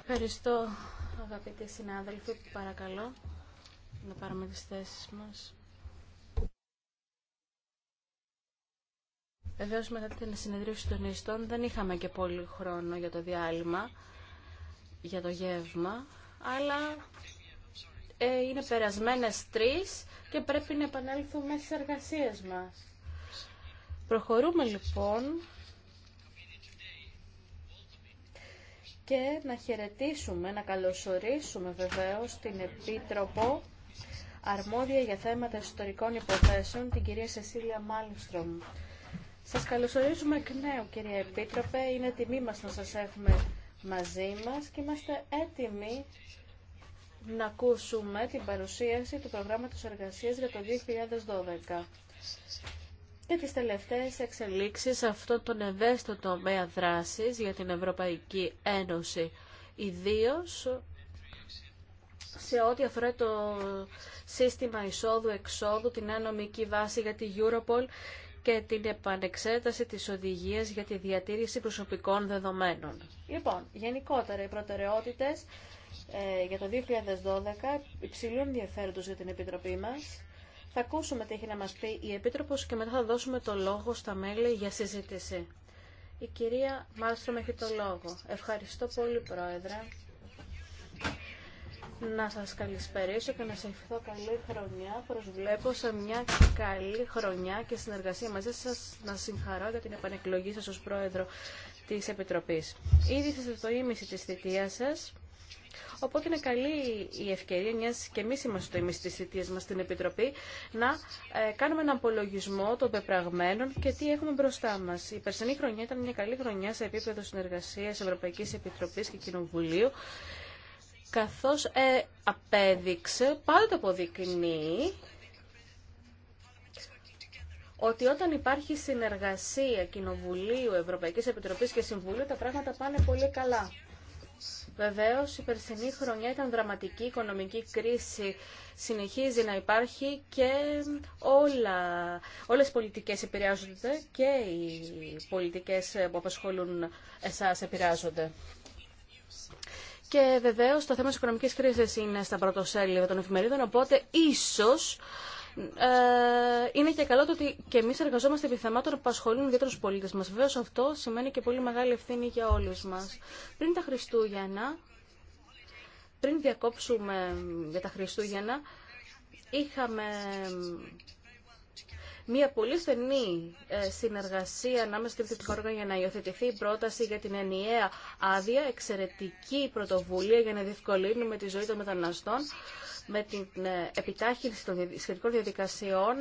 Ευχαριστώ, αγαπητοί συνάδελφοι. Παρακαλώ να πάρουμε τις θέσεις μας. Βεβαίως μετά την συνεδρίωση των ιστών δεν είχαμε και πολύ χρόνο για το διάλειμμα, για το γεύμα, αλλά ε, είναι περασμένες τρεις και πρέπει να επανέλθουμε στις εργασίες μας. Προχωρούμε λοιπόν και να χαιρετήσουμε, να καλωσορίσουμε βεβαίως την Επίτροπο Αρμόδια για θέματα ιστορικών υποθέσεων, την κυρία Σεσίλια Μάλνστρομ. Σας καλωσορίζουμε εκ νέου, κυρία Επίτροπε. Είναι τιμή μας να σας έχουμε μαζί μας και είμαστε έτοιμοι να ακούσουμε την παρουσίαση του προγράμματος εργασίας για το 2012 και τις τελευταίες εξελίξεις σε αυτόν τον ευαίσθητο τομέα δράσης για την Ευρωπαϊκή Ένωση, ιδίως σε ό,τι αφορά το σύστημα εισόδου-εξόδου, την ανομική βάση για τη Europol και την επανεξέταση της οδηγίας για τη διατήρηση προσωπικών δεδομένων. Λοιπόν, γενικότερα οι προτεραιότητες ε, για το 2012 υψηλούν ενδιαφέροντος για την Επιτροπή μας θα ακούσουμε τι έχει να μας πει η Επίτροπος και μετά θα δώσουμε το λόγο στα μέλη για συζήτηση. Η κυρία Μάλστρομ έχει το λόγο. Ευχαριστώ πολύ, Πρόεδρε. Να σας καλησπερίσω και να σας ευχηθώ καλή χρονιά. Προσβλέπω σε μια καλή χρονιά και συνεργασία μαζί σας να συγχαρώ για την επανεκλογή σας ως Πρόεδρο της Επιτροπής. Ήδη είστε στο της θητείας σας. Οπότε είναι καλή η ευκαιρία, μια και εμεί είμαστε εμεί τη θητεία μα στην Επιτροπή, να ε, κάνουμε έναν απολογισμό των πεπραγμένων και τι έχουμε μπροστά μα. Η περσινή χρονιά ήταν μια καλή χρονιά σε επίπεδο συνεργασία Ευρωπαϊκή Επιτροπή και Κοινοβουλίου καθώς ε, απέδειξε, το αποδεικνύει ότι όταν υπάρχει συνεργασία Κοινοβουλίου, Ευρωπαϊκής Επιτροπής και Συμβουλίου, τα πράγματα πάνε πολύ καλά. Βεβαίως, η περσινή χρονιά ήταν δραματική, η οικονομική κρίση συνεχίζει να υπάρχει και όλα, όλες οι πολιτικές επηρεάζονται και οι πολιτικές που απασχολούν εσάς επηρεάζονται. Και βεβαίω το θέμα της οικονομικής κρίσης είναι στα πρωτοσέλιδα των εφημερίδων, οπότε ίσως... Ε, είναι και καλό το ότι και εμεί εργαζόμαστε επί θεμάτων που απασχολούν ιδιαίτερου πολίτε μα. Βεβαίω αυτό σημαίνει και πολύ μεγάλη ευθύνη για όλου μα. Πριν τα Χριστούγεννα, πριν διακόψουμε για τα Χριστούγεννα, είχαμε μια πολύ στενή ε, συνεργασία ανάμεσα στην για να υιοθετηθεί η πρόταση για την ενιαία άδεια, εξαιρετική πρωτοβουλία για να διευκολύνουμε τη ζωή των μεταναστών με την ε, επιτάχυνση των σχετικών διαδικασιών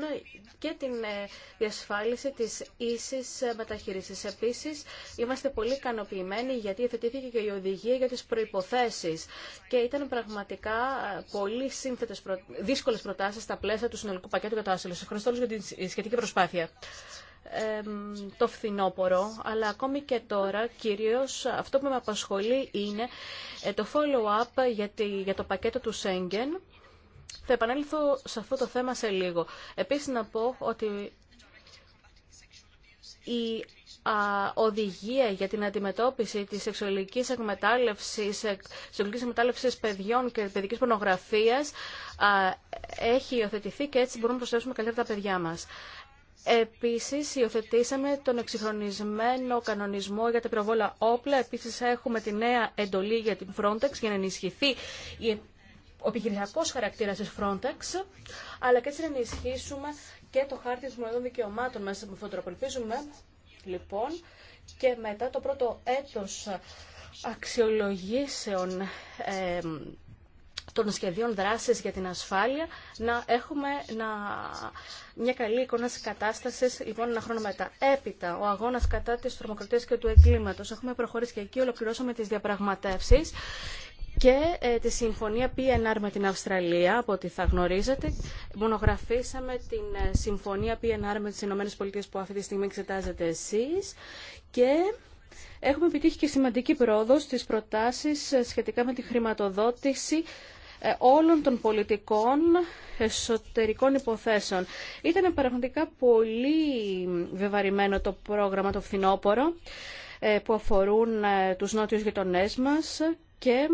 και την ε, διασφάλιση της ίσης ε, μεταχείρισης. Επίσης, είμαστε πολύ ικανοποιημένοι γιατί εθετήθηκε και η οδηγία για τις προϋποθέσεις και ήταν πραγματικά πολύ σύνθετες, δύσκολες προτάσεις στα πλαίσια του συνολικού πακέτου για το άσυλο. ευχαριστώ για την σχετική προσπάθεια το φθινόπωρο, αλλά ακόμη και τώρα κυρίως αυτό που με απασχολεί είναι το follow-up για, το πακέτο του Σέγγεν θα επανέλθω σε αυτό το θέμα σε λίγο. Επίσης να πω ότι η οδηγία για την αντιμετώπιση της σεξουαλικής εκμετάλλευσης, σεξουαλικής εκμετάλλευσης παιδιών και παιδικής πορνογραφίας έχει υιοθετηθεί και έτσι μπορούμε να προσθέσουμε καλύτερα τα παιδιά μας. Επίσης, υιοθετήσαμε τον εξυγχρονισμένο κανονισμό για τα πυροβόλα όπλα. Επίσης, έχουμε τη νέα εντολή για την Frontex για να ενισχυθεί η ο επιχειρησιακό χαρακτήρα τη Frontex, αλλά και έτσι να ενισχύσουμε και το χάρτη των δικαιωμάτων μέσα από αυτόν τον τρόπο ελπίζουμε, λοιπόν, και μετά το πρώτο έτο αξιολογήσεων ε, των σχεδίων δράση για την ασφάλεια να έχουμε να... μια καλή εικόνα τη κατάσταση λοιπόν ένα χρόνο μετά. Έπειτα, ο αγώνα κατά της τρομοκρατία και του εγκλήματο. Έχουμε προχωρήσει και εκεί, ολοκληρώσαμε τι διαπραγματεύσει και ε, τη συμφωνία PNR με την Αυστραλία, από ό,τι θα γνωρίζετε. Μονογραφήσαμε την ε, συμφωνία PNR με τις Πολιτείες που αυτή τη στιγμή εξετάζετε εσείς και έχουμε επιτύχει και σημαντική πρόοδο στις προτάσεις ε, σχετικά με τη χρηματοδότηση όλων των πολιτικών εσωτερικών υποθέσεων. Ήταν πραγματικά πολύ βεβαρημένο το πρόγραμμα το φθινόπωρο που αφορούν τους νότιους γειτονές μας και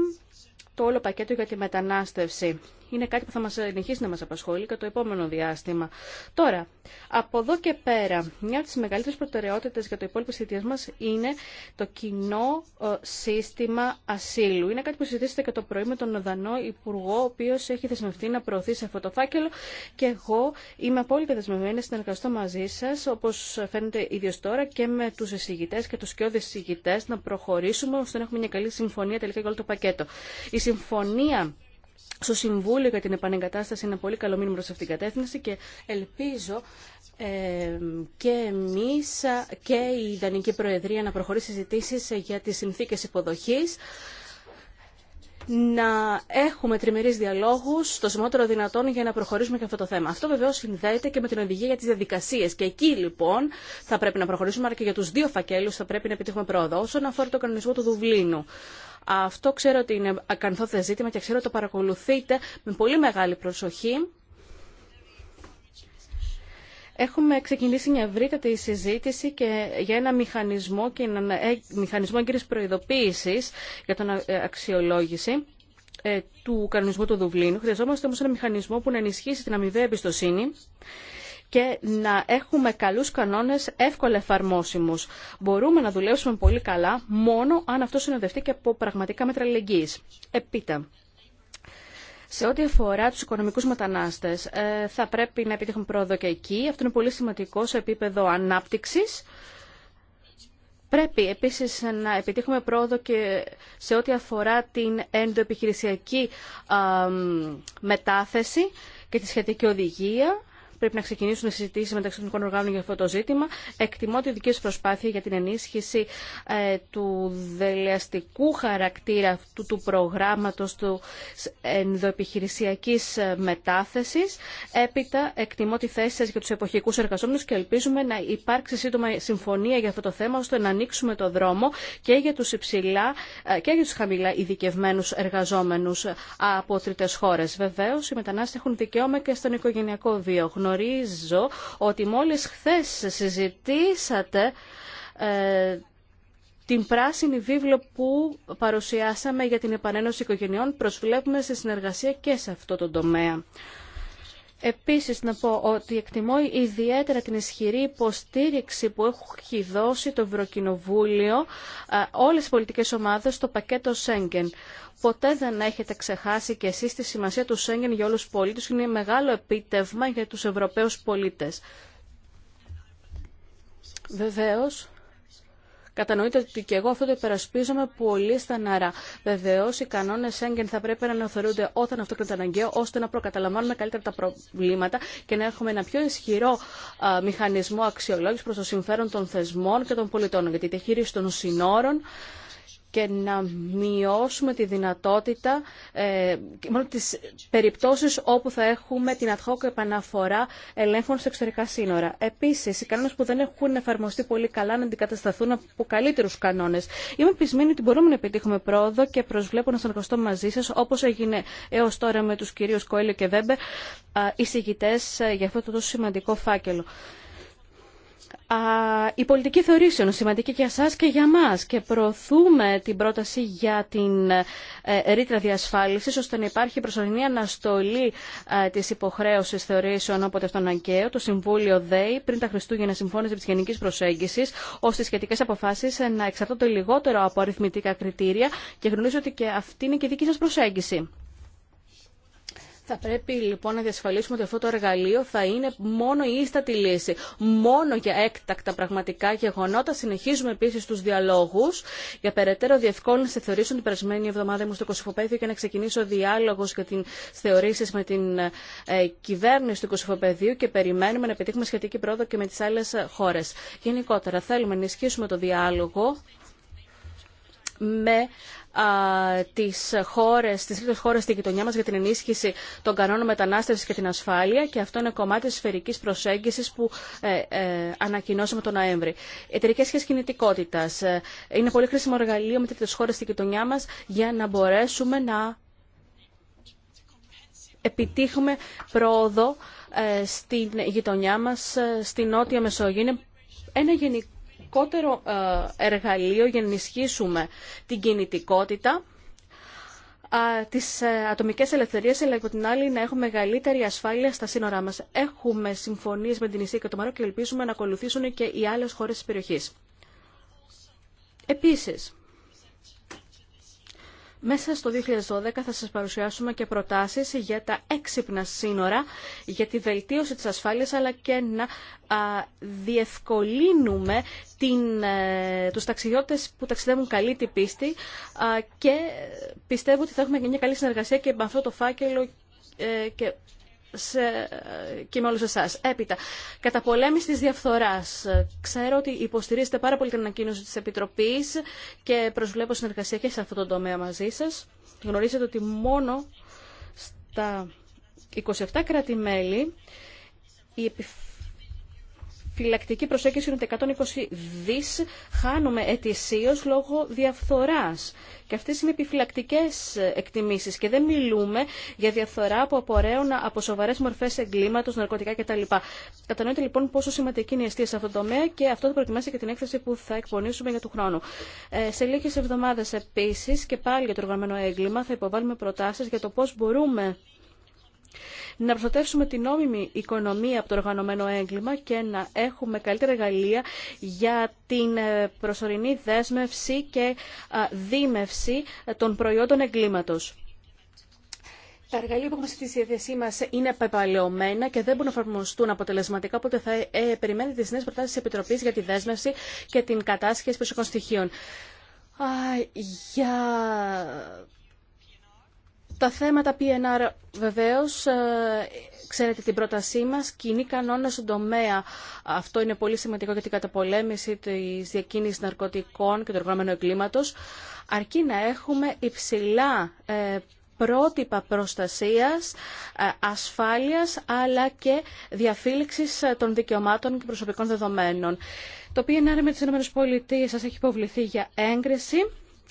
το όλο πακέτο για τη μετανάστευση είναι κάτι που θα μας συνεχίσει να μας απασχολεί και το επόμενο διάστημα. Τώρα, από εδώ και πέρα, μια από τις μεγαλύτερες προτεραιότητες για το υπόλοιπο θητείας μας είναι το κοινό ε, σύστημα ασύλου. Είναι κάτι που συζητήσατε και το πρωί με τον Οδανό Υπουργό, ο οποίο έχει δεσμευτεί να προωθεί σε αυτό το φάκελο και εγώ είμαι απόλυτα δεσμευμένη να συνεργαστώ μαζί σας, όπως φαίνεται ίδιο τώρα και με τους εισηγητές και τους σκιώδες εισηγητές να προχωρήσουμε ώστε να έχουμε μια καλή συμφωνία τελικά για όλο το πακέτο. Η συμφωνία στο Συμβούλιο για την Επανεγκατάσταση είναι πολύ καλό μήνυμα προς αυτήν την κατεύθυνση και ελπίζω ε, και εμεί και η Ιδανική Προεδρία να προχωρήσει συζητήσει για τις συνθήκες υποδοχής να έχουμε τριμερεί διαλόγου στο σημότερο δυνατόν για να προχωρήσουμε και αυτό το θέμα. Αυτό βεβαίω συνδέεται και με την οδηγία για τι διαδικασίε. Και εκεί λοιπόν θα πρέπει να προχωρήσουμε, αλλά και για του δύο φακέλου θα πρέπει να επιτύχουμε πρόοδο. Όσον αφορά το κανονισμό του Δουβλίνου, αυτό ξέρω ότι είναι ακανθόθε ζήτημα και ξέρω ότι το παρακολουθείτε με πολύ μεγάλη προσοχή. Έχουμε ξεκινήσει μια ευρύτατη συζήτηση και για ένα μηχανισμό και ένα ε, μηχανισμό εγκύρης προειδοποίησης για τον ε, αξιολόγηση ε, του κανονισμού του Δουβλίνου. Χρειαζόμαστε όμως ένα μηχανισμό που να ενισχύσει την αμοιβαία εμπιστοσύνη και να έχουμε καλούς κανόνες εύκολα εφαρμόσιμους. Μπορούμε να δουλέψουμε πολύ καλά μόνο αν αυτό συνοδευτεί και από πραγματικά μέτρα Επίτα. Σε ό,τι αφορά τους οικονομικούς μετανάστες, ε, θα πρέπει να επιτύχουμε πρόοδο και εκεί. Αυτό είναι πολύ σημαντικό σε επίπεδο ανάπτυξης. Πρέπει επίσης να επιτύχουμε πρόοδο και σε ό,τι αφορά την ενδοεπιχειρησιακή μετάθεση και τη σχετική οδηγία πρέπει να ξεκινήσουν οι συζητήσει μεταξύ των οργάνων για αυτό το ζήτημα. Εκτιμώ τη δική σα προσπάθεια για την ενίσχυση ε, του δελεαστικού χαρακτήρα αυτού του προγράμματο του ενδοεπιχειρησιακή ε, μετάθεση. Έπειτα, εκτιμώ τη θέση σα για του εποχικού εργαζόμενου και ελπίζουμε να υπάρξει σύντομα συμφωνία για αυτό το θέμα, ώστε να ανοίξουμε το δρόμο και για του υψηλά ε, και για του χαμηλά ειδικευμένου εργαζόμενου από τρίτε χώρε. Βεβαίω, οι μετανάστε έχουν δικαίωμα και στον οικογενειακό βίο γνωρίζω ότι μόλις χθες συζητήσατε ε, την πράσινη βίβλο που παρουσιάσαμε για την επανένωση οικογενειών. Προσβλέπουμε σε συνεργασία και σε αυτό το τομέα. Επίσης να πω ότι εκτιμώ ιδιαίτερα την ισχυρή υποστήριξη που έχει δώσει το Ευρωκοινοβούλιο ε, όλες τις πολιτικές ομάδες στο πακέτο Σέγγεν. Ποτέ δεν έχετε ξεχάσει και εσείς τη σημασία του Σέγγεν για όλους τους πολίτες. Είναι μεγάλο επίτευμα για τους Ευρωπαίους πολίτες. Βεβαίως, Κατανοείτε ότι και εγώ αυτό το υπερασπίζομαι πολύ στεναρά. Βεβαίω, οι κανόνε έγκεν θα πρέπει να αναθεωρούνται όταν αυτό είναι αναγκαίο, ώστε να προκαταλαμβάνουμε καλύτερα τα προβλήματα και να έχουμε ένα πιο ισχυρό μηχανισμό αξιολόγηση προ το συμφέρον των θεσμών και των πολιτών. Γιατί η διαχείριση των συνόρων και να μειώσουμε τη δυνατότητα, ε, μόνο τις περιπτώσεις όπου θα έχουμε την ad επαναφορά ελέγχων στα εξωτερικά σύνορα. Επίσης, οι κανόνες που δεν έχουν εφαρμοστεί πολύ καλά να αντικατασταθούν από καλύτερους κανόνες. Είμαι πεισμένη ότι μπορούμε να επιτύχουμε πρόοδο και προσβλέπω να συνεργαστώ μαζί σας, όπως έγινε έως τώρα με τους κυρίους Κοέλιο και Βέμπε, εισηγητές ε, για αυτό το τόσο σημαντικό φάκελο η πολιτική θεωρήσεων σημαντική και για εσά και για μας και προωθούμε την πρόταση για την ε, ρήτρα διασφάλισης ώστε να υπάρχει προσωρινή αναστολή ε, της υποχρέωσης θεωρήσεων όποτε αυτό αγκαίο, Το Συμβούλιο ΔΕΗ πριν τα Χριστούγεννα συμφώνησε επί της γενικής προσέγγισης ώστε οι σχετικές αποφάσεις ε, να εξαρτώνται λιγότερο από αριθμητικά κριτήρια και γνωρίζω ότι και αυτή είναι και η δική σας προσέγγιση. Θα πρέπει λοιπόν να διασφαλίσουμε ότι αυτό το εργαλείο θα είναι μόνο η ίστατη λύση. Μόνο για έκτακτα πραγματικά γεγονότα. Συνεχίζουμε επίση του διαλόγου για περαιτέρω διευκόλυνση θεωρήσεων. Την περασμένη εβδομάδα μου στο Κωσυφοπέδιο και να ξεκινήσω διάλογο για τι θεωρήσει με την ε, κυβέρνηση του Κωσυφοπεδίου και περιμένουμε να πετύχουμε σχετική πρόοδο και με τι άλλε χώρε. Γενικότερα, θέλουμε να ενισχύσουμε το διάλογο με τις χώρες, τις τρίτες χώρες στη γειτονιά μας για την ενίσχυση των κανόνων μετανάστευσης και την ασφάλεια και αυτό είναι κομμάτι της σφαιρικής προσέγγισης που ε, ε, ανακοινώσαμε τον Νοέμβρη. Εταιρικέ σχέσει κινητικότητα. Ε, είναι πολύ χρήσιμο εργαλείο με τρίτες χώρες στη γειτονιά μας για να μπορέσουμε να επιτύχουμε πρόοδο ε, στην γειτονιά μας, ε, στην Νότια Μεσόγειο. Είναι ένα γενικό σημαντικότερο ε, εργαλείο για να ενισχύσουμε την κινητικότητα τις ε, ατομικές ελευθερίες, αλλά από την άλλη να έχουμε μεγαλύτερη ασφάλεια στα σύνορά μας. Έχουμε συμφωνίες με την Ισία και το Μαρόκο και ελπίζουμε να ακολουθήσουν και οι άλλες χώρες της περιοχής. Επίσης, μέσα στο 2012 θα σας παρουσιάσουμε και προτάσεις για τα έξυπνα σύνορα, για τη βελτίωση της ασφάλειας, αλλά και να διευκολύνουμε την, ε, τους ταξιδιώτες που ταξιδεύουν καλή την πίστη και πιστεύω ότι θα έχουμε και μια καλή συνεργασία και με αυτό το φάκελο ε, και σε, και με όλους εσάς. Έπειτα, πολέμηση της διαφθοράς. Ξέρω ότι υποστηρίζετε πάρα πολύ την ανακοίνωση της Επιτροπής και προσβλέπω συνεργασία και σε αυτό το τομέα μαζί σας. Γνωρίζετε ότι μόνο στα 27 κράτη-μέλη η Φυλακτική προσέγγιση είναι ότι 120 δις χάνουμε ετησίω λόγω διαφθορά. Και αυτέ είναι επιφυλακτικέ εκτιμήσει και δεν μιλούμε για διαφθορά που απορρέουν από σοβαρέ μορφέ εγκλήματο, ναρκωτικά κτλ. Κατανοείται λοιπόν πόσο σημαντική είναι η αιστεία σε αυτό το τομέα και αυτό θα προετοιμάσει και την έκθεση που θα εκπονήσουμε για του χρόνου. Ε, σε λίγε εβδομάδε επίση, και πάλι για το οργανωμένο έγκλημα θα υποβάλουμε προτάσει για το πώ μπορούμε να προστατεύσουμε την νόμιμη οικονομία από το οργανωμένο έγκλημα και να έχουμε καλύτερα εργαλεία για την ε, προσωρινή δέσμευση και δίμευση ε, των προϊόντων εγκλήματος. Τα εργαλεία που έχουμε στη διάθεσή μα είναι πεπαλαιωμένα και δεν μπορούν να εφαρμοστούν αποτελεσματικά, οπότε θα ε, περιμένετε τι νέε προτάσει τη Επιτροπή για τη δέσμευση και την κατάσχεση προσωπικών στοιχείων. για τα θέματα PNR βεβαίως, ε, ξέρετε την πρότασή μας, κοινή κανόνα στον τομέα. Αυτό είναι πολύ σημαντικό για την καταπολέμηση της διακίνησης ναρκωτικών και του οργανωμένου εγκλήματος, αρκεί να έχουμε υψηλά ε, πρότυπα προστασίας, ε, ασφάλειας, αλλά και διαφύλαξης των δικαιωμάτων και προσωπικών δεδομένων. Το PNR με τις ΗΠΑ σας έχει υποβληθεί για έγκριση.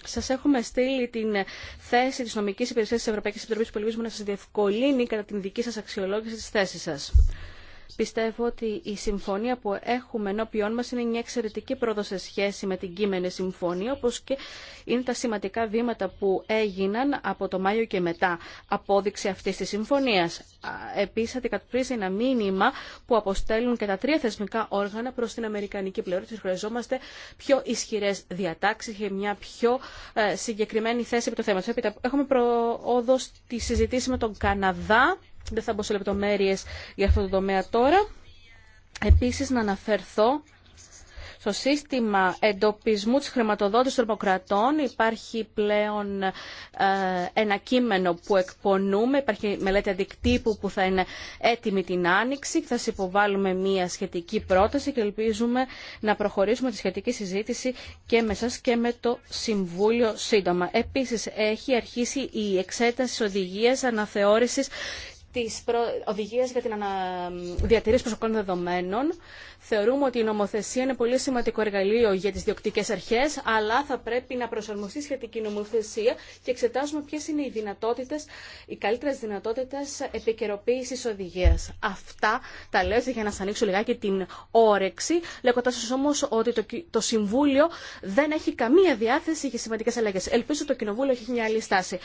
Σα έχουμε στείλει την θέση της νομική υπηρεσία τη Ευρωπαϊκής Επιτροπής που ελπίζουμε να σας διευκολύνει κατά την δική σας αξιολόγηση της θέση σα. Πιστεύω ότι η συμφωνία που έχουμε ενώπιόν μα είναι μια εξαιρετική πρόοδο σε σχέση με την κείμενη συμφωνία, όπω και είναι τα σημαντικά βήματα που έγιναν από το Μάιο και μετά, απόδειξη αυτή τη συμφωνία. Επίση αντικατοπτρίζει ένα μήνυμα που αποστέλουν και τα τρία θεσμικά όργανα προ την Αμερικανική πλευρά. Χρειαζόμαστε πιο ισχυρέ διατάξει και μια πιο ε, συγκεκριμένη θέση από το θέμα. Έχουμε προόδο στη συζητήση με τον Καναδά δεν θα μπω σε λεπτομέρειες για αυτό το τομέα τώρα. Επίσης να αναφερθώ στο σύστημα εντοπισμού της χρηματοδότησης των υπάρχει πλέον ε, ένα κείμενο που εκπονούμε, υπάρχει μελέτη αντικτύπου που θα είναι έτοιμη την Άνοιξη, θα σας υποβάλουμε μια σχετική πρόταση και ελπίζουμε να προχωρήσουμε τη σχετική συζήτηση και με σας και με το Συμβούλιο σύντομα. Επίσης έχει αρχίσει η εξέταση οδηγίας αναθεώρησης τις οδηγίες για την διατηρήση προσωπικών δεδομένων Θεωρούμε ότι η νομοθεσία είναι πολύ σημαντικό εργαλείο για τι διοκτικέ αρχέ, αλλά θα πρέπει να προσαρμοστεί σχετική νομοθεσία και εξετάζουμε ποιε είναι οι δυνατότητες, οι καλύτερες δυνατότητες επικαιροποίησης οδηγίας. Αυτά τα λέω για να σα ανοίξω λιγάκι την όρεξη, λέγοντά σας όμως ότι το, το Συμβούλιο δεν έχει καμία διάθεση για σημαντικέ αλλαγές. Ελπίζω το Κοινοβούλιο έχει μια άλλη στάση.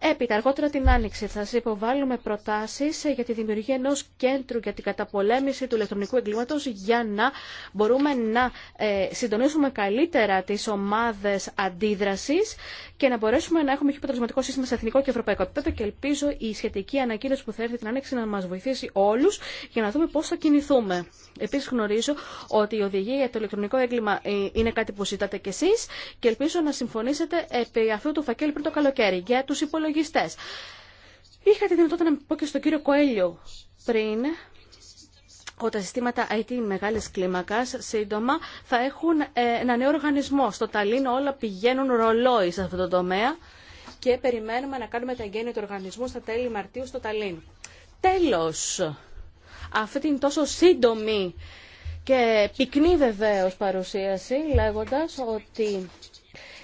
Έπειτα, αργότερα την Άνοιξη, θα σα υποβάλουμε προτάσει για τη δημιουργία ενό κέντρου για την καταπολέμηση του ηλεκτρονικού εγκλήματο. για για να μπορούμε να ε, συντονίσουμε καλύτερα τις ομάδες αντίδρασης και να μπορέσουμε να έχουμε πιο αποτελεσματικό σύστημα σε εθνικό και ευρωπαϊκό επίπεδο και ελπίζω η σχετική ανακοίνωση που θα έρθει την άνοιξη να μας βοηθήσει όλους για να δούμε πώς θα κινηθούμε. Επίσης γνωρίζω ότι η οδηγία για το ηλεκτρονικό έγκλημα ε, είναι κάτι που ζητάτε κι εσείς και ελπίζω να συμφωνήσετε επί αυτού του φακέλου πριν το καλοκαίρι για τους υπολογιστές. Είχα τη δυνατότητα να πω και στον κύριο Κοέλιο πριν ότι τα συστήματα IT μεγάλης κλίμακας σύντομα θα έχουν ε, ένα νέο οργανισμό. Στο Ταλίνο όλα πηγαίνουν ρολόι σε αυτό το τομέα και περιμένουμε να κάνουμε τα εγγένεια του οργανισμού στα τέλη Μαρτίου στο Ταλίν. Τέλος, αυτή την τόσο σύντομη και πυκνή βεβαίως παρουσίαση λέγοντας ότι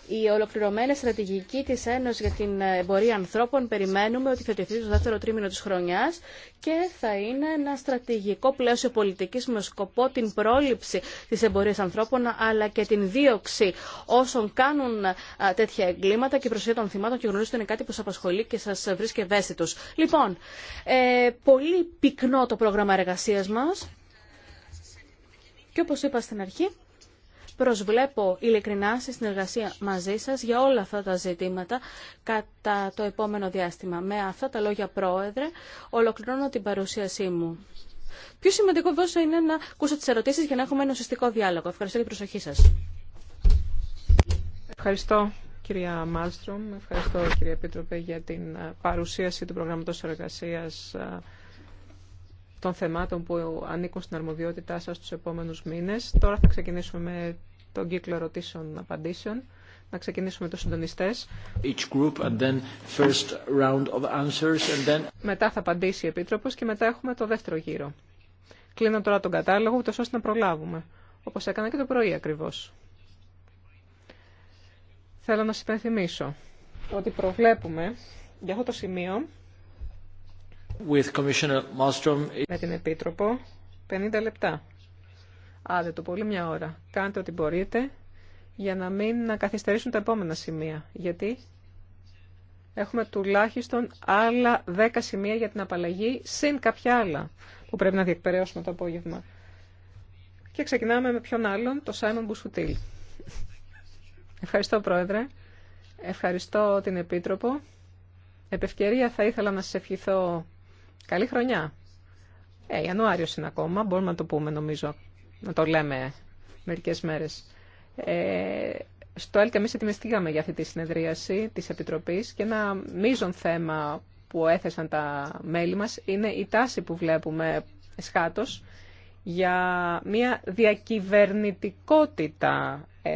η ολοκληρωμένη στρατηγική τη Ένωση για την εμπορία ανθρώπων περιμένουμε ότι θα τεθεί στο δεύτερο τρίμηνο τη χρονιά και θα είναι ένα στρατηγικό πλαίσιο πολιτική με σκοπό την πρόληψη τη εμπορία ανθρώπων αλλά και την δίωξη όσων κάνουν τέτοια εγκλήματα και η προσοχή των θυμάτων και γνωρίζετε είναι κάτι που σα απασχολεί και σα βρίσκει ευαίσθητος. Λοιπόν, ε, πολύ πυκνό το πρόγραμμα εργασία μα. και όπως είπα στην αρχή Προσβλέπω ειλικρινά στη συνεργασία μαζί σας για όλα αυτά τα ζητήματα κατά το επόμενο διάστημα. Με αυτά τα λόγια, Πρόεδρε, ολοκληρώνω την παρουσίασή μου. Πιο σημαντικό βέβαια είναι να ακούσω τις ερωτήσεις για να έχουμε ένα ουσιαστικό διάλογο. Ευχαριστώ για την προσοχή σας. Ευχαριστώ κυρία Μάλστρομ, ευχαριστώ κυρία Επίτροπε για την παρουσίαση του προγράμματος εργασίας των θεμάτων που ανήκουν στην αρμοδιότητά σας τους επόμενους μήνες. Τώρα θα ξεκινήσουμε με τον κύκλο ερωτήσεων-απαντήσεων. Να ξεκινήσουμε τους συντονιστές. Each group then first round of answers and then... Μετά θα απαντήσει η Επίτροπος και μετά έχουμε το δεύτερο γύρο. Κλείνω τώρα τον κατάλογο, ούτως ώστε να προλάβουμε. Όπως έκανα και το πρωί ακριβώς. Θέλω να σας υπενθυμίσω ότι προβλέπουμε για αυτό το σημείο με την Επίτροπο, 50 λεπτά. Άντε το πολύ μια ώρα. Κάντε ό,τι μπορείτε για να μην να καθυστερήσουν τα επόμενα σημεία. Γιατί έχουμε τουλάχιστον άλλα 10 σημεία για την απαλλαγή, συν κάποια άλλα που πρέπει να διεκπαιρέωσουμε το απόγευμα. Και ξεκινάμε με ποιον άλλον, το Σάιμον Μπουσουτήλ. Ευχαριστώ, Πρόεδρε. Ευχαριστώ την Επίτροπο. Επ' θα ήθελα να σας ευχηθώ Καλή χρονιά. Ε, Ιανουάριος είναι ακόμα, μπορούμε να το πούμε νομίζω, να το λέμε μερικές μέρες. Ε, στο ΕΛΚ εμείς ετοιμιστήκαμε για αυτή τη συνεδρίαση της Επιτροπής και ένα μείζον θέμα που έθεσαν τα μέλη μας είναι η τάση που βλέπουμε σχάτως για μια διακυβερνητικότητα ε,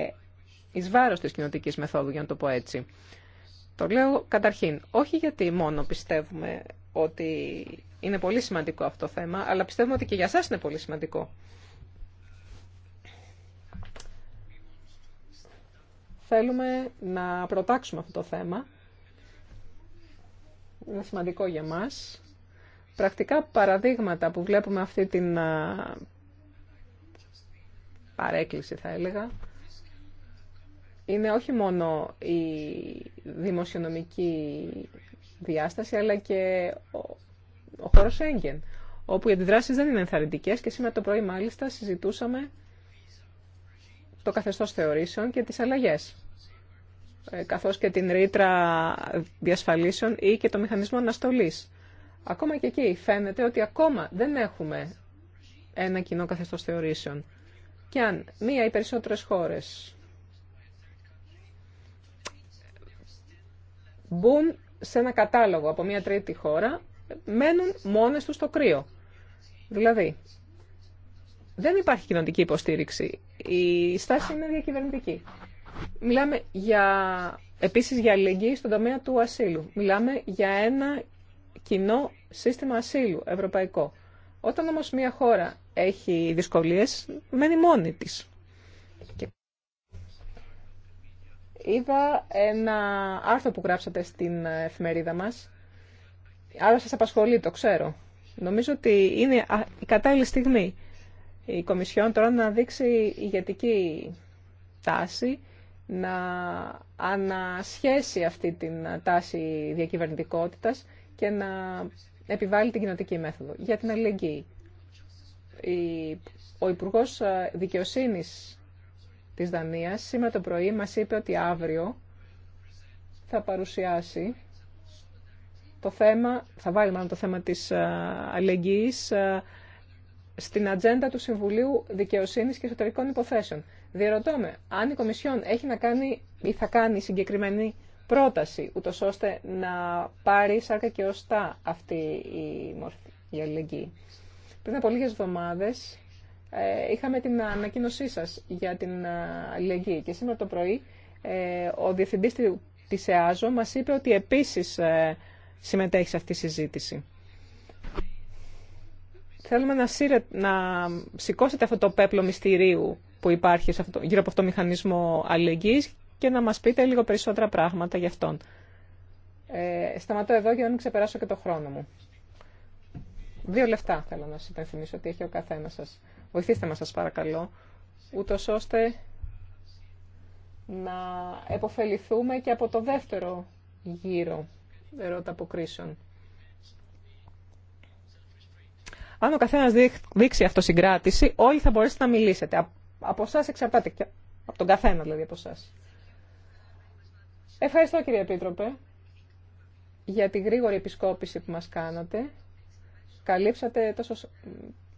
εις βάρος της μεθόδου, για να το πω έτσι. Το λέω καταρχήν, όχι γιατί μόνο πιστεύουμε ότι είναι πολύ σημαντικό αυτό το θέμα, αλλά πιστεύουμε ότι και για σας είναι πολύ σημαντικό. Θέλουμε να προτάξουμε αυτό το θέμα. Είναι σημαντικό για μας. Πρακτικά παραδείγματα που βλέπουμε αυτή την παρέκκληση θα έλεγα, είναι όχι μόνο η δημοσιονομική διάσταση, αλλά και ο χώρο έγκεν, όπου οι αντιδράσει δεν είναι ενθαρρυντικέ και σήμερα το πρωί μάλιστα συζητούσαμε το καθεστώ θεωρήσεων και τις αλλαγέ. Ε, καθώς και την ρήτρα διασφαλίσεων ή και το μηχανισμό αναστολής. Ακόμα και εκεί φαίνεται ότι ακόμα δεν έχουμε ένα κοινό καθεστώ θεωρήσεων. Και αν μία ή περισσότερε χώρες μπουν σε ένα κατάλογο από μία τρίτη χώρα, μένουν μόνες τους στο κρύο. Δηλαδή, δεν υπάρχει κοινωνική υποστήριξη. Η στάση είναι διακυβερνητική. Μιλάμε για, επίσης για αλληλεγγύη στον τομέα του ασύλου. Μιλάμε για ένα κοινό σύστημα ασύλου ευρωπαϊκό. Όταν όμως μια χώρα έχει δυσκολίες, μένει μόνη της. Είδα ένα άρθρο που γράψατε στην εφημερίδα μας Άρα σας απασχολεί, το ξέρω. Νομίζω ότι είναι η κατάλληλη στιγμή η Κομισιόν τώρα να δείξει ηγετική τάση, να ανασχέσει αυτή την τάση διακυβερνητικότητας και να επιβάλλει την κοινοτική μέθοδο. Για την αλληλεγγύη. Ο Υπουργό ε, Δικαιοσύνης της Δανίας σήμερα το πρωί μας είπε ότι αύριο θα παρουσιάσει το θέμα, θα βάλει μάλλον το θέμα της αλληλεγγύης στην ατζέντα του Συμβουλίου Δικαιοσύνης και Εσωτερικών Υποθέσεων. Διερωτώμε αν η Κομισιόν έχει να κάνει ή θα κάνει συγκεκριμένη πρόταση, ούτω ώστε να πάρει σάρκα και οστά αυτή η, θα κανει συγκεκριμενη προταση ουτω ωστε να παρει σαρκα και ωστα αυτη η αλληλεγγύη. Πριν από λίγες εβδομάδες ε, είχαμε την ανακοίνωσή σας για την αλληλεγγύη και σήμερα το πρωί ε, ο Διευθυντής της ΕΑΖΟ μα είπε ότι επίσης ε, συμμετέχει σε αυτή τη συζήτηση. Θέλουμε να, σύρε, να σηκώσετε αυτό το πέπλο μυστηρίου που υπάρχει σε αυτό, γύρω από αυτό το μηχανισμό αλληλεγγύης και να μας πείτε λίγο περισσότερα πράγματα γι' αυτόν. Ε, σταματώ εδώ για να μην ξεπεράσω και το χρόνο μου. Δύο λεφτά θέλω να σας υπενθυμίσω ότι έχει ο καθένας σας. Βοηθήστε μας σας παρακαλώ, ούτω ώστε να επωφεληθούμε και από το δεύτερο γύρο ερώτα αποκρίσεων. Αν ο καθένας δείξει αυτοσυγκράτηση, όλοι θα μπορέσετε να μιλήσετε. Από εσά εξαρτάται, από τον καθένα δηλαδή από εσά. Ευχαριστώ κύριε Επίτροπε για τη γρήγορη επισκόπηση που μας κάνατε. Καλύψατε τόσο,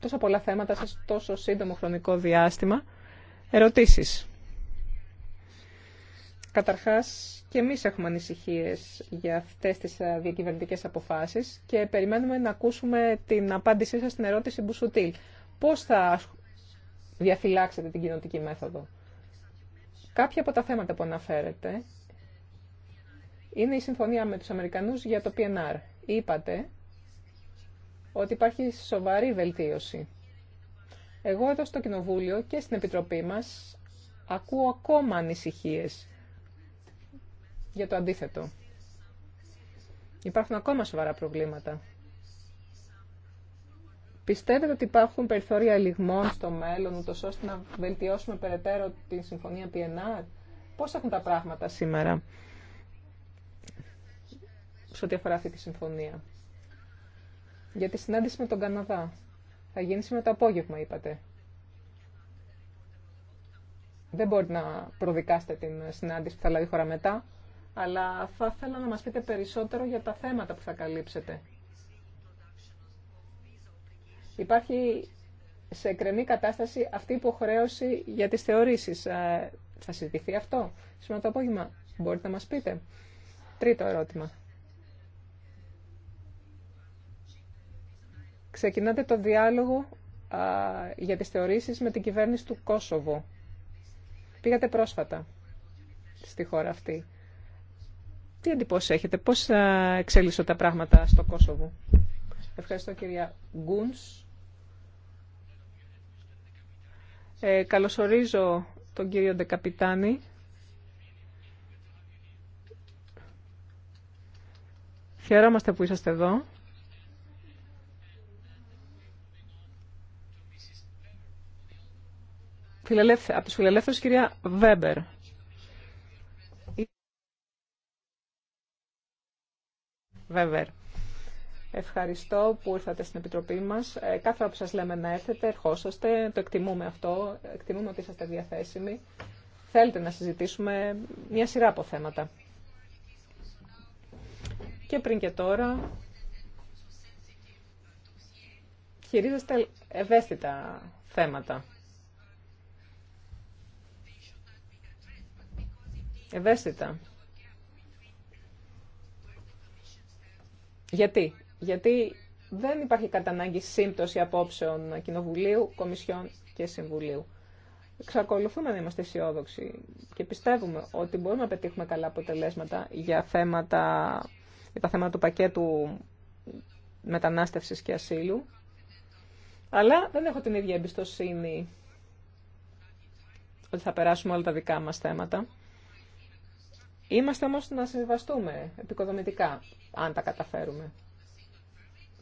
τόσα πολλά θέματα σε τόσο σύντομο χρονικό διάστημα. Ερωτήσεις. Καταρχάς, και εμείς έχουμε ανησυχίες για αυτές τις ε, διακυβερνητικές αποφάσεις και περιμένουμε να ακούσουμε την απάντησή σας στην ερώτηση Μπουσουτήλ. Πώς θα διαφυλάξετε την κοινωτική μέθοδο. Κάποια από τα θέματα που αναφέρετε είναι η συμφωνία με τους Αμερικανούς για το PNR. Είπατε ότι υπάρχει σοβαρή βελτίωση. Εγώ εδώ στο Κοινοβούλιο και στην Επιτροπή μας ακούω ακόμα ανησυχίες για το αντίθετο. Υπάρχουν ακόμα σοβαρά προβλήματα. Πιστεύετε ότι υπάρχουν περιθώρια λιγμών στο μέλλον, ούτω ώστε να βελτιώσουμε περαιτέρω τη συμφωνία PNR. Πώ έχουν τα πράγματα σήμερα σε ό,τι αφορά αυτή τη συμφωνία. Για τη συνάντηση με τον Καναδά. Θα γίνει σήμερα το απόγευμα, είπατε. Δεν μπορείτε να προδικάσετε την συνάντηση που θα λάβει χώρα μετά αλλά θα ήθελα να μας πείτε περισσότερο για τα θέματα που θα καλύψετε. Υπάρχει σε εκκρεμή κατάσταση αυτή η υποχρέωση για τις θεωρήσεις. Ε, θα συζητηθεί αυτό σήμερα το απόγευμα. Μπορείτε να μας πείτε. Τρίτο ερώτημα. Ξεκινάτε το διάλογο για τις θεωρήσεις με την κυβέρνηση του Κόσοβο. Πήγατε πρόσφατα στη χώρα αυτή. Τι εντυπώσεις έχετε, πώς εξέλισω τα πράγματα στο Κόσοβο. Ευχαριστώ κυρία Γκούνς. Ε, καλωσορίζω τον κύριο Ντεκαπιτάνη. Χαιρόμαστε που είσαστε εδώ. από τους φιλελεύθερους κυρία Βέμπερ. Βέβαια. Ευχαριστώ που ήρθατε στην Επιτροπή μας. Ε, κάθε φορά που σας λέμε να έρθετε, ερχόσαστε. Το εκτιμούμε αυτό. Εκτιμούμε ότι είσαστε διαθέσιμοι. Θέλετε να συζητήσουμε μια σειρά από θέματα. Και πριν και τώρα, χειρίζεστε ευαίσθητα θέματα. Ευαίσθητα. Γιατί, γιατί δεν υπάρχει κατά ανάγκη σύμπτωση απόψεων Κοινοβουλίου, Κομισιών και Συμβουλίου. Ξακολουθούμε να είμαστε αισιόδοξοι και πιστεύουμε ότι μπορούμε να πετύχουμε καλά αποτελέσματα για, θέματα, για τα θέματα του πακέτου μετανάστευσης και ασύλου. Αλλά δεν έχω την ίδια εμπιστοσύνη ότι θα περάσουμε όλα τα δικά μας θέματα. Είμαστε όμως να συμβαστούμε επικοδομητικά, αν τα καταφέρουμε.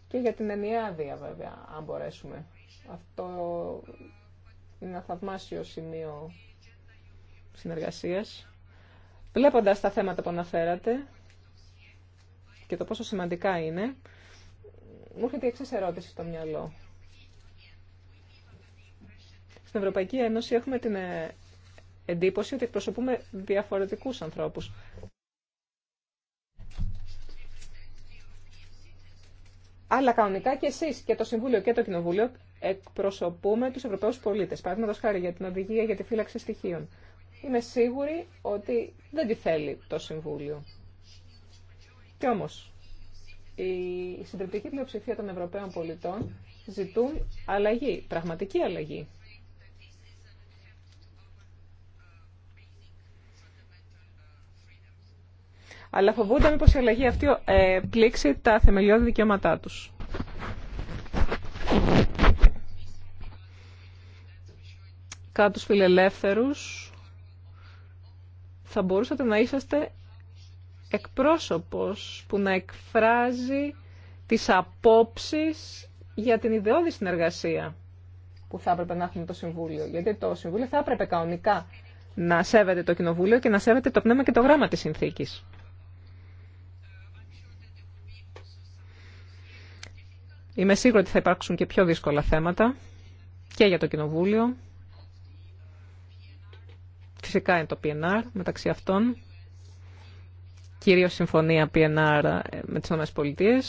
Και για την ενιαία άδεια βέβαια, αν μπορέσουμε. Αυτό είναι ένα θαυμάσιο σημείο συνεργασίας. Βλέποντας τα θέματα που αναφέρατε και το πόσο σημαντικά είναι, μου έρχεται η εξής ερώτηση στο μυαλό. Στην Ευρωπαϊκή Ένωση έχουμε την ε, εντύπωση ότι εκπροσωπούμε διαφορετικούς ανθρώπους. Αλλά κανονικά και εσεί και το Συμβούλιο και το Κοινοβούλιο εκπροσωπούμε του Ευρωπαίου πολίτε. Παραδείγματο χάρη για την οδηγία για τη φύλαξη στοιχείων. Είμαι σίγουρη ότι δεν τη θέλει το Συμβούλιο. Και όμω, η συντριπτική πλειοψηφία των Ευρωπαίων πολιτών ζητούν αλλαγή, πραγματική αλλαγή. αλλά φοβούνται μήπως η αλλαγή αυτή ε, πλήξει τα θεμελιώδη δικαιώματά τους. Κάτω τους φιλελεύθερους θα μπορούσατε να είσαστε εκπρόσωπος που να εκφράζει τις απόψεις για την ιδεώδη συνεργασία που θα έπρεπε να έχουμε το Συμβούλιο. Γιατί το Συμβούλιο θα έπρεπε κανονικά να σέβεται το Κοινοβούλιο και να σέβεται το πνεύμα και το γράμμα της συνθήκης. Είμαι σίγουρη ότι θα υπάρξουν και πιο δύσκολα θέματα και για το Κοινοβούλιο. Φυσικά είναι το PNR μεταξύ αυτών. Κυρίως συμφωνία PNR με τις ΗΠΑ.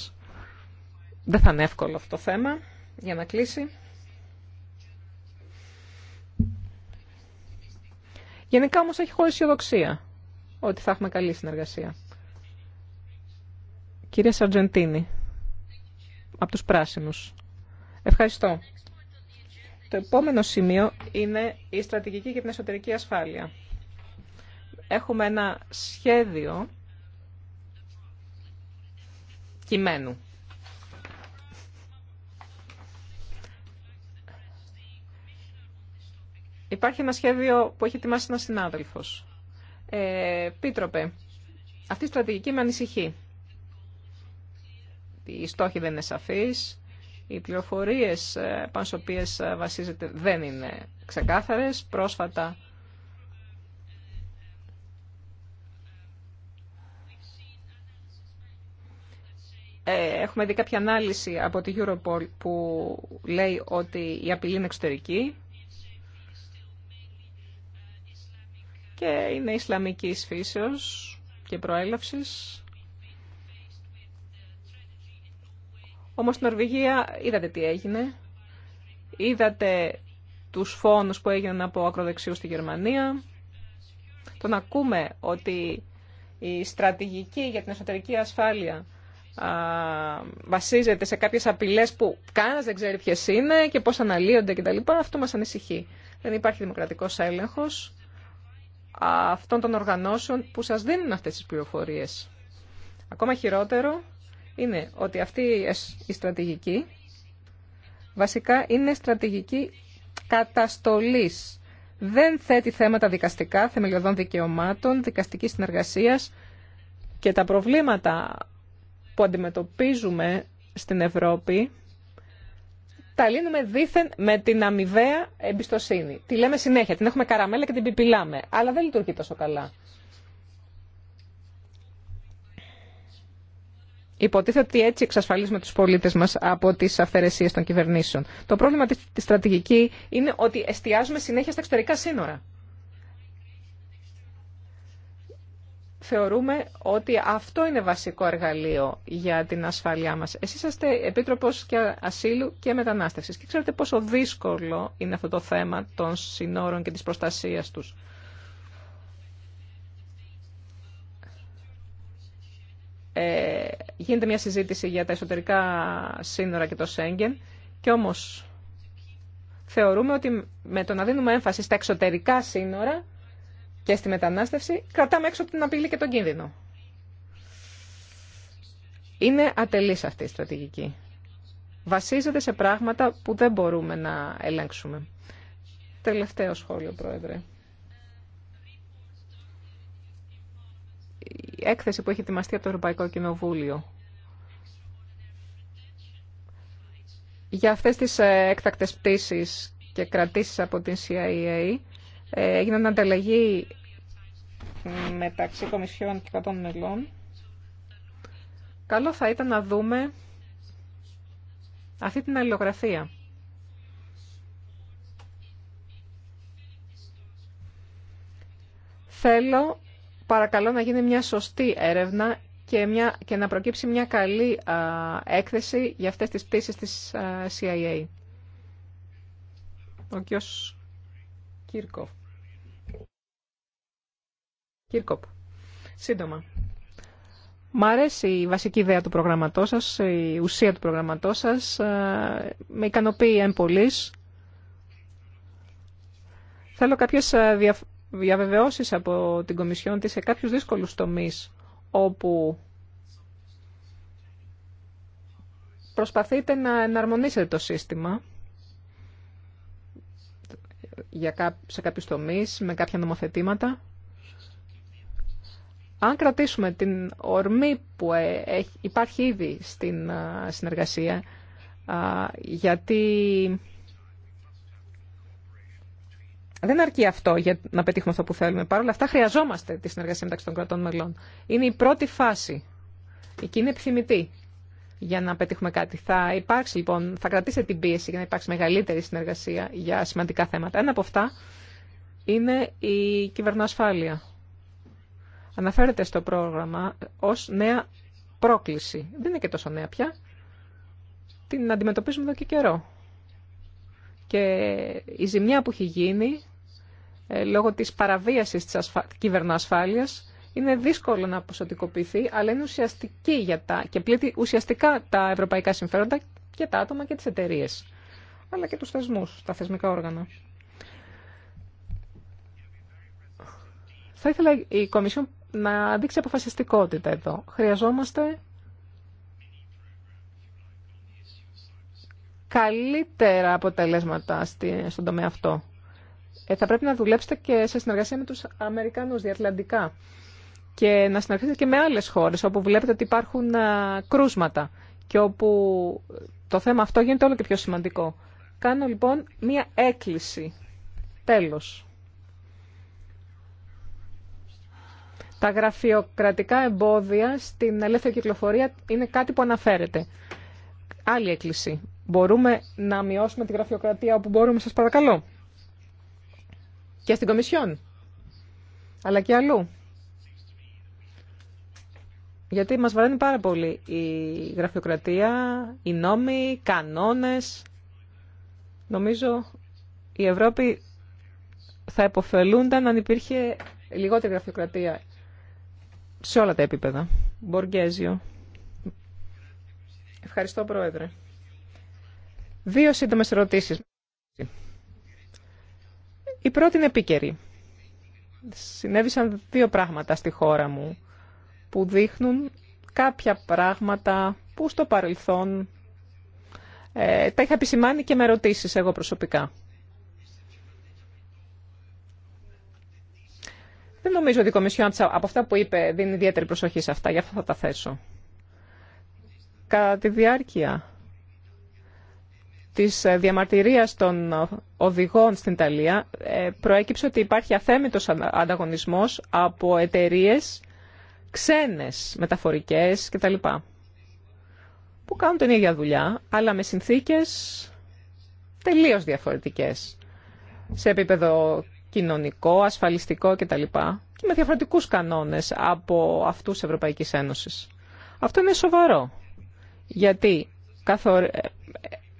Δεν θα είναι εύκολο αυτό το θέμα για να κλείσει. Γενικά όμως έχει χωρίς αισιοδοξία ότι θα έχουμε καλή συνεργασία. Κυρία Σαρτζεντίνη από τους πράσινους. Ευχαριστώ. Το επόμενο σημείο είναι η στρατηγική και την εσωτερική ασφάλεια. Έχουμε ένα σχέδιο κειμένου. Υπάρχει ένα σχέδιο που έχει ετοιμάσει ένα συνάδελφος. Ε, πίτροπε, αυτή η στρατηγική με ανησυχεί ότι οι στόχοι δεν είναι σαφείς, οι πληροφορίες ε, πάνω στις οποίες ε, βασίζεται δεν είναι ξεκάθαρες. Πρόσφατα ε, έχουμε δει κάποια ανάλυση από τη Europol που λέει ότι η απειλή είναι εξωτερική και είναι ισλαμικής φύσεως και προέλευσης. Όμως στην Νορβηγία είδατε τι έγινε. Είδατε τους φόνους που έγιναν από ακροδεξιού στη Γερμανία. Τον ακούμε ότι η στρατηγική για την εσωτερική ασφάλεια α, βασίζεται σε κάποιες απειλές που κανένας δεν ξέρει ποιες είναι και πώς αναλύονται κτλ. Αυτό μας ανησυχεί. Δεν υπάρχει δημοκρατικός έλεγχος αυτών των οργανώσεων που σας δίνουν αυτές τις πληροφορίες. Ακόμα χειρότερο, είναι ότι αυτή η στρατηγική βασικά είναι στρατηγική καταστολής. Δεν θέτει θέματα δικαστικά, θεμελιωδών δικαιωμάτων, δικαστικής συνεργασίας και τα προβλήματα που αντιμετωπίζουμε στην Ευρώπη τα λύνουμε δήθεν με την αμοιβαία εμπιστοσύνη. Τη λέμε συνέχεια, την έχουμε καραμέλα και την πιπιλάμε, αλλά δεν λειτουργεί τόσο καλά. Υποτίθεται ότι έτσι εξασφαλίζουμε τους πολίτες μας από τις αυθαιρεσίε των κυβερνήσεων. Το πρόβλημα της στρατηγική είναι ότι εστιάζουμε συνέχεια στα εξωτερικά σύνορα. Θεωρούμε ότι αυτό είναι βασικό εργαλείο για την ασφαλειά μας. Εσείς είσαστε Επίτροπος και Ασύλου και Μετανάστευσης και ξέρετε πόσο δύσκολο είναι αυτό το θέμα των συνόρων και της προστασίας τους. Ε, γίνεται μια συζήτηση για τα εσωτερικά σύνορα και το Σέγγεν και όμως θεωρούμε ότι με το να δίνουμε έμφαση στα εξωτερικά σύνορα και στη μετανάστευση κρατάμε έξω την απειλή και τον κίνδυνο. Είναι ατελής αυτή η στρατηγική. Βασίζεται σε πράγματα που δεν μπορούμε να ελέγξουμε. Τελευταίο σχόλιο, Πρόεδρε. έκθεση που έχει ετοιμαστεί από το Ευρωπαϊκό Κοινοβούλιο για αυτές τις ε, έκτακτες πτήσεις και κρατήσεις από την CIA ε, έγιναν ανταλλαγή μεταξύ Κομισιών και Κατών μελών. Καλό θα ήταν να δούμε αυτή την αλληλογραφία. Θέλω παρακαλώ να γίνει μια σωστή έρευνα και, μια, και να προκύψει μια καλή έκθεση για αυτές τις πτήσεις της CIA. Ο κ. Κύρκοφ. Κύρκοπ. Σύντομα. Μ' αρέσει η βασική ιδέα του προγραμματός σας, η ουσία του προγραμματός σας. Με ικανοποιεί εμπολής. Θέλω κάποιες διαβεβαιώσεις από την Κομισιόν ότι σε κάποιους δύσκολους τομείς όπου προσπαθείτε να εναρμονίσετε το σύστημα για σε κάποιους τομείς, με κάποια νομοθετήματα. Αν κρατήσουμε την ορμή που ε- υπάρχει ήδη στην ε, συνεργασία, γιατί δεν αρκεί αυτό για να πετύχουμε αυτό που θέλουμε. Παρ' όλα αυτά χρειαζόμαστε τη συνεργασία μεταξύ των κρατών μελών. Είναι η πρώτη φάση. Εκεί είναι επιθυμητή για να πετύχουμε κάτι. Θα υπάρξει λοιπόν, θα κρατήσετε την πίεση για να υπάρξει μεγαλύτερη συνεργασία για σημαντικά θέματα. Ένα από αυτά είναι η κυβερνοασφάλεια. Αναφέρεται στο πρόγραμμα ως νέα πρόκληση. Δεν είναι και τόσο νέα πια. Την αντιμετωπίζουμε εδώ και καιρό. Και η ζημιά που έχει γίνει ε, λόγω της παραβίασης της ασφα... κυβερνοασφάλειας είναι δύσκολο να ποσοτικοποιηθεί, αλλά είναι ουσιαστική για και πλήττει ουσιαστικά τα ευρωπαϊκά συμφέροντα και τα άτομα και τις εταιρείε, αλλά και τους θεσμούς, τα θεσμικά όργανα. Θα ήθελα η Κομισιόν να δείξει αποφασιστικότητα εδώ. Χρειαζόμαστε καλύτερα αποτελέσματα στον τομέα αυτό. Ε, θα πρέπει να δουλέψετε και σε συνεργασία με τους Αμερικανούς διατλαντικά και να συνεργαστείτε και με άλλες χώρες όπου βλέπετε ότι υπάρχουν κρούσματα και όπου το θέμα αυτό γίνεται όλο και πιο σημαντικό. Κάνω λοιπόν μία έκκληση. Τέλος. Τα γραφειοκρατικά εμπόδια στην ελεύθερη κυκλοφορία είναι κάτι που αναφέρεται. Άλλη έκκληση. Μπορούμε να μειώσουμε τη γραφειοκρατία όπου μπορούμε, σας παρακαλώ και στην Κομισιόν, αλλά και αλλού. Γιατί μας βαραίνει πάρα πολύ η γραφειοκρατία, οι νόμοι, οι κανόνες. Νομίζω η Ευρώπη θα επωφελούνταν αν υπήρχε λιγότερη γραφειοκρατία σε όλα τα επίπεδα. Μποργέζιο. Ευχαριστώ, Πρόεδρε. Δύο σύντομες ερωτήσεις. Η πρώτη είναι επίκαιρη. Συνέβησαν δύο πράγματα στη χώρα μου που δείχνουν κάποια πράγματα που στο παρελθόν ε, τα είχα επισημάνει και με ρωτήσεις εγώ προσωπικά. Δεν νομίζω ότι η Κομισιόν από αυτά που είπε δίνει ιδιαίτερη προσοχή σε αυτά, γι' αυτό θα τα θέσω. Κατά τη διάρκεια της ε, διαμαρτυρίας των οδηγών στην Ιταλία ε, προέκυψε ότι υπάρχει αθέμητος ανταγωνισμός από εταιρείε ξένες μεταφορικές κτλ. Που κάνουν την ίδια δουλειά, αλλά με συνθήκες τελείως διαφορετικές. Σε επίπεδο κοινωνικό, ασφαλιστικό κτλ. Και με διαφορετικούς κανόνες από αυτούς Ευρωπαϊκής Ένωσης. Αυτό είναι σοβαρό. Γιατί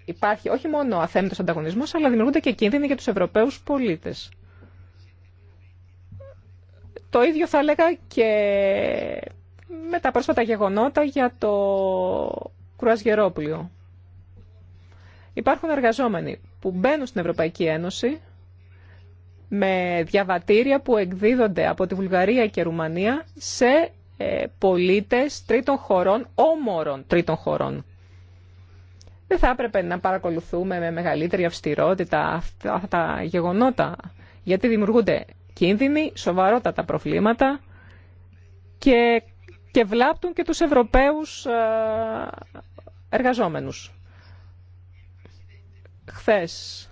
υπάρχει όχι μόνο αθέμητο ανταγωνισμός, αλλά δημιουργούνται και κίνδυνοι για τους Ευρωπαίους πολίτες. Το ίδιο θα έλεγα και με τα πρόσφατα γεγονότα για το κρουαζιερόπλιο. Υπάρχουν εργαζόμενοι που μπαίνουν στην Ευρωπαϊκή Ένωση με διαβατήρια που εκδίδονται από τη Βουλγαρία και Ρουμανία σε ε, πολίτες τρίτων χωρών, όμορων τρίτων χωρών. Δεν θα έπρεπε να παρακολουθούμε με μεγαλύτερη αυστηρότητα αυτά τα γεγονότα, γιατί δημιουργούνται κίνδυνοι, σοβαρότατα προβλήματα και, και βλάπτουν και τους Ευρωπαίους ε, εργαζόμενους. Χθες,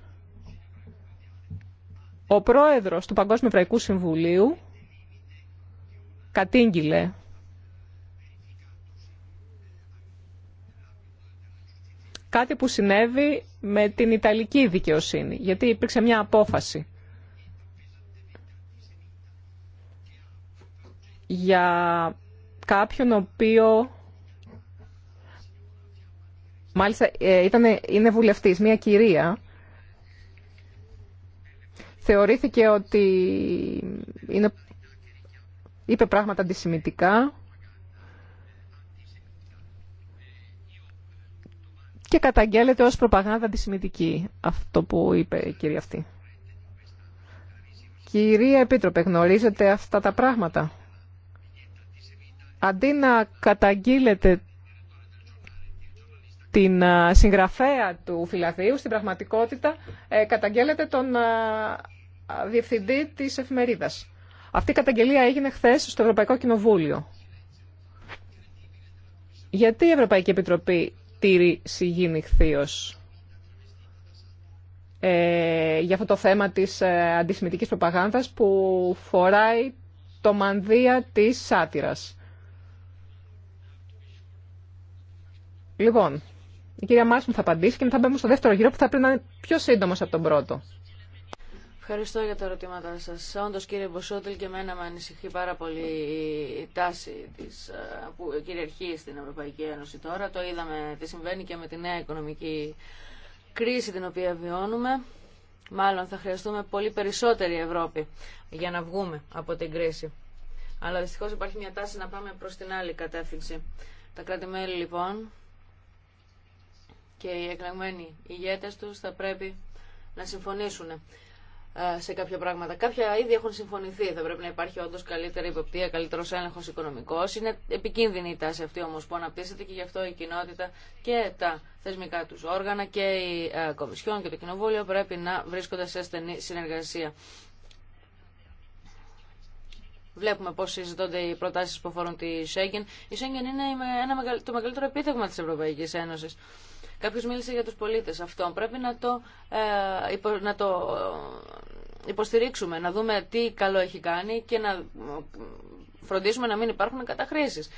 ο πρόεδρος του Παγκόσμιου Ευρωπαϊκού Συμβουλίου κατήγγειλε Κάτι που συνέβη με την Ιταλική δικαιοσύνη, γιατί υπήρξε μια απόφαση για κάποιον ο οποίο μάλιστα ε, ήταν, είναι βουλευτής, μια κυρία, θεωρήθηκε ότι είναι, είπε πράγματα αντισημητικά και καταγγέλλεται ως προπαγάνδα αντισημιτική αυτό που είπε η κυρία αυτή. Κυρία Επίτροπε, γνωρίζετε αυτά τα πράγματα. Αντί να καταγγείλετε την συγγραφέα του Φιλαδίου, στην πραγματικότητα ε, καταγγέλλεται τον διευθυντή της εφημερίδας. Αυτή η καταγγελία έγινε χθες στο Ευρωπαϊκό Κοινοβούλιο. Γιατί η Ευρωπαϊκή Επιτροπή Τύρι γίνει Χθίος Ε, για αυτό το θέμα της ε, αντισημιτικής προπαγάνδας που φοράει το μανδύα της σάτυρας. Λοιπόν, η κυρία Μάρσμου θα απαντήσει και μετά μπαίνουμε στο δεύτερο γύρο που θα πρέπει να είναι πιο σύντομος από τον πρώτο. Ευχαριστώ για τα ερωτήματά σα. Όντω, κύριε Μποσότελ και εμένα με ανησυχεί πάρα πολύ η τάση της, που κυριαρχεί στην Ευρωπαϊκή Ένωση τώρα. Το είδαμε τι συμβαίνει και με τη νέα οικονομική κρίση την οποία βιώνουμε. Μάλλον θα χρειαστούμε πολύ περισσότερη Ευρώπη για να βγούμε από την κρίση. Αλλά δυστυχώ υπάρχει μια τάση να πάμε προ την άλλη κατεύθυνση. Τα κράτη-μέλη λοιπόν και οι εκλεγμένοι ηγέτε του θα πρέπει να συμφωνήσουν ε, σε κάποια πράγματα. Κάποια ήδη έχουν συμφωνηθεί. Θα πρέπει να υπάρχει όντω καλύτερη υποπτία, καλύτερο έλεγχο οικονομικό. Είναι επικίνδυνη η τάση αυτή όμω που αναπτύσσεται και γι' αυτό η κοινότητα και τα θεσμικά του όργανα και η ε, Κομισιόν και το Κοινοβούλιο πρέπει να βρίσκονται σε στενή συνεργασία. Βλέπουμε πώ συζητώνται οι προτάσει που αφορούν τη Σέγγεν. Η Σέγγεν είναι ένα το μεγαλύτερο επίτευγμα τη Ευρωπαϊκή Ένωση. Κάποιο μίλησε για τους πολίτες. Αυτό πρέπει να το, ε, να το υποστηρίξουμε, να δούμε τι καλό έχει κάνει και να φροντίσουμε να μην υπάρχουν καταχρήσεις.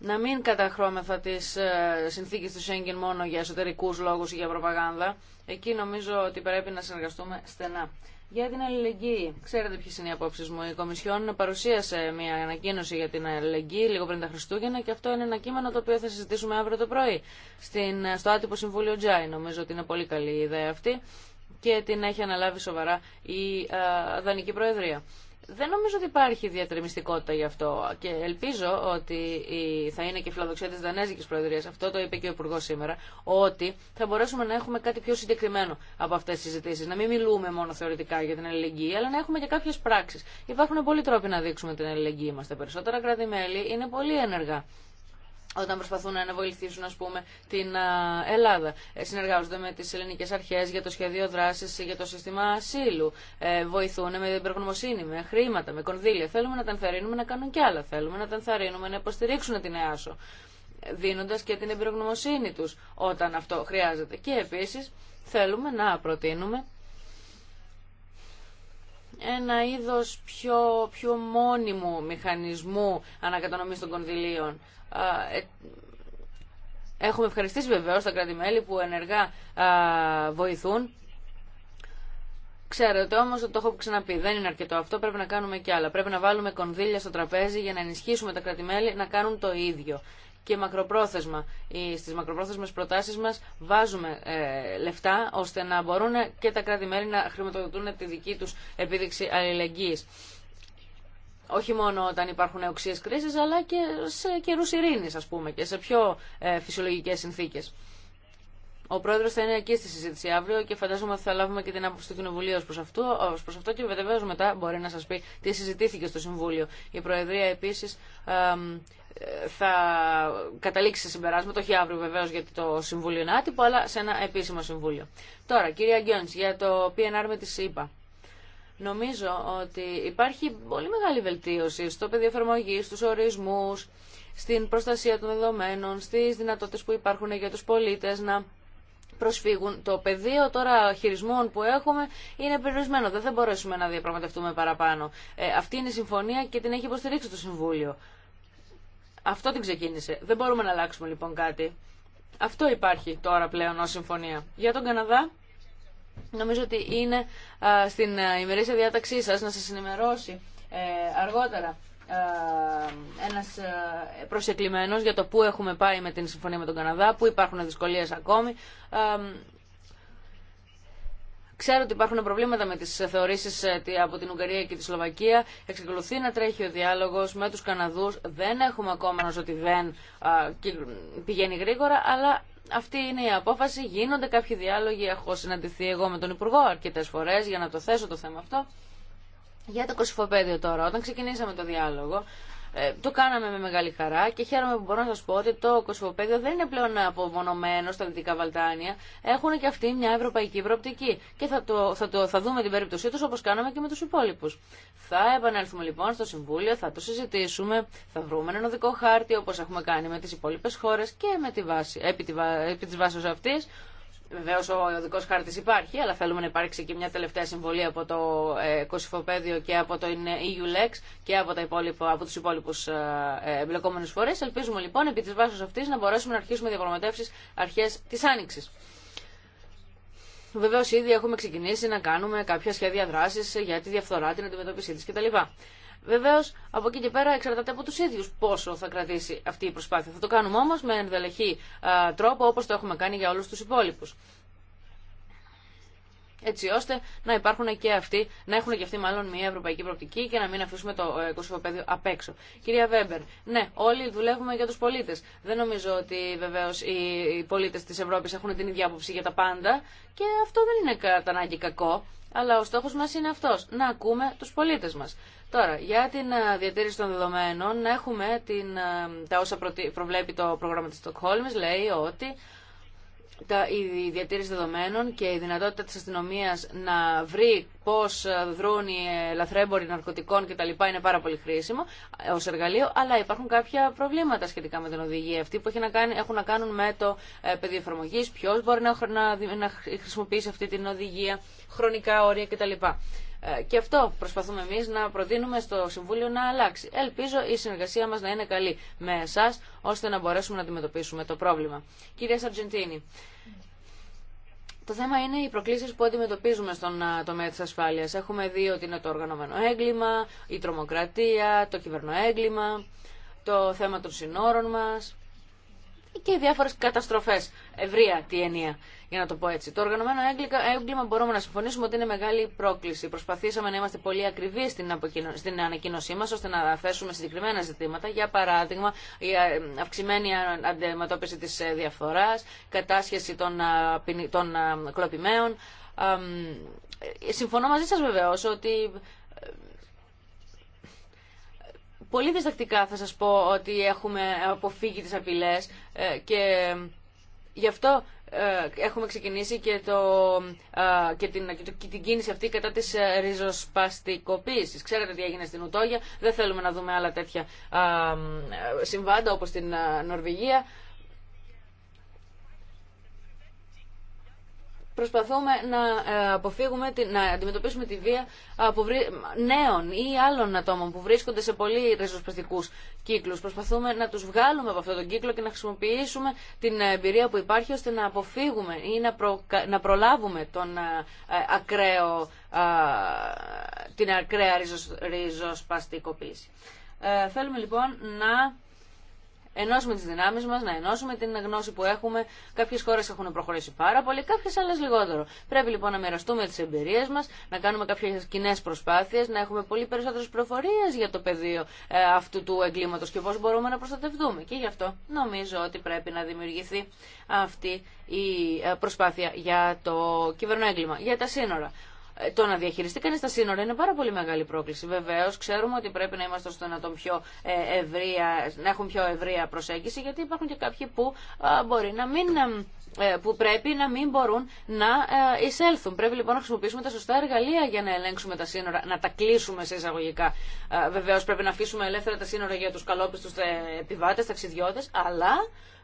Να μην καταχρώμεθα τις ε, συνθήκες του Σέγγεν μόνο για εσωτερικού λόγους ή για προπαγάνδα. Εκεί νομίζω ότι πρέπει να συνεργαστούμε στενά. Για την αλληλεγγύη. Ξέρετε ποιε είναι οι απόψει μου. Η Κομισιόν παρουσίασε μια ανακοίνωση για την αλληλεγγύη λίγο πριν τα Χριστούγεννα και αυτό είναι ένα κείμενο το οποίο θα συζητήσουμε αύριο το πρωί στην, στο άτυπο Συμβούλιο Τζάι. Νομίζω ότι είναι πολύ καλή η ιδέα αυτή και την έχει αναλάβει σοβαρά η ε, Δανική Προεδρία. Δεν νομίζω ότι υπάρχει διατρεμιστικότητα γι' αυτό και ελπίζω ότι θα είναι και η φιλοδοξία τη Δανέζικη Προεδρία, αυτό το είπε και ο Υπουργό σήμερα, ότι θα μπορέσουμε να έχουμε κάτι πιο συγκεκριμένο από αυτέ τι συζητήσει. Να μην μιλούμε μόνο θεωρητικά για την αλληλεγγύη, αλλά να έχουμε και κάποιε πράξει. Υπάρχουν πολλοί τρόποι να δείξουμε την αλληλεγγύη μα. Τα περισσότερα κράτη-μέλη είναι πολύ ενεργά όταν προσπαθούν να βοηθήσουν ας πούμε, την Ελλάδα. Ε, συνεργάζονται με τις ελληνικές αρχές για το σχέδιο δράσης, για το σύστημα ασύλου. Ε, βοηθούν με υπερογνωμοσύνη, με χρήματα, με κονδύλια. Θέλουμε να τα ενθαρρύνουμε να κάνουν κι άλλα. Θέλουμε να τα ενθαρρύνουμε να υποστηρίξουν την ΕΑΣΟ δίνοντας και την εμπειρογνωμοσύνη τους όταν αυτό χρειάζεται. Και επίσης θέλουμε να προτείνουμε ένα είδος πιο, πιο μόνιμου μηχανισμού ανακατανομής των κονδυλίων ε, έχουμε ευχαριστήσει βεβαίως τα κράτη-μέλη που ενεργά βοηθούν. Ξέρετε όμω ότι το έχω ξαναπεί. Δεν είναι αρκετό αυτό. Πρέπει να κάνουμε κι άλλα. Πρέπει να βάλουμε κονδύλια στο τραπέζι για να ενισχύσουμε τα κρατημέλη να κάνουν το ίδιο. Και μακροπρόθεσμα. Στι μακροπρόθεσμε προτάσει μα βάζουμε ε, λεφτά ώστε να μπορούν και τα κράτη-μέλη να χρηματοδοτούν τη δική του επίδειξη αλληλεγγύη όχι μόνο όταν υπάρχουν οξύε κρίσεις, αλλά και σε καιρού ειρηνή ας πούμε, και σε πιο ε, φυσιολογικέ συνθήκε. Ο πρόεδρο θα είναι εκεί στη συζήτηση αύριο και φαντάζομαι ότι θα λάβουμε και την άποψη του Κοινοβουλίου προ αυτό, αυτό και βεβαίω μετά μπορεί να σα πει τι συζητήθηκε στο Συμβούλιο. Η Προεδρία επίση ε, θα καταλήξει σε συμπεράσματα, όχι αύριο βεβαίω γιατί το Συμβούλιο είναι άτυπο, αλλά σε ένα επίσημο Συμβούλιο. Τώρα, κυρία Γκιόντ, για το PNR με τη ΣΥΠΑ. Νομίζω ότι υπάρχει πολύ μεγάλη βελτίωση στο πεδίο εφαρμογή, στους ορισμούς, στην προστασία των δεδομένων, στις δυνατότητες που υπάρχουν για τους πολίτες να προσφύγουν. Το πεδίο τώρα χειρισμών που έχουμε είναι περιορισμένο. Δεν θα μπορέσουμε να διαπραγματευτούμε παραπάνω. Ε, αυτή είναι η συμφωνία και την έχει υποστηρίξει το Συμβούλιο. Αυτό την ξεκίνησε. Δεν μπορούμε να αλλάξουμε λοιπόν κάτι. Αυτό υπάρχει τώρα πλέον ως συμφωνία. Για τον Καναδά Νομίζω ότι είναι στην ε, ημερήσια διάταξή σας να σας ενημερώσει ε, αργότερα ένας προσεκλημένος για το πού έχουμε πάει με την συμφωνία με τον Καναδά, πού υπάρχουν δυσκολίες ακόμη. Ξέρω ότι υπάρχουν προβλήματα με τις θεωρήσεις ε, από την Ουγγαρία και τη Σλοβακία. Εξακολουθεί να τρέχει ο διάλογος με τους Καναδούς. Δεν έχουμε ακόμα ότι δεν πηγαίνει γρήγορα, αλλά αυτή είναι η απόφαση. Γίνονται κάποιοι διάλογοι. Έχω συναντηθεί εγώ με τον Υπουργό αρκετέ φορέ για να το θέσω το θέμα αυτό. Για το κοσυφοπαίδιο τώρα, όταν ξεκινήσαμε το διάλογο, ε, το κάναμε με μεγάλη χαρά και χαίρομαι που μπορώ να σας πω ότι το Κοσμοπέδιο δεν είναι πλέον απομονωμένο στα Δυτικά Βαλτάνια. Έχουν και αυτοί μια ευρωπαϊκή προοπτική και θα, το, θα, το, θα δούμε την περίπτωσή τους όπως κάναμε και με τους υπόλοιπους. Θα επανέλθουμε λοιπόν στο Συμβούλιο, θα το συζητήσουμε, θα βρούμε έναν οδικό χάρτη όπως έχουμε κάνει με τις υπόλοιπες χώρες και με τη βάση, επί, επί της βάσης Βεβαίω ο οδικό χάρτη υπάρχει, αλλά θέλουμε να υπάρξει και μια τελευταία συμβολή από το ε, Κωσυφοπαίδιο και από το EULEX και από, τα από του υπόλοιπου ε, ε, εμπλεκόμενου φορέ. Ελπίζουμε λοιπόν επί τη βάση αυτή να μπορέσουμε να αρχίσουμε διαπραγματεύσει αρχέ τη Άνοιξη. Βεβαίω ήδη έχουμε ξεκινήσει να κάνουμε κάποια σχέδια δράση για τη διαφθορά, την αντιμετώπιση τη κτλ. Βεβαίω, από εκεί και πέρα εξαρτάται από του ίδιου πόσο θα κρατήσει αυτή η προσπάθεια. Θα το κάνουμε όμω με ενδελεχή τρόπο όπω το έχουμε κάνει για όλου του υπόλοιπου έτσι ώστε να υπάρχουν και αυτοί, να έχουν και αυτοί μάλλον μια ευρωπαϊκή προοπτική και να μην αφήσουμε το ε, πεδίο απ' έξω. Κυρία Βέμπερ, ναι, όλοι δουλεύουμε για του πολίτε. Δεν νομίζω ότι βεβαίω οι πολίτε τη Ευρώπη έχουν την ίδια άποψη για τα πάντα και αυτό δεν είναι κατά ανάγκη κακό. Αλλά ο στόχο μα είναι αυτό, να ακούμε του πολίτε μα. Τώρα, για την ε, διατήρηση των δεδομένων, έχουμε την, ε, τα όσα προβλέπει το πρόγραμμα τη Στοκχόλμη, λέει ότι τα, η διατήρηση δεδομένων και η δυνατότητα της αστυνομίας να βρει πώς ε, δρούν οι ε, λαθρέμποροι ναρκωτικών κτλ. είναι πάρα πολύ χρήσιμο ε, ως εργαλείο, αλλά υπάρχουν κάποια προβλήματα σχετικά με την οδηγία αυτή που έχει να κάνει, έχουν να κάνουν με το πεδίο εφαρμογής ποιο μπορεί να, να χρησιμοποιήσει αυτή την οδηγία, χρονικά όρια κτλ. Ε, και αυτό προσπαθούμε εμείς να προτείνουμε στο Συμβούλιο να αλλάξει. Ελπίζω η συνεργασία μας να είναι καλή με εσάς, ώστε να μπορέσουμε να αντιμετωπίσουμε το πρόβλημα. Κυρία Σαρτζεντίνη, το θέμα είναι οι προκλήσεις που αντιμετωπίζουμε στον ε, τομέα της ασφάλειας. Έχουμε δει ότι είναι το οργανωμένο έγκλημα, η τρομοκρατία, το κυβερνοέγκλημα, το θέμα των συνόρων μας και διάφορε καταστροφέ. Ευρεία τη ενία, για να το πω έτσι. Το οργανωμένο έγκλημα μπορούμε να συμφωνήσουμε ότι είναι μεγάλη πρόκληση. Προσπαθήσαμε να είμαστε πολύ ακριβεί στην, στην ανακοίνωσή μα, ώστε να θέσουμε συγκεκριμένα ζητήματα. Για παράδειγμα, η ε, αυξημένη αντιμετώπιση τη ε, διαφορά, κατάσχεση των, των κλοπημαίων. Ε, συμφωνώ μαζί σα βεβαίω ότι πολύ διστακτικά θα σας πω ότι έχουμε αποφύγει τις απειλές ε, και γι' αυτό ε, έχουμε ξεκινήσει και, το, ε, και, την, και την κίνηση αυτή κατά της ριζοσπαστικοποίησης. Ξέρετε τι έγινε στην Ουτόγια, δεν θέλουμε να δούμε άλλα τέτοια συμβάντα όπως στην Νορβηγία. προσπαθούμε να ε, αποφύγουμε, να αντιμετωπίσουμε τη βία από νέων ή άλλων ατόμων που βρίσκονται σε πολύ ριζοσπαστικού κύκλου. Προσπαθούμε να του βγάλουμε από αυτόν τον κύκλο και να χρησιμοποιήσουμε την ε, εμπειρία που υπάρχει ώστε να αποφύγουμε ή να, προ, να προλάβουμε τον ε, ακραίο, την ακραία ριζοσπαστικοποίηση. θέλουμε λοιπόν να ενώσουμε τι δυνάμει μα, να ενώσουμε την γνώση που έχουμε. Κάποιε χώρε έχουν προχωρήσει πάρα πολύ, κάποιε άλλε λιγότερο. Πρέπει λοιπόν να μοιραστούμε τι εμπειρίε μα, να κάνουμε κάποιε κοινέ προσπάθειε, να έχουμε πολύ περισσότερε προφορίε για το πεδίο ε, αυτού του εγκλήματο και πώ μπορούμε να προστατευτούμε. Και γι' αυτό νομίζω ότι πρέπει να δημιουργηθεί αυτή η ε, προσπάθεια για το εγκλήμα, για τα σύνορα το να διαχειριστεί κανεί τα σύνορα είναι πάρα πολύ μεγάλη πρόκληση. Βεβαίω, ξέρουμε ότι πρέπει να είμαστε στο να, πιο ε, ευρία, να έχουν πιο ευρεία προσέγγιση, γιατί υπάρχουν και κάποιοι που μπορεί να μην ε, που πρέπει να μην μπορούν να ε, εισέλθουν. Πρέπει λοιπόν να χρησιμοποιήσουμε τα σωστά εργαλεία για να ελέγξουμε τα σύνορα, να τα κλείσουμε σε εισαγωγικά. Βεβαίω πρέπει να αφήσουμε ελεύθερα τα σύνορα για του καλόπιστου επιβάτε, ταξιδιώτε, αλλά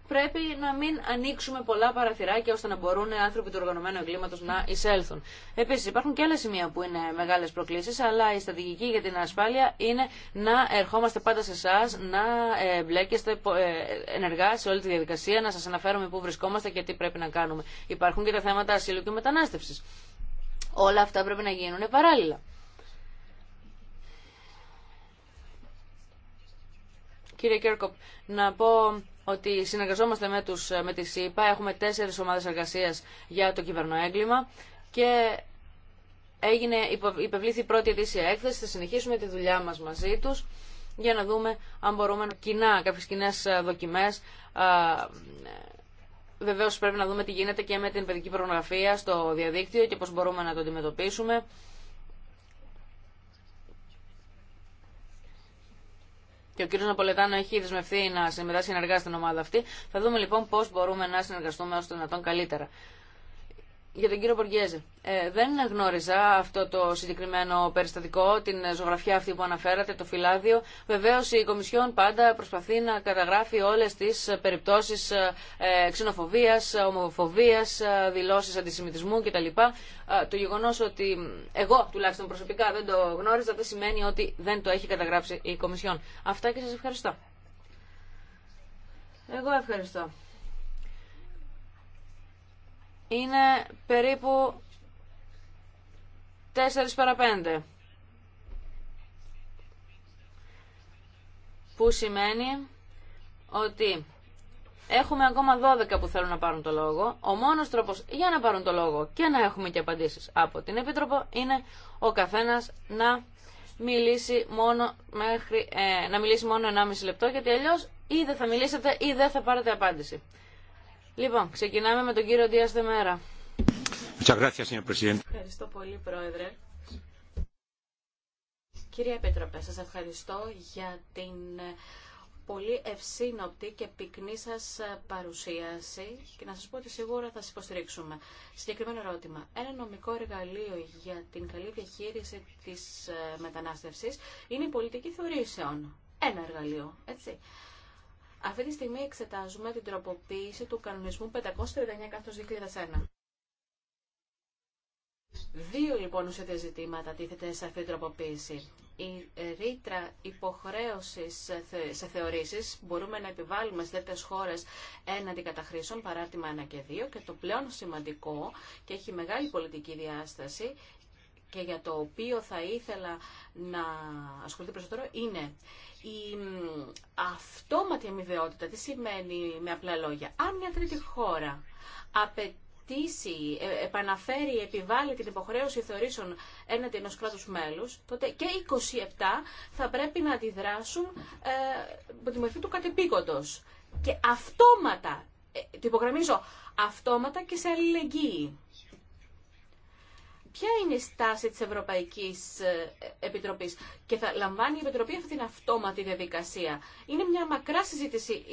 πρέπει να μην ανοίξουμε πολλά παραθυράκια ώστε να μπορούν οι άνθρωποι του οργανωμένου εγκλήματο να εισέλθουν. Επίση, υπάρχουν και άλλα σημεία που είναι μεγάλε προκλήσει, αλλά η στρατηγική για την ασφάλεια είναι να ερχόμαστε πάντα σε εσά, να ε, μπλέκεστε ε, ενεργά σε όλη τη διαδικασία, να σα αναφέρουμε πού βρισκόμαστε και τι πρέπει να κάνουμε. Υπάρχουν και τα θέματα ασύλου και μετανάστευση. Όλα αυτά πρέπει να γίνουν παράλληλα. Κύριε Κέρκοπ, να πω ότι συνεργαζόμαστε με, τους, με τη ΣΥΠΑ, έχουμε τέσσερις ομάδες εργασίας για το κυβερνοέγκλημα και έγινε, υπευλήθη η πρώτη ετήσια έκθεση, θα συνεχίσουμε τη δουλειά μας μαζί τους για να δούμε αν μπορούμε κοινά, κάποιες κοινέ ε, δοκιμές. Βεβαίω πρέπει να δούμε τι γίνεται και με την παιδική προγραφία στο διαδίκτυο και πώς μπορούμε να το αντιμετωπίσουμε. και ο κύριος Ναπολετάνο έχει δεσμευτεί να συμμετάσχει ενεργά στην ομάδα αυτή. Θα δούμε λοιπόν πώ μπορούμε να συνεργαστούμε ώστε να τον καλύτερα για τον κύριο Ποργιέζη, Ε, δεν γνώριζα αυτό το συγκεκριμένο περιστατικό, την ζωγραφιά αυτή που αναφέρατε, το φυλάδιο. Βεβαίω η Κομισιόν πάντα προσπαθεί να καταγράφει όλε τι περιπτώσει ε, ε ξενοφοβία, ομοφοβία, ε, δηλώσει αντισημιτισμού κτλ. Ε, το γεγονό ότι εγώ τουλάχιστον προσωπικά δεν το γνώριζα δεν σημαίνει ότι δεν το έχει καταγράψει η Κομισιόν. Αυτά και σα ευχαριστώ. Εγώ ευχαριστώ είναι περίπου 4 παρα 5. Που σημαίνει ότι έχουμε ακόμα 12 που θέλουν να πάρουν το λόγο. Ο μόνος τρόπος για να πάρουν το λόγο και να έχουμε και απαντήσεις από την Επίτροπο είναι ο καθένας να μιλήσει μόνο, μέχρι, ε, να μιλήσει μόνο 1,5 λεπτό γιατί αλλιώς ή δεν θα μιλήσετε ή δεν θα πάρετε απάντηση. Λοιπόν, ξεκινάμε με τον κύριο Δίας Δεμέρα. Ευχαριστώ πολύ, Πρόεδρε. Κύριε Επίτροπε, σας ευχαριστώ για την πολύ ευσύνοπτη και πυκνή σας παρουσίαση και να σας πω ότι σίγουρα θα σας υποστηρίξουμε. Συγκεκριμένο ερώτημα. Ένα νομικό εργαλείο για την καλή διαχείριση της ε, μετανάστευσης είναι η πολιτική θεωρήσεων. Ένα εργαλείο, έτσι. Αυτή τη στιγμή εξετάζουμε την τροποποίηση του κανονισμού 539 2001. Δύο λοιπόν ουσιαστικά ζητήματα τίθεται σε αυτή την τροποποίηση. Η ρήτρα υποχρέωση σε θεωρήσει μπορούμε να επιβάλλουμε στι δεύτερε χώρε έναντι καταχρήσεων, παράρτημα 1 και 2. Και το πλέον σημαντικό και έχει μεγάλη πολιτική διάσταση και για το οποίο θα ήθελα να ασχοληθεί περισσότερο είναι η αυτόματη αμοιβαιότητα. Τι σημαίνει με απλά λόγια. Αν μια τρίτη χώρα απαιτήσει, ε, επαναφέρει, επιβάλλει την υποχρέωση θεωρήσεων έναντι ενός κράτους μέλους, τότε και 27 θα πρέπει να αντιδράσουν ε, με τη μορφή του κατεπίκοντος. Και αυτόματα, ε, το υπογραμμίζω, αυτόματα και σε αλληλεγγύη ποια είναι η στάση της Ευρωπαϊκής ε, Επιτροπής και θα λαμβάνει η Επιτροπή αυτή την αυτόματη διαδικασία. Είναι μια μακρά συζήτηση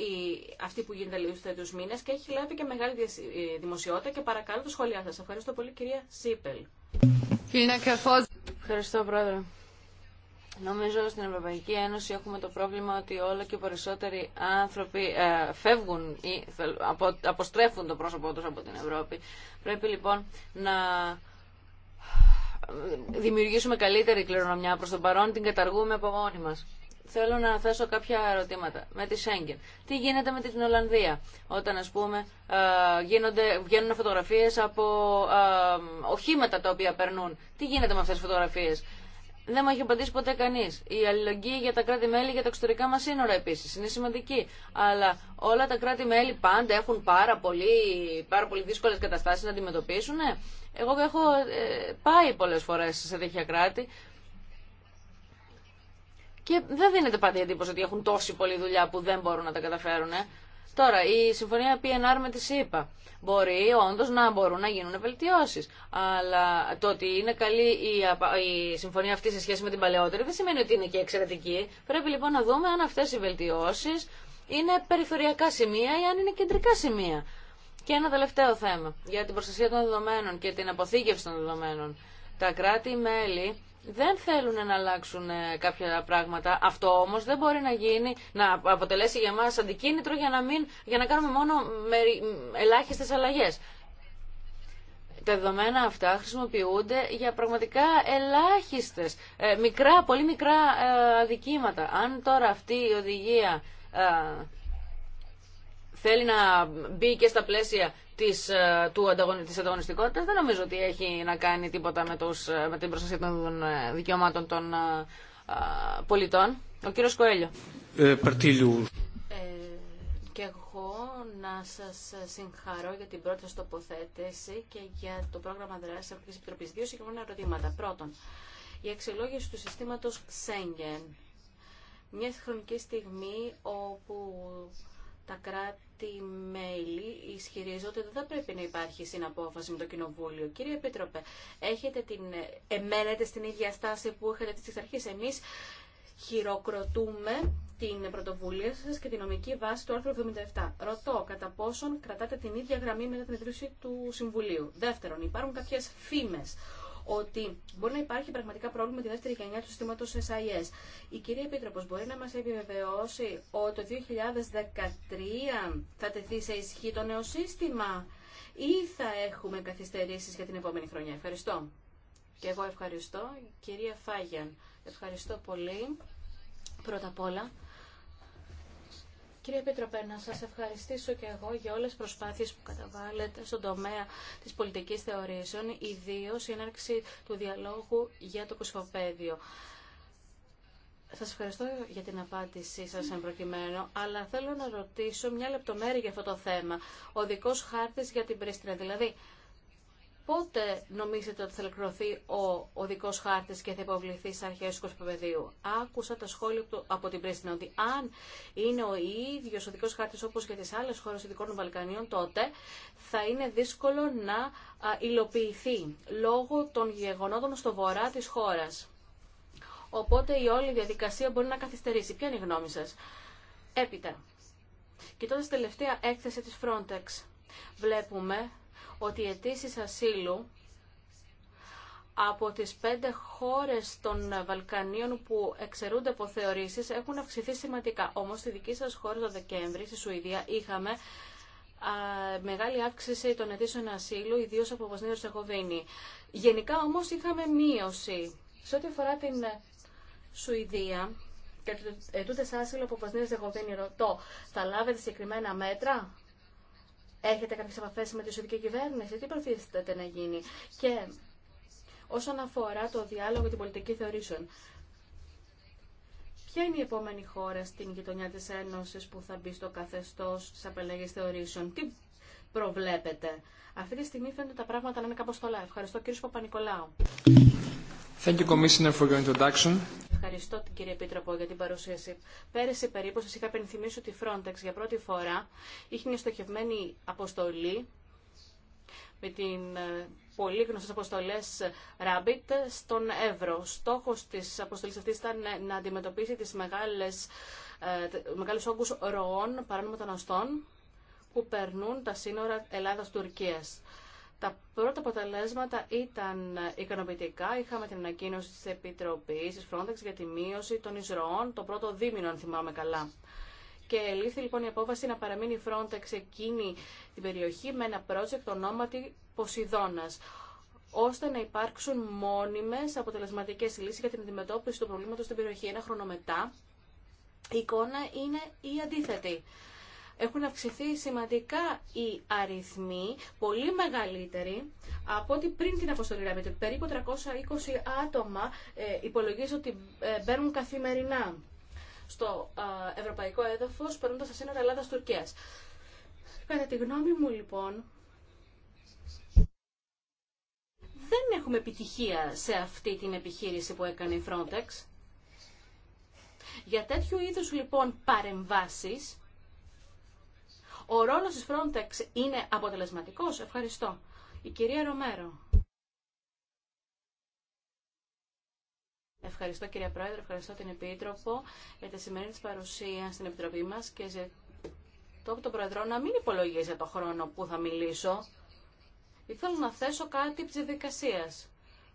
αυτή που γίνεται λίγο τέτοιους μήνες και έχει λάβει και μεγάλη ε, δημοσιότητα και παρακαλώ το σχόλιά σας. Ευχαριστώ πολύ κυρία Σίπελ. Ευχαριστώ πρόεδρε. Νομίζω στην Ευρωπαϊκή Ένωση έχουμε το πρόβλημα ότι όλο και περισσότεροι άνθρωποι ε, φεύγουν ή αποστρέφουν το πρόσωπό τους από την Ευρώπη. Πρέπει λοιπόν να δημιουργήσουμε καλύτερη κληρονομιά προς τον παρόν, την καταργούμε από μόνοι μας. Θέλω να θέσω κάποια ερωτήματα με τη Σέγγεν. Τι γίνεται με την Ολλανδία όταν ας πούμε ε, γίνονται, βγαίνουν φωτογραφίες από ε, οχήματα τα οποία περνούν. Τι γίνεται με αυτές τις φωτογραφίες. Δεν μου έχει απαντήσει ποτέ κανεί. Η αλληλογγύη για τα κράτη-μέλη για τα εξωτερικά μα σύνορα επίση είναι σημαντική. Αλλά όλα τα κράτη-μέλη πάντα έχουν πάρα πολύ, πάρα πολύ δύσκολε καταστάσει να αντιμετωπίσουν. Εγώ έχω ε, πάει πολλές φορές σε τέτοια κράτη και δεν δίνεται πάντα η εντύπωση ότι έχουν τόση πολλή δουλειά που δεν μπορούν να τα καταφέρουν. Ε. Τώρα, η συμφωνία PNR με τη ΣΥΠΑ μπορεί όντω να μπορούν να γίνουν βελτιώσει. Αλλά το ότι είναι καλή η, η συμφωνία αυτή σε σχέση με την παλαιότερη δεν σημαίνει ότι είναι και εξαιρετική. Πρέπει λοιπόν να δούμε αν αυτέ οι βελτιώσει είναι περιφερειακά σημεία ή αν είναι κεντρικά σημεία. Και ένα τελευταίο θέμα για την προστασία των δεδομένων και την αποθήκευση των δεδομένων. Τα κράτη-μέλη δεν θέλουν να αλλάξουν ε, κάποια πράγματα. Αυτό όμω δεν μπορεί να γίνει, να αποτελέσει για μα αντικίνητρο για να, μην, για να κάνουμε μόνο ελάχιστε αλλαγέ. Τα δεδομένα αυτά χρησιμοποιούνται για πραγματικά ελάχιστε, ε, μικρά, πολύ μικρά ε, αδικήματα. Αν τώρα αυτή η οδηγία θέλει να μπει και στα πλαίσια της, ε, του της ανταγωνιστικότητας, δεν νομίζω ότι έχει να κάνει τίποτα με, τους, ε, με την προστασία των ε, δικαιωμάτων των πολιτών. Ο κύριος Κοέλιο. Ε, και εγώ να σας συγχαρώ για την πρώτη τοποθέτηση και για το πρόγραμμα δράσης της Επιτροπής. Δύο συγκεκριμένα ερωτήματα. Πρώτον, η αξιολόγηση του συστήματος Schengen. Μια χρονική στιγμή όπου τα κράτη τη μελη ισχυρίζονται ότι δεν πρέπει να υπάρχει συναπόφαση με το Κοινοβούλιο. Κύριε Επίτροπε, έχετε την... εμένετε στην ίδια στάση που είχατε τη αρχή, Εμείς χειροκροτούμε την πρωτοβουλία σας και την νομική βάση του άρθρου 77. Ρωτώ κατά πόσον κρατάτε την ίδια γραμμή μετά την ιδρύση του Συμβουλίου. Δεύτερον, υπάρχουν κάποιες φήμες ότι μπορεί να υπάρχει πραγματικά πρόβλημα με τη δεύτερη γενιά του συστήματο SIS. Η κυρία Επίτροπο μπορεί να μα επιβεβαιώσει ότι το 2013 θα τεθεί σε ισχύ το νέο σύστημα ή θα έχουμε καθυστερήσεις για την επόμενη χρονιά. Ευχαριστώ. Και εγώ ευχαριστώ. Κυρία Φάγιαν, ευχαριστώ πολύ. Πρώτα απ' όλα, Κύριε Επίτροπε, να σας ευχαριστήσω και εγώ για όλες τις προσπάθειες που καταβάλλετε στον τομέα της πολιτικής θεωρήσεων, ιδίως η έναρξη του διαλόγου για το κοσφοπέδιο. Σας ευχαριστώ για την απάντησή σας εν προκειμένου, αλλά θέλω να ρωτήσω μια λεπτομέρεια για αυτό το θέμα. Ο δικός χάρτης για την Πρίστρια, δηλαδή Πότε νομίζετε ότι θα ελεγχθεί ο οδικό χάρτη και θα υποβληθεί στι αρχέ του κοσμοπεδίου. Άκουσα τα σχόλια από την Πρίστινα ότι αν είναι ο ίδιο οδικό χάρτη όπω και τι άλλε χώρε ειδικών Βαλκανίων, τότε θα είναι δύσκολο να υλοποιηθεί λόγω των γεγονότων στο βορρά τη χώρα. Οπότε η όλη διαδικασία μπορεί να καθυστερήσει. Ποια είναι η γνώμη σα. Έπειτα, κοιτώντα τελευταία έκθεση τη Frontex, βλέπουμε ότι οι αιτήσει ασύλου από τις πέντε χώρες των Βαλκανίων που εξαιρούνται από θεωρήσεις έχουν αυξηθεί σημαντικά. Όμως στη δική σας χώρα το Δεκέμβρη, στη Σουηδία, είχαμε α, μεγάλη αύξηση των αιτήσεων ασύλου, ιδίως από Βοσνία Ερσεγοβίνη. Γενικά όμως είχαμε μείωση. Σε ό,τι αφορά την Σουηδία και ετούντες άσυλο από Βοσνία Ερσεγοβίνη, ρωτώ, θα λάβετε συγκεκριμένα μέτρα Έχετε κάποιες επαφέ με τη Σουηδική κυβέρνηση, τι προθίσετε να γίνει. Και όσον αφορά το διάλογο και την πολιτική θεωρήσεων, Ποια είναι η επόμενη χώρα στην γειτονιά τη Ένωση που θα μπει στο καθεστώ τη απελέγης θεωρήσεων. Τι προβλέπετε. Αυτή τη στιγμή φαίνεται τα πράγματα να ειναι καπω κάπως στολά. Ευχαριστώ κύριο Παπα-Νικολάου. Ευχαριστώ την κύριε Επίτροπο για την παρουσίαση. Πέρυσι περίπου σας είχα πενθυμίσει ότι η Frontex για πρώτη φορά είχε μια στοχευμένη αποστολή με την ε, πολύ γνωστέ αποστολέ Rabbit στον Εύρο. Στόχο τη αποστολή αυτή ήταν ε, να αντιμετωπίσει τι μεγάλες ε, μεγάλους όγκους ροών παράνομων ταναστών που περνούν τα σύνορα Ελλάδας-Τουρκίας. Τα πρώτα αποτελέσματα ήταν ικανοποιητικά. Είχαμε την ανακοίνωση της Επιτροπής της Frontex για τη μείωση των εισρωών το πρώτο δίμηνο, αν θυμάμαι καλά. Και λήφθη λοιπόν η απόφαση να παραμείνει η Frontex εκείνη την περιοχή με ένα project ονόματι Ποσειδώνας ώστε να υπάρξουν μόνιμες αποτελεσματικές λύσεις για την αντιμετώπιση του προβλήματος στην περιοχή. Ένα χρόνο μετά, η εικόνα είναι η αντίθετη έχουν αυξηθεί σημαντικά οι αριθμοί, πολύ μεγαλύτεροι από ό,τι πριν την αποστολή Περίπου 320 άτομα ε, υπολογίζω ότι ε, μπαίνουν καθημερινά στο ευρωπαϊκό έδαφος, περνώντας τα συνορα ελλαδα Ελλάδας-Τουρκίας. Κατά τη γνώμη μου, λοιπόν, δεν έχουμε επιτυχία σε αυτή την επιχείρηση που έκανε η Frontex. Για τέτοιου είδους λοιπόν παρεμβάσεις ο ρόλο τη Frontex είναι αποτελεσματικό. Ευχαριστώ. Η κυρία Ρομέρο. Ευχαριστώ κυρία Πρόεδρε, ευχαριστώ την Επίτροπο για τη σημερινή παρουσία στην Επιτροπή μας και ζητώ από τον Προεδρό να μην υπολογίζει το χρόνο που θα μιλήσω. Ήθελα να θέσω κάτι της διαδικασία.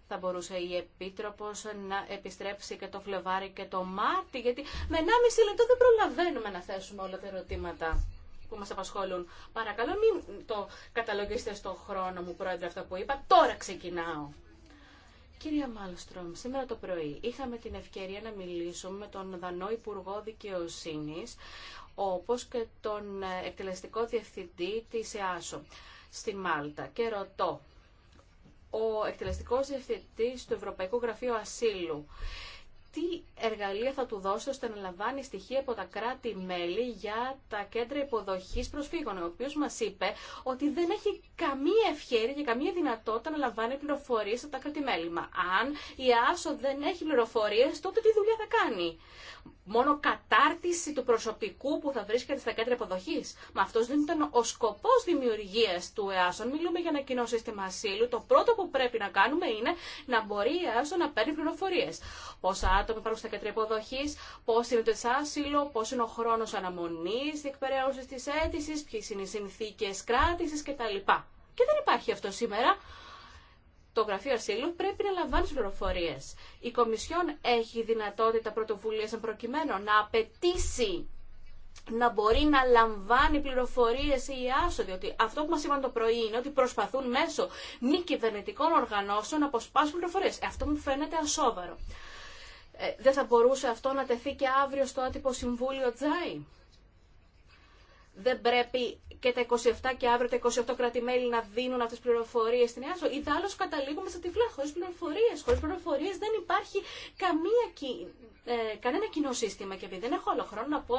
Θα μπορούσε η Επίτροπος να επιστρέψει και το Φλεβάρι και το Μάρτι, γιατί με 1,5 λεπτό δεν προλαβαίνουμε να θέσουμε όλα τα ερωτήματα που μας απασχολούν. Παρακαλώ μην το καταλογίσετε στο χρόνο μου, πρόεδρε, αυτό που είπα. Τώρα ξεκινάω. Κυρία Μάλστρομ, σήμερα το πρωί είχαμε την ευκαιρία να μιλήσουμε με τον Δανό Υπουργό Δικαιοσύνη, όπως και τον εκτελεστικό διευθυντή τη ΕΑΣΟ στη Μάλτα. Και ρωτώ, ο εκτελεστικός διευθυντής του Ευρωπαϊκού Γραφείου Ασύλου τι εργαλεία θα του δώσει ώστε να λαμβάνει στοιχεία από τα κράτη-μέλη για τα κέντρα υποδοχή προσφύγων, ο οποίο μα είπε ότι δεν έχει καμία ευχαίρεια και καμία δυνατότητα να λαμβάνει πληροφορίε από τα κράτη-μέλη. Μα αν η ΆΣΟ δεν έχει πληροφορίε, τότε τι δουλειά θα κάνει. Μόνο κατάρτιση του προσωπικού που θα βρίσκεται στα κέντρα υποδοχή. Μα αυτό δεν ήταν ο σκοπό δημιουργία του ΕΑΣΟΝ. Μιλούμε για ένα κοινό σύστημα ασύλου. Το πρώτο που πρέπει να κάνουμε είναι να μπορεί η ΕΑΣΟ να παίρνει πληροφορίε. Πόσα άτομα υπάρχουν στα κέντρα υποδοχή, πώ είναι το άσυλο, πώ είναι ο χρόνο αναμονή, διεκπαιρέωση τη αίτηση, ποιε είναι οι συνθήκε κράτηση κτλ. Και δεν υπάρχει αυτό σήμερα. Το Γραφείο Ασύλου πρέπει να λαμβάνει πληροφορίε. Η Κομισιόν έχει δυνατότητα πρωτοβουλία εν προκειμένου να απαιτήσει να μπορεί να λαμβάνει πληροφορίε ή η ΆΣΟ, διότι αυτό που μα είπαν το πρωί είναι ότι προσπαθούν μέσω μη κυβερνητικών οργανώσεων να αποσπάσουν πληροφορίε. Αυτό μου φαίνεται ασόβαρο. Ε, δεν θα μπορούσε αυτό να τεθεί και αύριο στο άτυπο συμβούλιο Τζάι. Δεν πρέπει και τα 27 και αύριο τα 28 κράτη-μέλη να δίνουν αυτές τις πληροφορίες στην ΕΑΣΟ. Ιδάλλως καταλήγουμε στα τυφλά, χωρίς πληροφορίες. Χωρίς πληροφορίες δεν υπάρχει καμία, ε, κανένα κοινό σύστημα. Και επειδή δεν έχω άλλο χρόνο να πω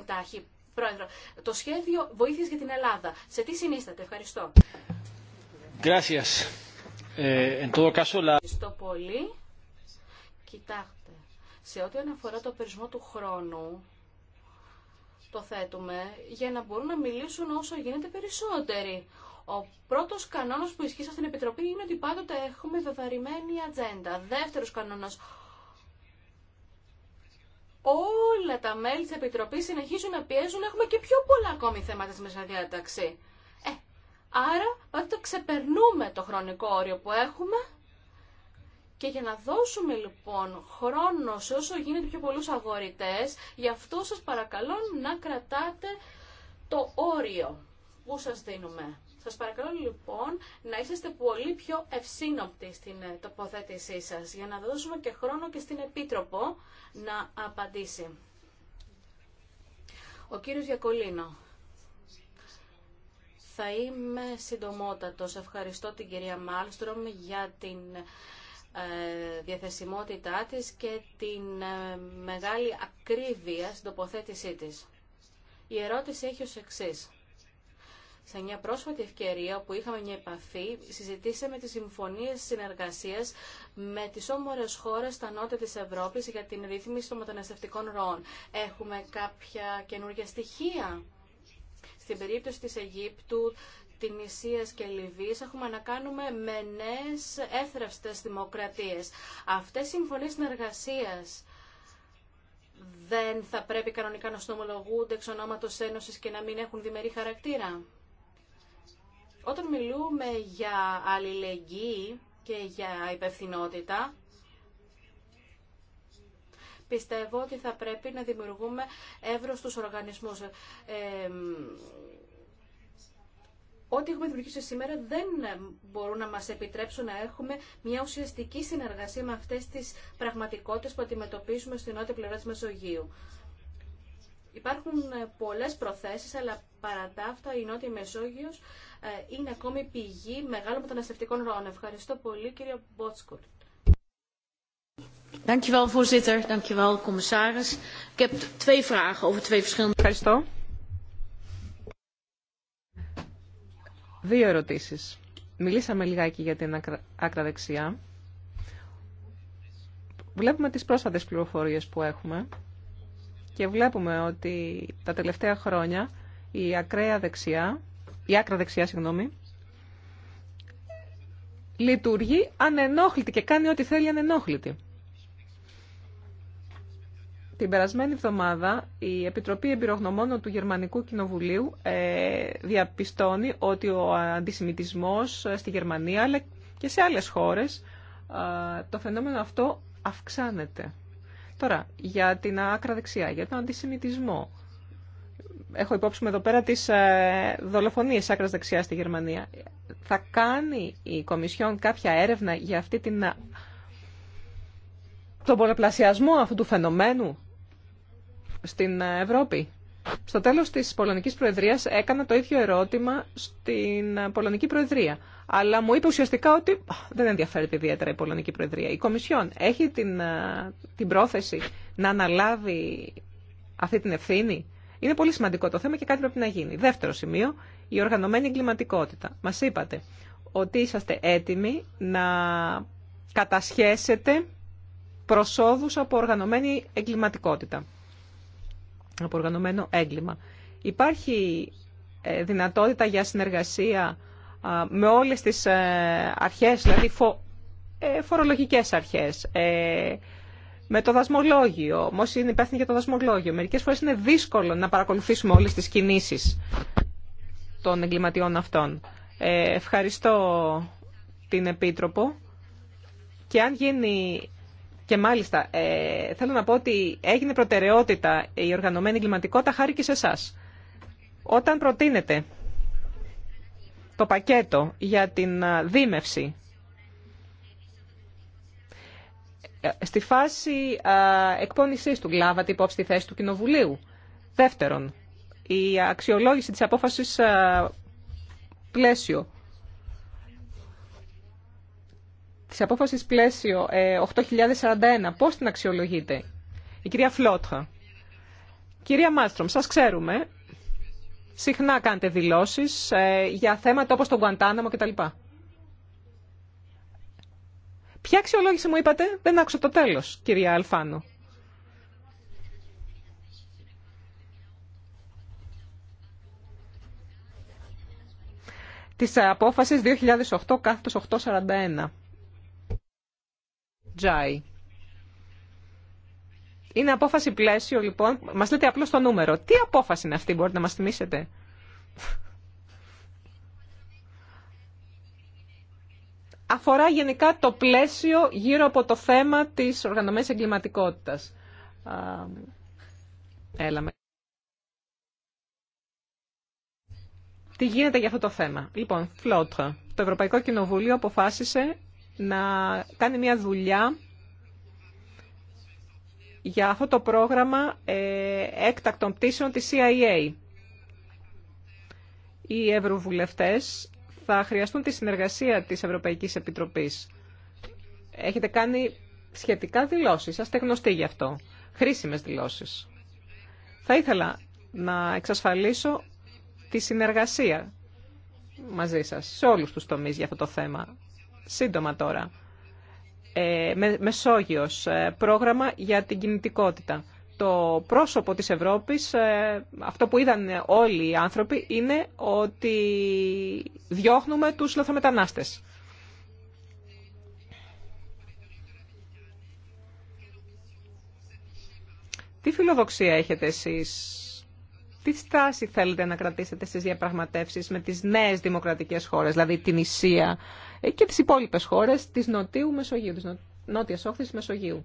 εντάχει, Πρόεδρο, το σχέδιο βοήθειας για την Ελλάδα. Σε τι συνίσταται. Ευχαριστώ. Ε, Ευχαριστώ πολύ. Κοιτάξτε, σε ό,τι αναφορά το περισμό του χρόνου, το θέτουμε για να μπορούν να μιλήσουν όσο γίνεται περισσότεροι. Ο πρώτος κανόνας που ισχύει στην Επιτροπή είναι ότι πάντοτε έχουμε βεβαρημένη ατζέντα. Δεύτερος κανόνας, όλα τα μέλη της Επιτροπής συνεχίζουν να πιέζουν, έχουμε και πιο πολλά ακόμη θέματα στη μεσαδιάταξη. Ε, άρα, πάντοτε ξεπερνούμε το χρονικό όριο που έχουμε και για να δώσουμε λοιπόν χρόνο σε όσο γίνεται πιο πολλούς αγορητές, γι' αυτό σας παρακαλώ να κρατάτε το όριο που σας δίνουμε. Σας παρακαλώ λοιπόν να είσαστε πολύ πιο ευσύνοπτοι στην ε, τοποθέτησή σας, για να δώσουμε και χρόνο και στην Επίτροπο να απαντήσει. Ο κύριος Γιακολίνο. Θα είμαι συντομότατος. Ευχαριστώ την κυρία Μάλστρομ για την ε, διαθεσιμότητά της και την ε, μεγάλη ακρίβεια στην τοποθέτησή της. Η ερώτηση έχει ως εξής. Σε μια πρόσφατη ευκαιρία που είχαμε μια επαφή, συζητήσαμε τις συμφωνίες συνεργασίας με τις όμορες χώρες στα νότια της Ευρώπης για την ρύθμιση των μεταναστευτικών ροών. Έχουμε κάποια καινούργια στοιχεία. Στην περίπτωση της Αιγύπτου την Τινησίας και Λιβύης έχουμε να κάνουμε με νέες έθραυστες δημοκρατίες. Αυτές οι συμφωνίες συνεργασίας δεν θα πρέπει κανονικά να συνομολογούνται εξ ονόματος Ένωσης και να μην έχουν διμερή χαρακτήρα. Όταν μιλούμε για αλληλεγγύη και για υπευθυνότητα, πιστεύω ότι θα πρέπει να δημιουργούμε εύρωστους οργανισμούς. Ε, ό,τι έχουμε δημιουργήσει σήμερα δεν ε, μπορούν να μας επιτρέψουν να έχουμε μια ουσιαστική συνεργασία με αυτές τις πραγματικότητες που αντιμετωπίζουμε στην νότια πλευρά της Μεσογείου. Υπάρχουν ε, πολλές προθέσεις, αλλά παρά τα αυτά η Νότια Μεσόγειος ε, είναι ακόμη πηγή μεγάλων μεταναστευτικών ροών. Ευχαριστώ πολύ κύριε Μπότσκουρτ. Ευχαριστώ. Δύο ερωτήσεις. Μιλήσαμε λιγάκι για την ακραδεξιά. Βλέπουμε τις πρόσφατες πληροφορίες που έχουμε και βλέπουμε ότι τα τελευταία χρόνια η ακραία δεξιά, η άκρα δεξιά, συγγνώμη, λειτουργεί ανενόχλητη και κάνει ό,τι θέλει ανενόχλητη. Την περασμένη εβδομάδα η Επιτροπή Εμπειρογνωμόνων του Γερμανικού Κοινοβουλίου ε, διαπιστώνει ότι ο αντισημιτισμός στη Γερμανία αλλά και σε άλλες χώρες ε, το φαινόμενο αυτό αυξάνεται. Τώρα, για την άκρα δεξιά, για τον αντισημιτισμό. Έχω υπόψη εδώ πέρα τις ε, δολοφονίες άκρας δεξιά στη Γερμανία. Θα κάνει η Κομισιόν κάποια έρευνα για αυτή την ε, τον πολλαπλασιασμό αυτού του φαινομένου στην Ευρώπη. Στο τέλος της Πολωνικής Προεδρίας έκανα το ίδιο ερώτημα στην Πολωνική Προεδρία. Αλλά μου είπε ουσιαστικά ότι δεν ενδιαφέρεται ιδιαίτερα η Πολωνική Προεδρία. Η Κομισιόν έχει την, την πρόθεση να αναλάβει αυτή την ευθύνη. Είναι πολύ σημαντικό το θέμα και κάτι πρέπει να γίνει. Δεύτερο σημείο, η οργανωμένη εγκληματικότητα. Μας είπατε ότι είσαστε έτοιμοι να κατασχέσετε προσόδους από οργανωμένη εγκληματικότητα από οργανωμένο έγκλημα. Υπάρχει ε, δυνατότητα για συνεργασία με όλες τις ε, αρχές, δηλαδή φο... Ε, φορολογικές αρχές, με το δασμολόγιο, όμω είναι υπεύθυνοι για το δασμολόγιο. Μερικές φορές είναι δύσκολο να παρακολουθήσουμε όλες τις κινήσεις των εγκληματιών αυτών. ευχαριστώ την Επίτροπο. Και αν γίνει και μάλιστα ε, θέλω να πω ότι έγινε προτεραιότητα η οργανωμένη εγκληματικότητα χάρη και σε εσά. Όταν προτείνετε το πακέτο για την ε, δίμευση ε, στη φάση εκπόνησής του λάβατε υπόψη τη θέση του Κοινοβουλίου. Δεύτερον, η αξιολόγηση της απόφασης πλαίσιο της απόφασης πλαίσιο 8041, ε, πώς την αξιολογείτε, η κυρία Φλότχα. Κυρία Μάστρομ, σας ξέρουμε, συχνά κάνετε δηλώσεις ε, για θέματα όπως τον Κουαντάναμο κτλ. Ποια αξιολόγηση μου είπατε, δεν άκουσα το τέλος, κυρία Αλφάνο. Της απόφασης 2008 841. Τζάι. Είναι απόφαση πλαίσιο, λοιπόν. Μα λέτε απλώ το νούμερο. Τι απόφαση είναι αυτή, μπορείτε να μα θυμίσετε. Αφορά γενικά το πλαίσιο γύρω από το θέμα της οργανωμένης εγκληματικότητας. Έλα Τι γίνεται για αυτό το θέμα. Λοιπόν, Φλότρα, το Ευρωπαϊκό Κοινοβούλιο αποφάσισε να κάνει μια δουλειά για αυτό το πρόγραμμα ε, έκτακτων πτήσεων της CIA. Οι ευρωβουλευτές θα χρειαστούν τη συνεργασία της Ευρωπαϊκής Επιτροπής. Έχετε κάνει σχετικά δηλώσεις, είστε γνωστοί γι' αυτό, χρήσιμες δηλώσεις. Θα ήθελα να εξασφαλίσω τη συνεργασία μαζί σας σε όλους τους τομείς για αυτό το θέμα σύντομα τώρα. Ε, με, Μεσόγειος, ε, πρόγραμμα για την κινητικότητα. Το πρόσωπο της Ευρώπης, ε, αυτό που είδαν όλοι οι άνθρωποι, είναι ότι διώχνουμε τους λαθρομετανάστες. Τι φιλοδοξία έχετε εσείς τι στάση θέλετε να κρατήσετε στις διαπραγματεύσεις με τις νέες δημοκρατικές χώρες, δηλαδή την Ισία ε, και τις υπόλοιπες χώρες της Νοτίου Μεσογείου, της Νότιας Όχθης Μεσογείου.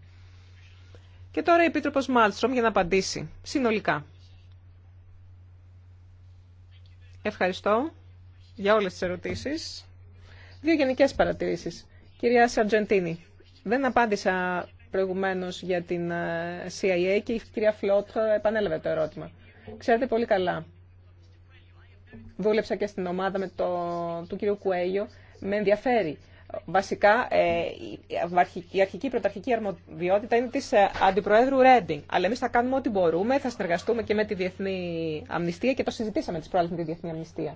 Και τώρα η Επίτροπος Μάλστρομ για να απαντήσει συνολικά. Ευχαριστώ για όλες τις ερωτήσεις. Δύο γενικές παρατηρήσεις. Κυρία Σαρτζεντίνη, δεν απάντησα προηγουμένως για την ε, CIA και η κυρία Φλότ επανέλαβε το ερώτημα. Ξέρετε πολύ καλά. Δούλεψα και στην ομάδα με το, του κ. Κουέγιο, Με ενδιαφέρει. Βασικά, ε, η αρχική πρωταρχική αρμοδιότητα είναι της ε, Αντιπροέδρου Ρέντινγκ. Αλλά εμείς θα κάνουμε ό,τι μπορούμε, θα συνεργαστούμε και με τη Διεθνή Αμνηστία και το συζητήσαμε τις προάλλες με τη Διεθνή Αμνηστία.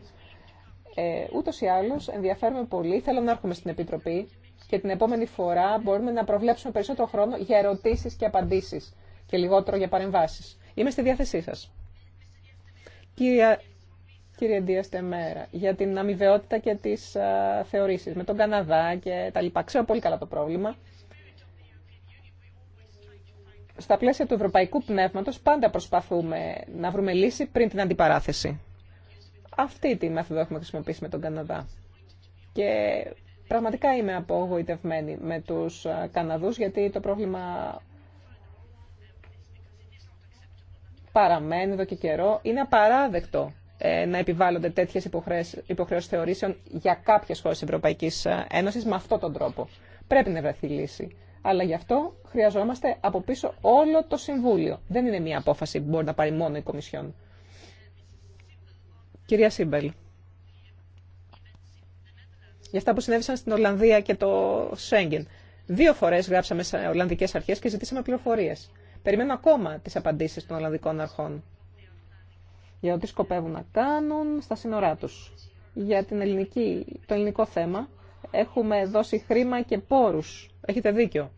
Ε, ούτως ή άλλως, ενδιαφέρουμε πολύ, θέλω να έρχομαι στην Επιτροπή και την επόμενη φορά μπορούμε να προβλέψουμε περισσότερο χρόνο για ερωτήσεις και απαντήσεις και λιγότερο για παρεμβάσεις. Είμαι στη διάθεσή σας. Κύριε, κύριε Στεμέρα, Μέρα, για την αμοιβαιότητα και τις θεωρήσει θεωρήσεις με τον Καναδά και τα λοιπά. Ξέρω πολύ καλά το πρόβλημα. Στα πλαίσια του ευρωπαϊκού πνεύματος πάντα προσπαθούμε να βρούμε λύση πριν την αντιπαράθεση. Αυτή τη μέθοδο έχουμε χρησιμοποιήσει με τον Καναδά. Και πραγματικά είμαι απογοητευμένη με τους Καναδούς γιατί το πρόβλημα παραμένει εδώ και καιρό. Είναι απαράδεκτο ε, να επιβάλλονται τέτοιε υποχρεώσει θεωρήσεων για κάποιε χώρε τη Ευρωπαϊκή ε, Ένωση με αυτόν τον τρόπο. Πρέπει να βρεθεί λύση. Αλλά γι' αυτό χρειαζόμαστε από πίσω όλο το Συμβούλιο. Δεν είναι μία απόφαση που μπορεί να πάρει μόνο η Κομισιόν. Κυρία Σίμπελ, για αυτά που συνέβησαν στην Ολλανδία και το Σέγγεν. Δύο φορέ γράψαμε σε Ολλανδικέ Αρχέ και ζητήσαμε πληροφορίε. Περιμένω ακόμα τις απαντήσεις των Ολλανδικών αρχών για το τι σκοπεύουν να κάνουν στα σύνορά του. Για την ελληνική, το ελληνικό θέμα έχουμε δώσει χρήμα και πόρους. Έχετε δίκιο.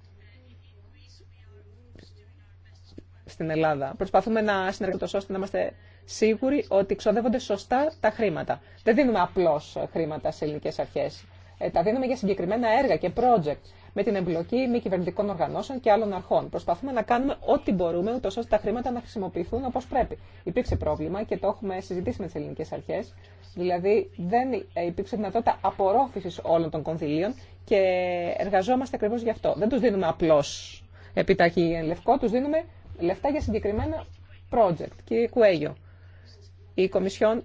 Στην Ελλάδα. Προσπαθούμε να συνεργαστούμε ώστε να είμαστε σίγουροι ότι ξοδεύονται σωστά τα χρήματα. Δεν δίνουμε απλώς χρήματα σε ελληνικές αρχές. Ε, τα δίνουμε για συγκεκριμένα έργα και project με την εμπλοκή μη κυβερνητικών οργανώσεων και άλλων αρχών. Προσπαθούμε να κάνουμε ό,τι μπορούμε, ούτω ώστε τα χρήματα να χρησιμοποιηθούν όπω πρέπει. Υπήρξε πρόβλημα και το έχουμε συζητήσει με τι ελληνικέ αρχέ. Δηλαδή, δεν υπήρξε δυνατότητα απορρόφηση όλων των κονδυλίων και εργαζόμαστε ακριβώ γι' αυτό. Δεν του δίνουμε απλώ επιταγή εν λευκό, του δίνουμε λεφτά για συγκεκριμένα project. Κύριε Κουέγιο, η Κομισιόν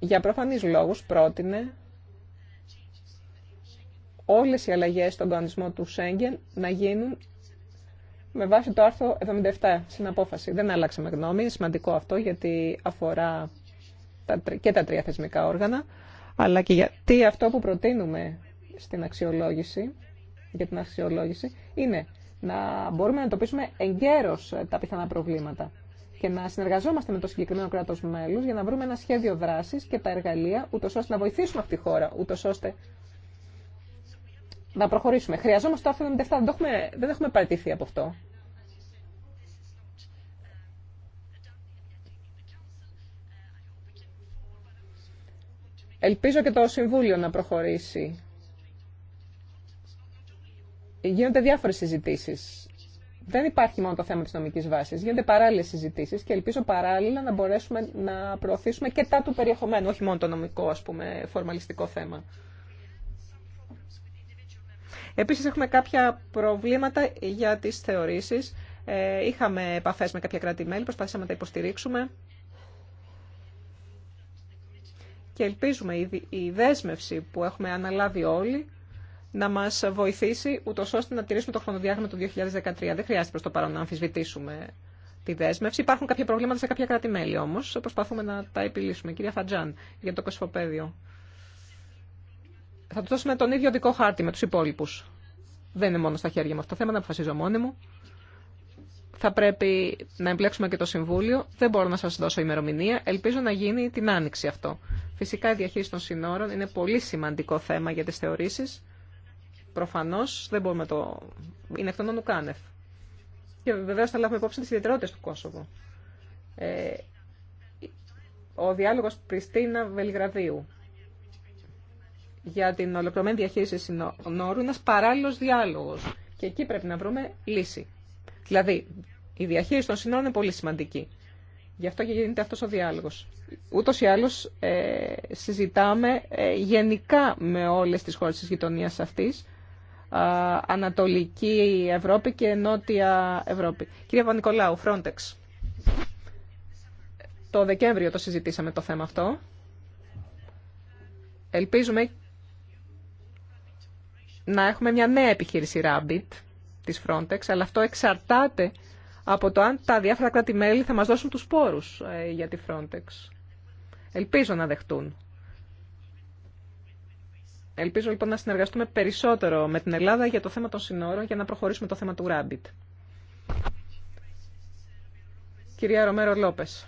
για προφανεί λόγου πρότεινε όλες οι αλλαγές στον κανονισμό του Σέγγεν να γίνουν με βάση το άρθρο 77 στην απόφαση. Δεν άλλαξαμε γνώμη, είναι σημαντικό αυτό γιατί αφορά και τα τρία θεσμικά όργανα, αλλά και γιατί αυτό που προτείνουμε στην αξιολόγηση, για την αξιολόγηση, είναι να μπορούμε να εντοπίσουμε εγκαίρως τα πιθανά προβλήματα και να συνεργαζόμαστε με το συγκεκριμένο κράτο μέλου για να βρούμε ένα σχέδιο δράση και τα εργαλεία, ούτω ώστε να βοηθήσουμε αυτή τη χώρα, ούτω να προχωρήσουμε. Χρειαζόμαστε το άρθρο 97. Δεν έχουμε, δεν έχουμε παραιτηθεί από αυτό. Ελπίζω και το Συμβούλιο να προχωρήσει. Γίνονται διάφορες συζητήσεις. Δεν υπάρχει μόνο το θέμα της νομικής βάσης. Γίνονται παράλληλες συζητήσεις και ελπίζω παράλληλα να μπορέσουμε να προωθήσουμε και τα του περιεχομένου, όχι μόνο το νομικό, ας πούμε, φορμαλιστικό θέμα. Επίσης έχουμε κάποια προβλήματα για τις θεωρήσεις. Ε, είχαμε επαφές με κάποια κράτη-μέλη, προσπαθήσαμε να τα υποστηρίξουμε. Και ελπίζουμε η δέσμευση που έχουμε αναλάβει όλοι να μας βοηθήσει ούτω ώστε να τηρήσουμε το χρονοδιάγραμμα του 2013. Δεν χρειάζεται προς το παρόν να αμφισβητήσουμε τη δέσμευση. Υπάρχουν κάποια προβλήματα σε κάποια κράτη-μέλη όμω. Προσπαθούμε να τα επιλύσουμε. Κυρία Φατζάν, για το κοσφοπέδιο θα του δώσουμε τον ίδιο δικό χάρτη με του υπόλοιπου. Δεν είναι μόνο στα χέρια μου αυτό το θέμα, να αποφασίζω μόνη μου. Θα πρέπει να εμπλέξουμε και το Συμβούλιο. Δεν μπορώ να σα δώσω ημερομηνία. Ελπίζω να γίνει την άνοιξη αυτό. Φυσικά η διαχείριση των συνόρων είναι πολύ σημαντικό θέμα για τι θεωρήσει. Προφανώ δεν μπορούμε το. Είναι εκτό των Ουκάνεφ. Και βεβαίω θα λάβουμε υπόψη τι ιδιαιτερότητε του Κόσοβο. Ε, ο διάλογος Πριστίνα Βελιγραδίου για την ολοκληρωμένη διαχείριση συνόρου ένα παράλληλο διάλογο. Και εκεί πρέπει να βρούμε λύση. Δηλαδή, η διαχείριση των συνόρων είναι πολύ σημαντική. Γι' αυτό και γίνεται αυτό ο διάλογο. Ούτω ή άλλω, ε, συζητάμε ε, γενικά με όλε τι χώρε τη γειτονία αυτή. Ανατολική Ευρώπη και Νότια Ευρώπη. Κύριε Βανικολάου, Frontex. Το Δεκέμβριο το συζητήσαμε το θέμα αυτό. Ελπίζουμε να έχουμε μια νέα επιχείρηση Rabbit της Frontex, αλλά αυτό εξαρτάται από το αν τα διάφορα κράτη-μέλη θα μας δώσουν τους πόρους ε, για τη Frontex. Ελπίζω να δεχτούν. Ελπίζω λοιπόν να συνεργαστούμε περισσότερο με την Ελλάδα για το θέμα των συνόρων για να προχωρήσουμε το θέμα του Rabbit. Κυρία Ρομέρο Λόπες,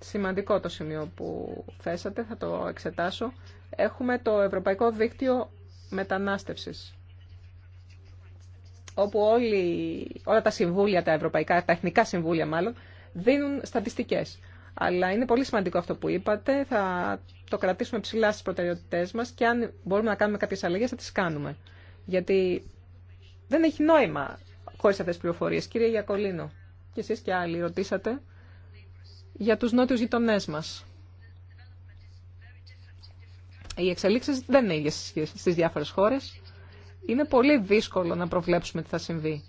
σημαντικό το σημείο που θέσατε, θα το εξετάσω. Έχουμε το Ευρωπαϊκό Δίκτυο μετανάστευσης όπου όλοι, όλα τα συμβούλια, τα ευρωπαϊκά, τα εθνικά συμβούλια μάλλον, δίνουν στατιστικές. Αλλά είναι πολύ σημαντικό αυτό που είπατε, θα το κρατήσουμε ψηλά στις προτεραιότητές μας και αν μπορούμε να κάνουμε κάποιες αλλαγές θα τις κάνουμε. Γιατί δεν έχει νόημα χωρίς αυτές τις πληροφορίες. Κύριε Γιακολίνο, και εσείς και άλλοι ρωτήσατε για τους νότιους γειτονές μας οι εξελίξει δεν είναι ίδιε στι διάφορε χώρε. Είναι πολύ δύσκολο να προβλέψουμε τι θα συμβεί.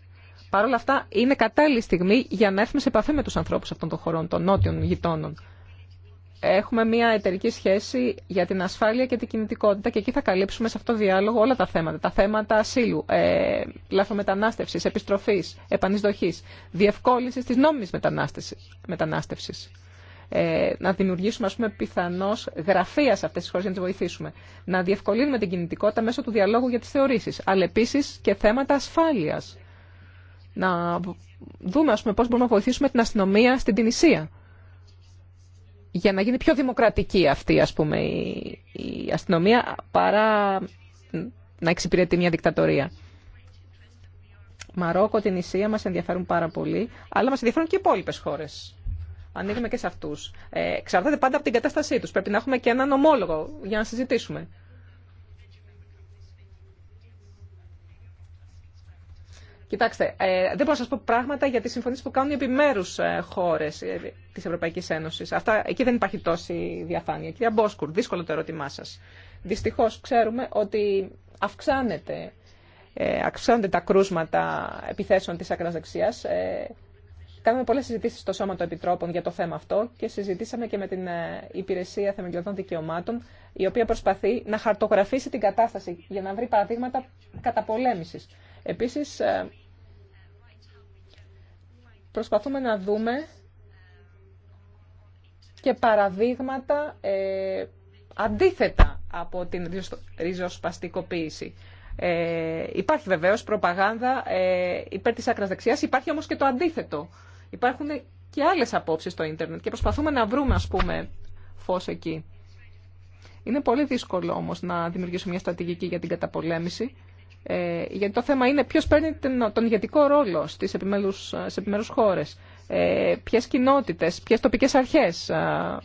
Παρ' όλα αυτά, είναι κατάλληλη στιγμή για να έρθουμε σε επαφή με του ανθρώπου αυτών των χωρών, των νότιων γειτόνων. Έχουμε μια εταιρική σχέση για την ασφάλεια και την κινητικότητα και εκεί θα καλύψουμε σε αυτό το διάλογο όλα τα θέματα. Τα θέματα ασύλου, ε, λαθρομετανάστευση, επιστροφής, επανεισδοχής, διευκόλυνση τη νόμιμη μετανάστευση. Ε, να δημιουργήσουμε ας πούμε, πιθανώς γραφεία σε αυτές τις χώρες για να τις βοηθήσουμε. Να διευκολύνουμε την κινητικότητα μέσω του διαλόγου για τις θεωρήσεις, αλλά επίσης και θέματα ασφάλειας. Να δούμε ας πούμε, πώς μπορούμε να βοηθήσουμε την αστυνομία στην Τινησία για να γίνει πιο δημοκρατική αυτή ας πούμε, η, η αστυνομία παρά να εξυπηρετεί μια δικτατορία. Μαρόκο, την Ισία μας ενδιαφέρουν πάρα πολύ, αλλά μας ενδιαφέρουν και οι υπόλοιπε χώρες ανοίγουμε και σε αυτού. Ε, εξαρτάται πάντα από την κατάστασή τους. Πρέπει να έχουμε και έναν ομόλογο για να συζητήσουμε. Κοιτάξτε, ε, δεν μπορώ να σας πω πράγματα για τι συμφωνίε που κάνουν οι επιμέρους ε, χώρες ε, της Ευρωπαϊκής Ένωσης. εκεί δεν υπάρχει τόση διαφάνεια. Κυρία Μπόσκουρ, δύσκολο το ερώτημά σα Δυστυχώ, ξέρουμε ότι ε, αυξάνονται τα κρούσματα επιθέσεων τη ακραδεξία. Ε, Κάναμε πολλέ συζητήσει στο Σώμα των Επιτρόπων για το θέμα αυτό και συζητήσαμε και με την ε, Υπηρεσία Θεμελιωδών Δικαιωμάτων, η οποία προσπαθεί να χαρτογραφήσει την κατάσταση για να βρει παραδείγματα καταπολέμηση. Επίση, ε, προσπαθούμε να δούμε και παραδείγματα ε, αντίθετα από την ριζοσπαστικοποίηση. Ε, υπάρχει βεβαίως προπαγάνδα ε, υπέρ της άκρας δεξιάς, υπάρχει όμως και το αντίθετο Υπάρχουν και άλλες απόψεις στο ίντερνετ και προσπαθούμε να βρούμε, ας πούμε, φως εκεί. Είναι πολύ δύσκολο όμως να δημιουργήσουμε μια στρατηγική για την καταπολέμηση, ε, γιατί το θέμα είναι ποιος παίρνει τον ηγετικό ρόλο στις επιμέλους, επιμέρους χώρες, ε, ποιες κοινότητες, ποιες τοπικές αρχές. Ε.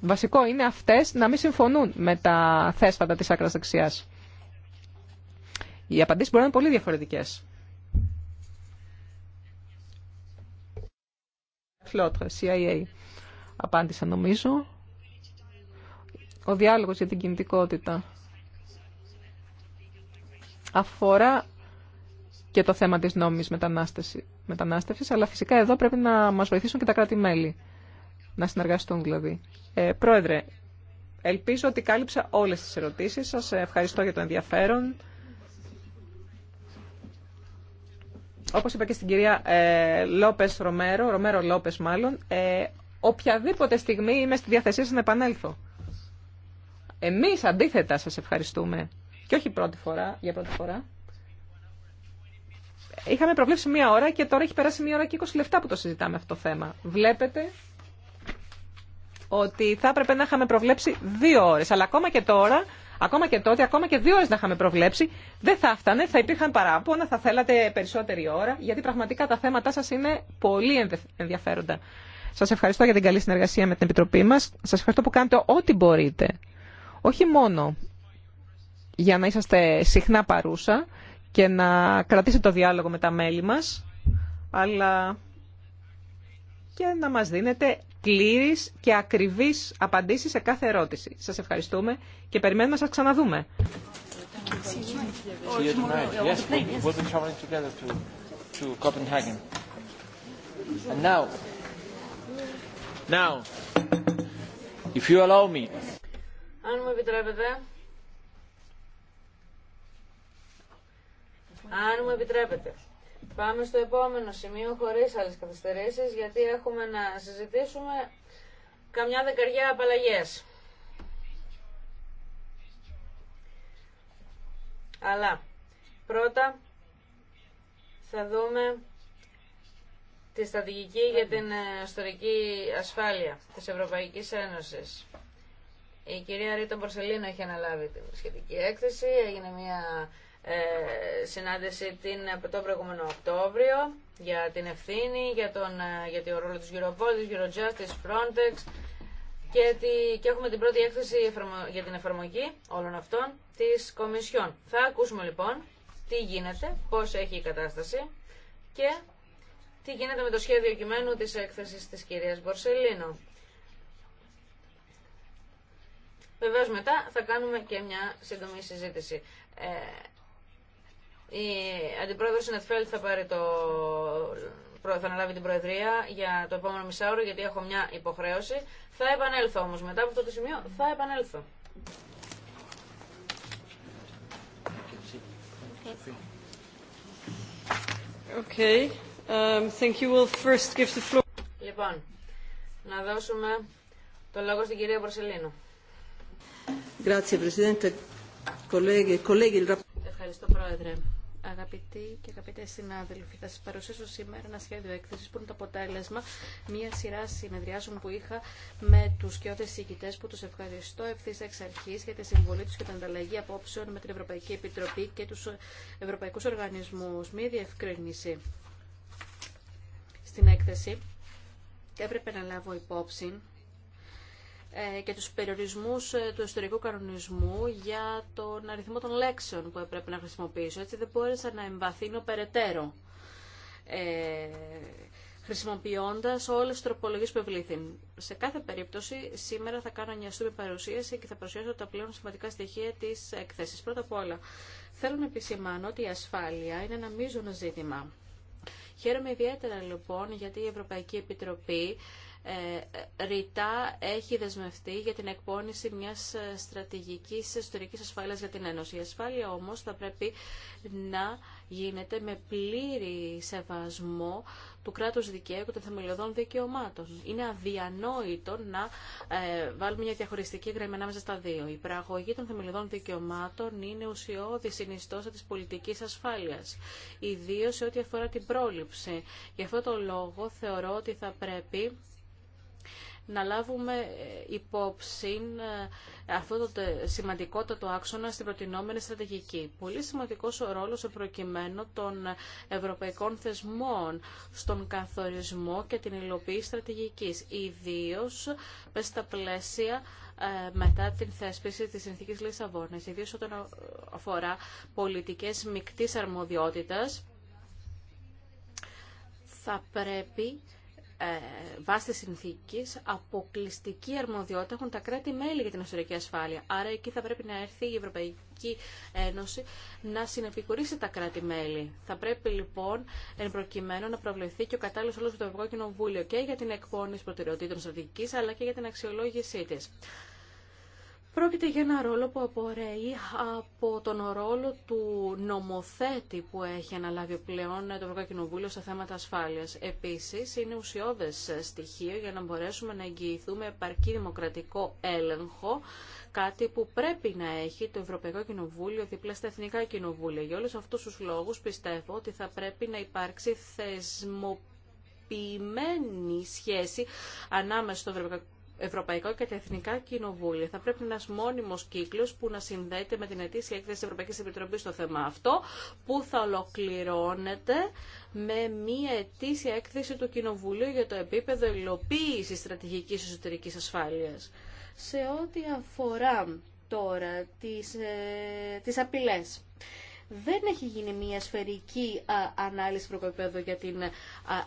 Βασικό είναι αυτές να μην συμφωνούν με τα θέσφατα της άκρας δεξιάς. Οι απαντήσεις μπορεί να είναι πολύ διαφορετικές. Φλότρα, CIA. Απάντησα νομίζω. Ο διάλογος για την κινητικότητα αφορά και το θέμα της νόμιμης μετανάστευσης, αλλά φυσικά εδώ πρέπει να μας βοηθήσουν και τα κράτη-μέλη να συνεργαστούν δηλαδή. Ε, πρόεδρε, ελπίζω ότι κάλυψα όλες τις ερωτήσεις σας. Ευχαριστώ για το ενδιαφέρον όπως είπα και στην κυρία ε, Λόπες Ρομέρο, Ρομέρο Λόπες μάλλον, ε, οποιαδήποτε στιγμή είμαι στη διαθεσία σας να επανέλθω. Εμείς αντίθετα σας ευχαριστούμε. Και όχι πρώτη φορά, για πρώτη φορά. Είχαμε προβλέψει μία ώρα και τώρα έχει περάσει μία ώρα και 20 λεπτά που το συζητάμε αυτό το θέμα. Βλέπετε ότι θα έπρεπε να είχαμε προβλέψει δύο ώρες. Αλλά ακόμα και τώρα Ακόμα και τότε, ακόμα και δύο ώρε να είχαμε προβλέψει, δεν θα φτάνε, θα υπήρχαν παράπονα, θα θέλατε περισσότερη ώρα, γιατί πραγματικά τα θέματα σα είναι πολύ ενδιαφέροντα. Σα ευχαριστώ για την καλή συνεργασία με την Επιτροπή μα. Σα ευχαριστώ που κάνετε ό,τι μπορείτε. Όχι μόνο για να είσαστε συχνά παρούσα και να κρατήσετε το διάλογο με τα μέλη μας, αλλά και να μας δίνετε πλήρης και ακριβή απαντήσεις σε κάθε ερώτηση. Σας ευχαριστούμε και περιμένουμε να σας ξαναδούμε. Αν μου επιτρέπετε... Αν μου επιτρέπετε... Πάμε στο επόμενο σημείο χωρίς άλλες καθυστερήσεις γιατί έχουμε να συζητήσουμε καμιά δεκαριά απαλλαγές. Αλλά πρώτα θα δούμε τη στρατηγική για την ε, ιστορική ασφάλεια της Ευρωπαϊκής Ένωσης. Η κυρία Ρίτα Μπορσελίνο έχει αναλάβει τη σχετική έκθεση, έγινε μια ε, συνάντηση την, τον προηγούμενο Οκτώβριο για την ευθύνη, για τον, ε, για το ρόλο της Europol, της Eurojust, Frontex και, τη, και έχουμε την πρώτη έκθεση για την εφαρμογή όλων αυτών της Κομισιόν. Θα ακούσουμε λοιπόν τι γίνεται, πώς έχει η κατάσταση και τι γίνεται με το σχέδιο κειμένου της έκθεσης της κυρίας Μπορσελίνο. Βεβαίω μετά θα κάνουμε και μια σύντομη συζήτηση. Ε, η αντιπρόεδρος Συνετφέλτ θα πάρει το... θα αναλάβει την Προεδρία για το επόμενο μισάωρο γιατί έχω μια υποχρέωση. Θα επανέλθω όμως μετά από αυτό το σημείο, θα επανέλθω. Okay. Um, thank you. We'll first give the floor. Λοιπόν, να δώσουμε το λόγο στην κυρία Μπορσελίνου. E Ευχαριστώ, Πρόεδρε. Αγαπητοί και αγαπητέ συνάδελφοι, θα σα παρουσιάσω σήμερα ένα σχέδιο έκθεση που είναι το αποτέλεσμα μια σειρά συνεδριάσεων που είχα με του κοιότε ηγητέ που του ευχαριστώ ευθύ εξ αρχή για τη συμβολή του και την ανταλλαγή απόψεων με την Ευρωπαϊκή Επιτροπή και του ευρωπαϊκού οργανισμού. Μία διευκρίνηση στην έκθεση έπρεπε να λάβω υπόψη ε, και τους περιορισμούς ε, του ιστορικού κανονισμού για τον αριθμό των λέξεων που έπρεπε να χρησιμοποιήσω. Έτσι δεν μπόρεσα να εμβαθύνω περαιτέρω, ε, χρησιμοποιώντας όλες τις τροπολογίες που ευλήθην. Σε κάθε περίπτωση, σήμερα θα κάνω μια στούμη παρουσίαση και θα παρουσιάσω τα πλέον σημαντικά στοιχεία της εκθέσης. Πρώτα απ' όλα, θέλω να επισημάνω ότι η ασφάλεια είναι ένα μείζον ζήτημα. Χαίρομαι ιδιαίτερα λοιπόν γιατί η Ευρωπαϊκή Επιτροπή ε, ρητά έχει δεσμευτεί για την εκπόνηση μιας ε, στρατηγικής εσωτερικής ασφάλειας για την Ένωση. Η ασφάλεια όμως θα πρέπει να γίνεται με πλήρη σεβασμό του κράτους δικαίου και των θεμελιωδών δικαιωμάτων. Είναι αδιανόητο να ε, βάλουμε μια διαχωριστική γραμμή ανάμεσα στα δύο. Η πραγωγή των θεμελιωδών δικαιωμάτων είναι ουσιώδη συνιστόσα της πολιτικής ασφάλειας, ιδίως σε ό,τι αφορά την πρόληψη. Γι' αυτό το λόγο θεωρώ ότι θα πρέπει να λάβουμε ε, υπόψη ε, αυτό το σημαντικότατο άξονα στην προτινόμενη στρατηγική. Πολύ σημαντικός ο ρόλος προκειμένου των ευρωπαϊκών θεσμών στον καθορισμό και την υλοποίηση στρατηγικής, ιδίως με στα πλαίσια ε, μετά την θέσπιση της συνθήκης Λισαβόνας, ιδίως όταν αφορά πολιτικές μικτής αρμοδιότητας, θα πρέπει ε, βάσει της συνθήκης αποκλειστική αρμοδιότητα έχουν τα κράτη-μέλη για την εσωτερική ασφάλεια. Άρα εκεί θα πρέπει να έρθει η Ευρωπαϊκή Ένωση να συνεπικουρήσει τα κράτη-μέλη. Θα πρέπει λοιπόν εν προκειμένου να προβλεφθεί και ο κατάλληλο όλο του Ευρωπαϊκό Κοινοβούλιο και για την εκπόνηση προτεραιοτήτων στρατηγική αλλά και για την αξιολόγησή τη. Πρόκειται για ένα ρόλο που απορρέει από τον ρόλο του νομοθέτη που έχει αναλάβει πλέον το Ευρωπαϊκό Κοινοβούλιο στα θέματα ασφάλειας. Επίσης, είναι ουσιώδε στοιχείο για να μπορέσουμε να εγγυηθούμε επαρκή δημοκρατικό έλεγχο, κάτι που πρέπει να έχει το Ευρωπαϊκό Κοινοβούλιο δίπλα στα Εθνικά Κοινοβούλια. Για όλους αυτούς τους λόγους πιστεύω ότι θα πρέπει να υπάρξει θεσμοποιημένη σχέση ανάμεσα στο Ευρωπαϊκό Ευρωπαϊκό και τα Εθνικά Κοινοβούλια. Θα πρέπει ένα μόνιμο κύκλο που να συνδέεται με την ετήσια έκθεση τη Ευρωπαϊκή Επιτροπή στο θέμα αυτό, που θα ολοκληρώνεται με μία ετήσια έκθεση του Κοινοβουλίου για το επίπεδο υλοποίηση στρατηγική εσωτερική ασφάλεια. Σε ό,τι αφορά τώρα τις, ε, τις απειλές δεν έχει γίνει μια σφαιρική ανάλυση προκοπέδου για την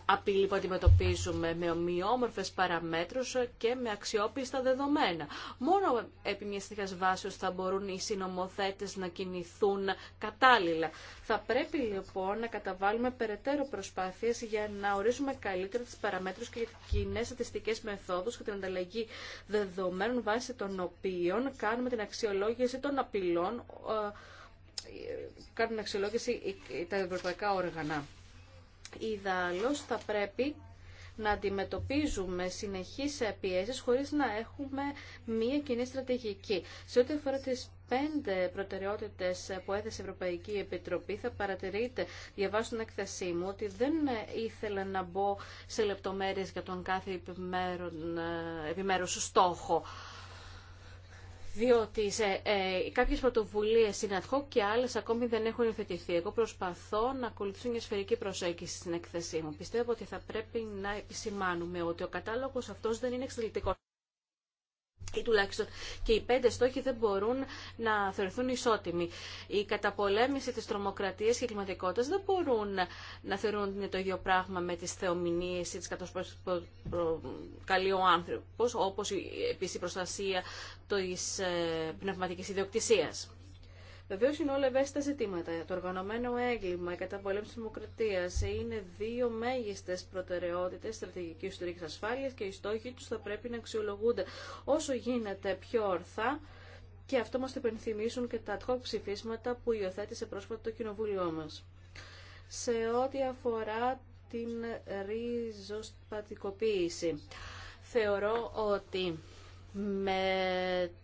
απειλή που αντιμετωπίζουμε με ομοιόμορφες παραμέτρους και με αξιόπιστα δεδομένα. Μόνο επί μια τέτοιας βάσης θα μπορούν οι συνομοθέτες να κινηθούν κατάλληλα. Θα πρέπει λοιπόν να καταβάλουμε περαιτέρω προσπάθειες για να ορίσουμε καλύτερα τις παραμέτρους και κοινέ στατιστικές μεθόδους και την ανταλλαγή δεδομένων βάσει των οποίων κάνουμε την αξιολόγηση των απειλών κάνουν αξιολόγηση τα ευρωπαϊκά όργανα. Ιδάλλως θα πρέπει να αντιμετωπίζουμε συνεχείς πιέσεις χωρίς να έχουμε μία κοινή στρατηγική. Σε ό,τι αφορά τις πέντε προτεραιότητες που έθεσε η Ευρωπαϊκή Επιτροπή θα παρατηρείτε, διαβάζω την έκθεσή μου, ότι δεν ήθελα να μπω σε λεπτομέρειες για τον κάθε ε, επιμέρους στόχο διότι σε, ε, κάποιες πρωτοβουλίες είναι και άλλες ακόμη δεν έχουν υιοθετηθεί. Εγώ προσπαθώ να ακολουθήσω μια σφαιρική προσέγγιση στην εκθεσή μου. Πιστεύω ότι θα πρέπει να επισημάνουμε ότι ο κατάλογος αυτός δεν είναι εξελικτικός ή τουλάχιστον και οι πέντε στόχοι δεν μπορούν να θεωρηθούν ισότιμοι. Η καταπολέμηση της τρομοκρατίας και κλιματικότητας δεν μπορούν να θεωρούν ότι είναι το ίδιο πράγμα με τις θεομηνίες ή τις κατασπρόσεις που προκαλεί ο άνθρωπος, όπως επίσης η προστασία της ε, πνευματικής ιδιοκτησίας. Βεβαίω είναι όλα ευαίσθητα ζητήματα. Το οργανωμένο έγκλημα, η καταπολέμηση τη δημοκρατία είναι δύο μέγιστε προτεραιότητε στρατηγική τρίτη ασφάλεια και οι στόχοι του θα πρέπει να αξιολογούνται όσο γίνεται πιο ορθά. Και αυτό μας το υπενθυμίσουν και τα ad ψηφίσματα που υιοθέτησε πρόσφατα το Κοινοβούλιο μα. Σε ό,τι αφορά την ριζοσπατικοποίηση, θεωρώ ότι μετά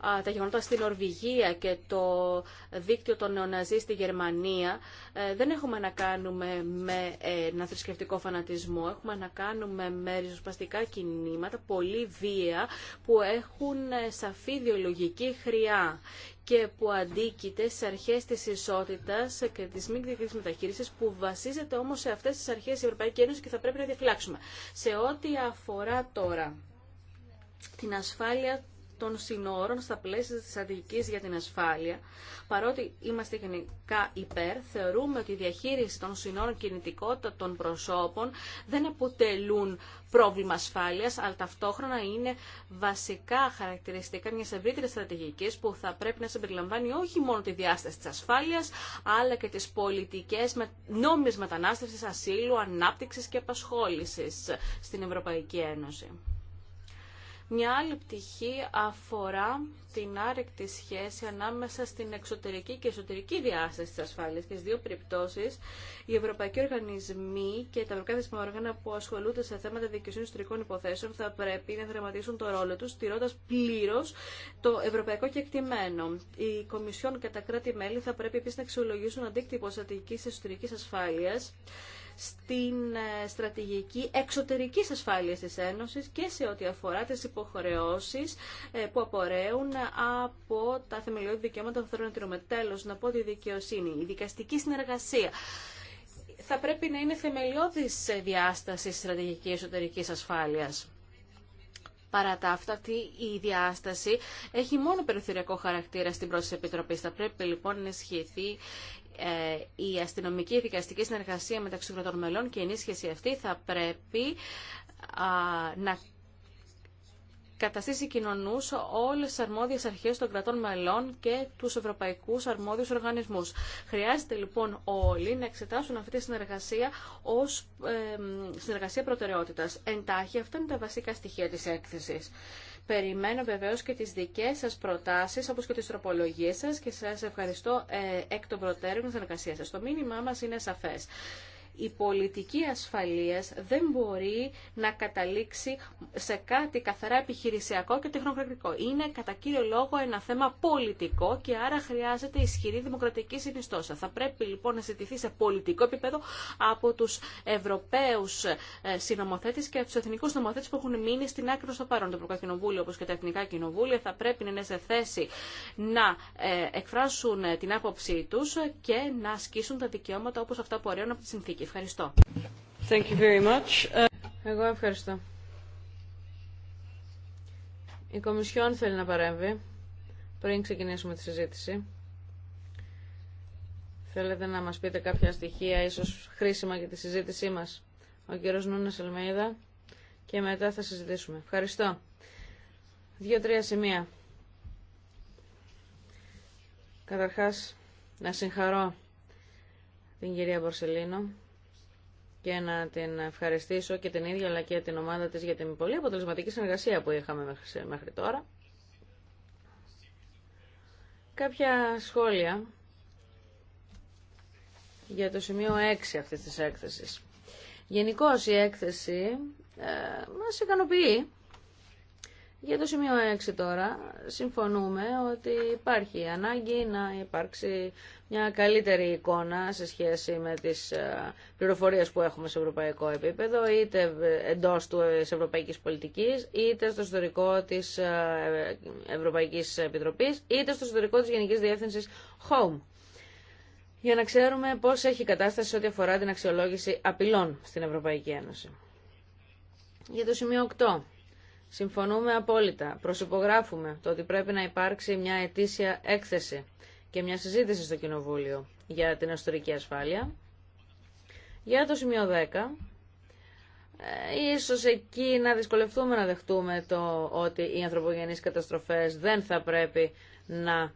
τα γεγονότα στην Νορβηγία και το δίκτυο των νεοναζί στη Γερμανία, ε, δεν έχουμε να κάνουμε με ένα θρησκευτικό φανατισμό. Έχουμε να κάνουμε με ριζοσπαστικά κινήματα, πολύ βία, που έχουν ε, σαφή ιδεολογική χρειά και που αντίκειται στι αρχέ τη ισότητα και τη μη διακριτική μεταχείριση, που βασίζεται όμω σε αυτέ τι αρχέ η Ευρωπαϊκή Ένωση και θα πρέπει να διαφυλάξουμε. Σε ό,τι αφορά τώρα την ασφάλεια των συνόρων στα πλαίσια της στρατηγικής για την ασφάλεια. Παρότι είμαστε γενικά υπέρ, θεωρούμε ότι η διαχείριση των συνόρων κινητικότητα των προσώπων δεν αποτελούν πρόβλημα ασφάλειας, αλλά ταυτόχρονα είναι βασικά χαρακτηριστικά μιας ευρύτερης στρατηγικής που θα πρέπει να συμπεριλαμβάνει όχι μόνο τη διάσταση της ασφάλειας, αλλά και τις πολιτικές νόμιμης μετανάστευσης, ασύλου, ανάπτυξης και απασχόληση στην Ευρωπαϊκή Ένωση. Μια άλλη πτυχή αφορά την άρρηκτη σχέση ανάμεσα στην εξωτερική και εσωτερική διάσταση της ασφάλειας. Και στις δύο περιπτώσεις, οι ευρωπαϊκοί οργανισμοί και τα ευρωπαϊκά θεσμικά όργανα που ασχολούνται σε θέματα δικαιοσύνη ιστορικών υποθέσεων θα πρέπει να δραματίσουν το ρόλο τους, στηρώντας πλήρως το ευρωπαϊκό κεκτημένο. Οι Κομισιόν και τα κράτη-μέλη θα πρέπει επίσης να αξιολογήσουν αντίκτυπο στρατηγικής εσωτερικής ασφάλειας στην ε, στρατηγική εξωτερικής ασφάλειας της Ένωσης και σε ό,τι αφορά τις υποχρεώσεις ε, που απορρέουν από τα θεμελιώδη δικαιώματα των θεωρών να να πω η δικαιοσύνη, η δικαστική συνεργασία θα πρέπει να είναι θεμελιώδης διάσταση στρατηγική εσωτερικής ασφάλειας. Παρά τα αυτά, αυτή η διάσταση έχει μόνο περιθωριακό χαρακτήρα στην πρώτη επιτροπή. Θα πρέπει λοιπόν να ισχυθεί ε, η αστυνομική η δικαστική συνεργασία μεταξύ των μελών και η ενίσχυση αυτή θα πρέπει να καταστήσει κοινωνού όλε τι αρμόδιε αρχέ των κρατών μελών και του ευρωπαϊκού αρμόδιου οργανισμού. Χρειάζεται λοιπόν όλοι να εξετάσουν αυτή τη συνεργασία ω συνεργασία προτεραιότητα. Εντάχει, αυτά είναι τα βασικά στοιχεία τη έκθεση. Περιμένω βεβαίως και τις δικές σας προτάσεις, όπως και τις τροπολογίες σας και σας ευχαριστώ ε, εκ των προτέρων συνεργασία σας. Το μήνυμά μας είναι σαφές η πολιτική ασφαλείας δεν μπορεί να καταλήξει σε κάτι καθαρά επιχειρησιακό και τεχνοκρατικό. Είναι κατά κύριο λόγο ένα θέμα πολιτικό και άρα χρειάζεται ισχυρή δημοκρατική συνιστόσα. Θα πρέπει λοιπόν να ζητηθεί σε πολιτικό επίπεδο από τους Ευρωπαίους ε, συνομοθέτες και από τους εθνικούς νομοθέτες που έχουν μείνει στην άκρη στο παρόν. Το Ευρωκοινοβούλιο όπως και τα Εθνικά Κοινοβούλια θα πρέπει να είναι σε θέση να ε, εκφράσουν την άποψή τους και να ασκήσουν τα δικαιώματα όπως αυτά που από τις συνθήκες. Ευχαριστώ. Thank you very much. Εγώ ευχαριστώ. Η Κομισιόν θέλει να παρέμβει πριν ξεκινήσουμε τη συζήτηση. Θέλετε να μας πείτε κάποια στοιχεία ίσως χρήσιμα για τη συζήτησή μας. Ο κύριος Νούνας Ελμέιδα και μετά θα συζητήσουμε. Ευχαριστώ. Δύο-τρία σημεία. Καταρχάς, να συγχαρώ την κυρία Μπορσελίνο και να την ευχαριστήσω και την ίδια αλλά και την ομάδα της για την πολύ αποτελεσματική συνεργασία που είχαμε μέχρι τώρα. Κάποια σχόλια για το σημείο 6 αυτής της έκθεσης. Γενικώ η έκθεση ε, μας ικανοποιεί για το σημείο 6 τώρα, συμφωνούμε ότι υπάρχει ανάγκη να υπάρξει μια καλύτερη εικόνα σε σχέση με τις ε, πληροφορίες που έχουμε σε ευρωπαϊκό επίπεδο, είτε εντός του ε, ευρωπαϊκής πολιτικής, είτε στο ιστορικό της ε, Ευρωπαϊκής Επιτροπής, είτε στο ιστορικό της Γενικής Διεύθυνσης Home για να ξέρουμε πώς έχει η κατάσταση ό,τι αφορά την αξιολόγηση απειλών στην Ευρωπαϊκή Ένωση. Για το σημείο 8 Συμφωνούμε απόλυτα. Προσυπογράφουμε το ότι πρέπει να υπάρξει μια ετήσια έκθεση και μια συζήτηση στο Κοινοβούλιο για την ιστορική ασφάλεια. Για το σημείο 10, ε, ίσως εκεί να δυσκολευτούμε να δεχτούμε το ότι οι ανθρωπογενείς καταστροφές δεν θα πρέπει να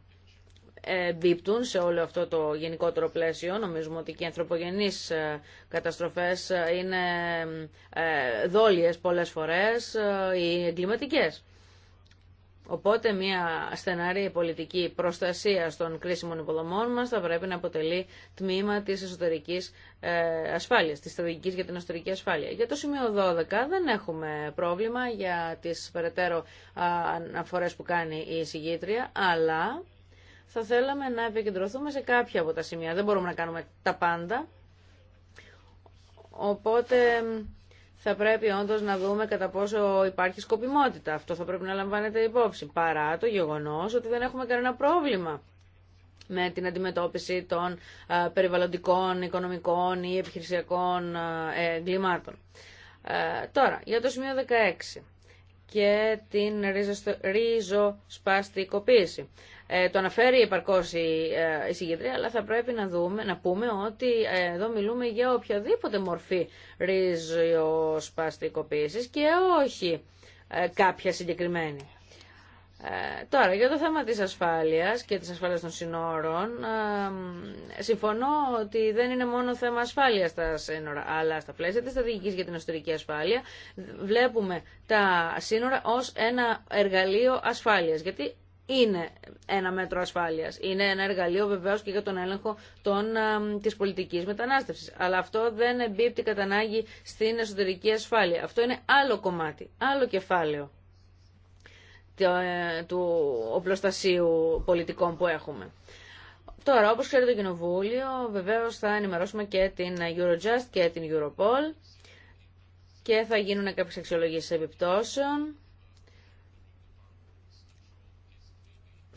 εμπίπτουν σε όλο αυτό το γενικότερο πλαίσιο. Νομίζουμε ότι και οι ανθρωπογενείς ε, καταστροφές ε, είναι ε, δόλιες πολλές φορές ή εγκληματικές. Οπότε μια στενάρη πολιτική προστασία των κρίσιμων υποδομών μας θα πρέπει να αποτελεί τμήμα της εσωτερικής ασφάλειας, της στρατηγικής για την εσωτερική ασφάλεια. Για το σημείο 12 δεν έχουμε πρόβλημα για τις περαιτέρω αναφορές που κάνει η συγγήτρια, αλλά θα θέλαμε να επικεντρωθούμε σε κάποια από τα σημεία. Δεν μπορούμε να κάνουμε τα πάντα. Οπότε θα πρέπει όντω να δούμε κατά πόσο υπάρχει σκοπιμότητα. Αυτό θα πρέπει να λαμβάνεται υπόψη. Παρά το γεγονό ότι δεν έχουμε κανένα πρόβλημα με την αντιμετώπιση των περιβαλλοντικών, οικονομικών ή επιχειρησιακών εγκλημάτων. Τώρα, για το σημείο 16 και την ρίζοσπαστικοποίηση. Ε, το αναφέρει η η, ε, η συγκεντρία, αλλά θα πρέπει να, δούμε, να πούμε ότι ε, εδώ μιλούμε για οποιαδήποτε μορφή ριζοσπαστικοποίηση και όχι κάποια συγκεκριμένη. τώρα, για το θέμα της ασφάλειας και της ασφάλειας των συνόρων, συμφωνώ ότι δεν είναι μόνο θέμα ασφάλειας στα σύνορα, αλλά στα πλαίσια της στρατηγικής για την εσωτερική ασφάλεια βλέπουμε τα σύνορα ως ένα εργαλείο ασφάλειας, γιατί είναι ένα μέτρο ασφάλειας. Είναι ένα εργαλείο βεβαίως και για τον έλεγχο τη πολιτική της πολιτικής Αλλά αυτό δεν εμπίπτει κατά ανάγκη στην εσωτερική ασφάλεια. Αυτό είναι άλλο κομμάτι, άλλο κεφάλαιο ε, του οπλοστασίου πολιτικών που έχουμε. Τώρα, όπως ξέρει το Κοινοβούλιο, βεβαίως θα ενημερώσουμε και την Eurojust και την Europol και θα γίνουν κάποιες αξιολογήσεις επιπτώσεων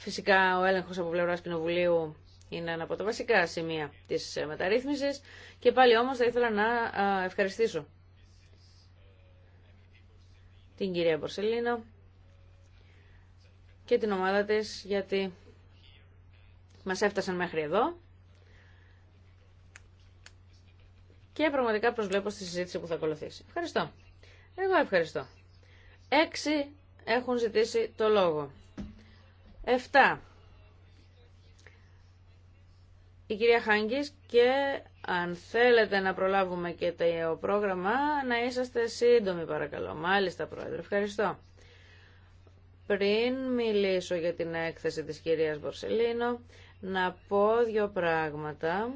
Φυσικά ο έλεγχος από πλευράς Κοινοβουλίου είναι ένα από τα βασικά σημεία της ε, μεταρρύθμισης και πάλι όμως θα ήθελα να ευχαριστήσω την κυρία Μπορσελίνο και την ομάδα της γιατί μας έφτασαν μέχρι εδώ και πραγματικά προσβλέπω στη συζήτηση που θα ακολουθήσει. Ευχαριστώ. Εγώ ευχαριστώ. Έξι έχουν ζητήσει το λόγο. 7. Η κυρία Χάγκης και αν θέλετε να προλάβουμε και το πρόγραμμα να είσαστε σύντομοι παρακαλώ. Μάλιστα πρόεδρε. Ευχαριστώ. Πριν μιλήσω για την έκθεση της κυρίας Μπορσελίνο να πω δύο πράγματα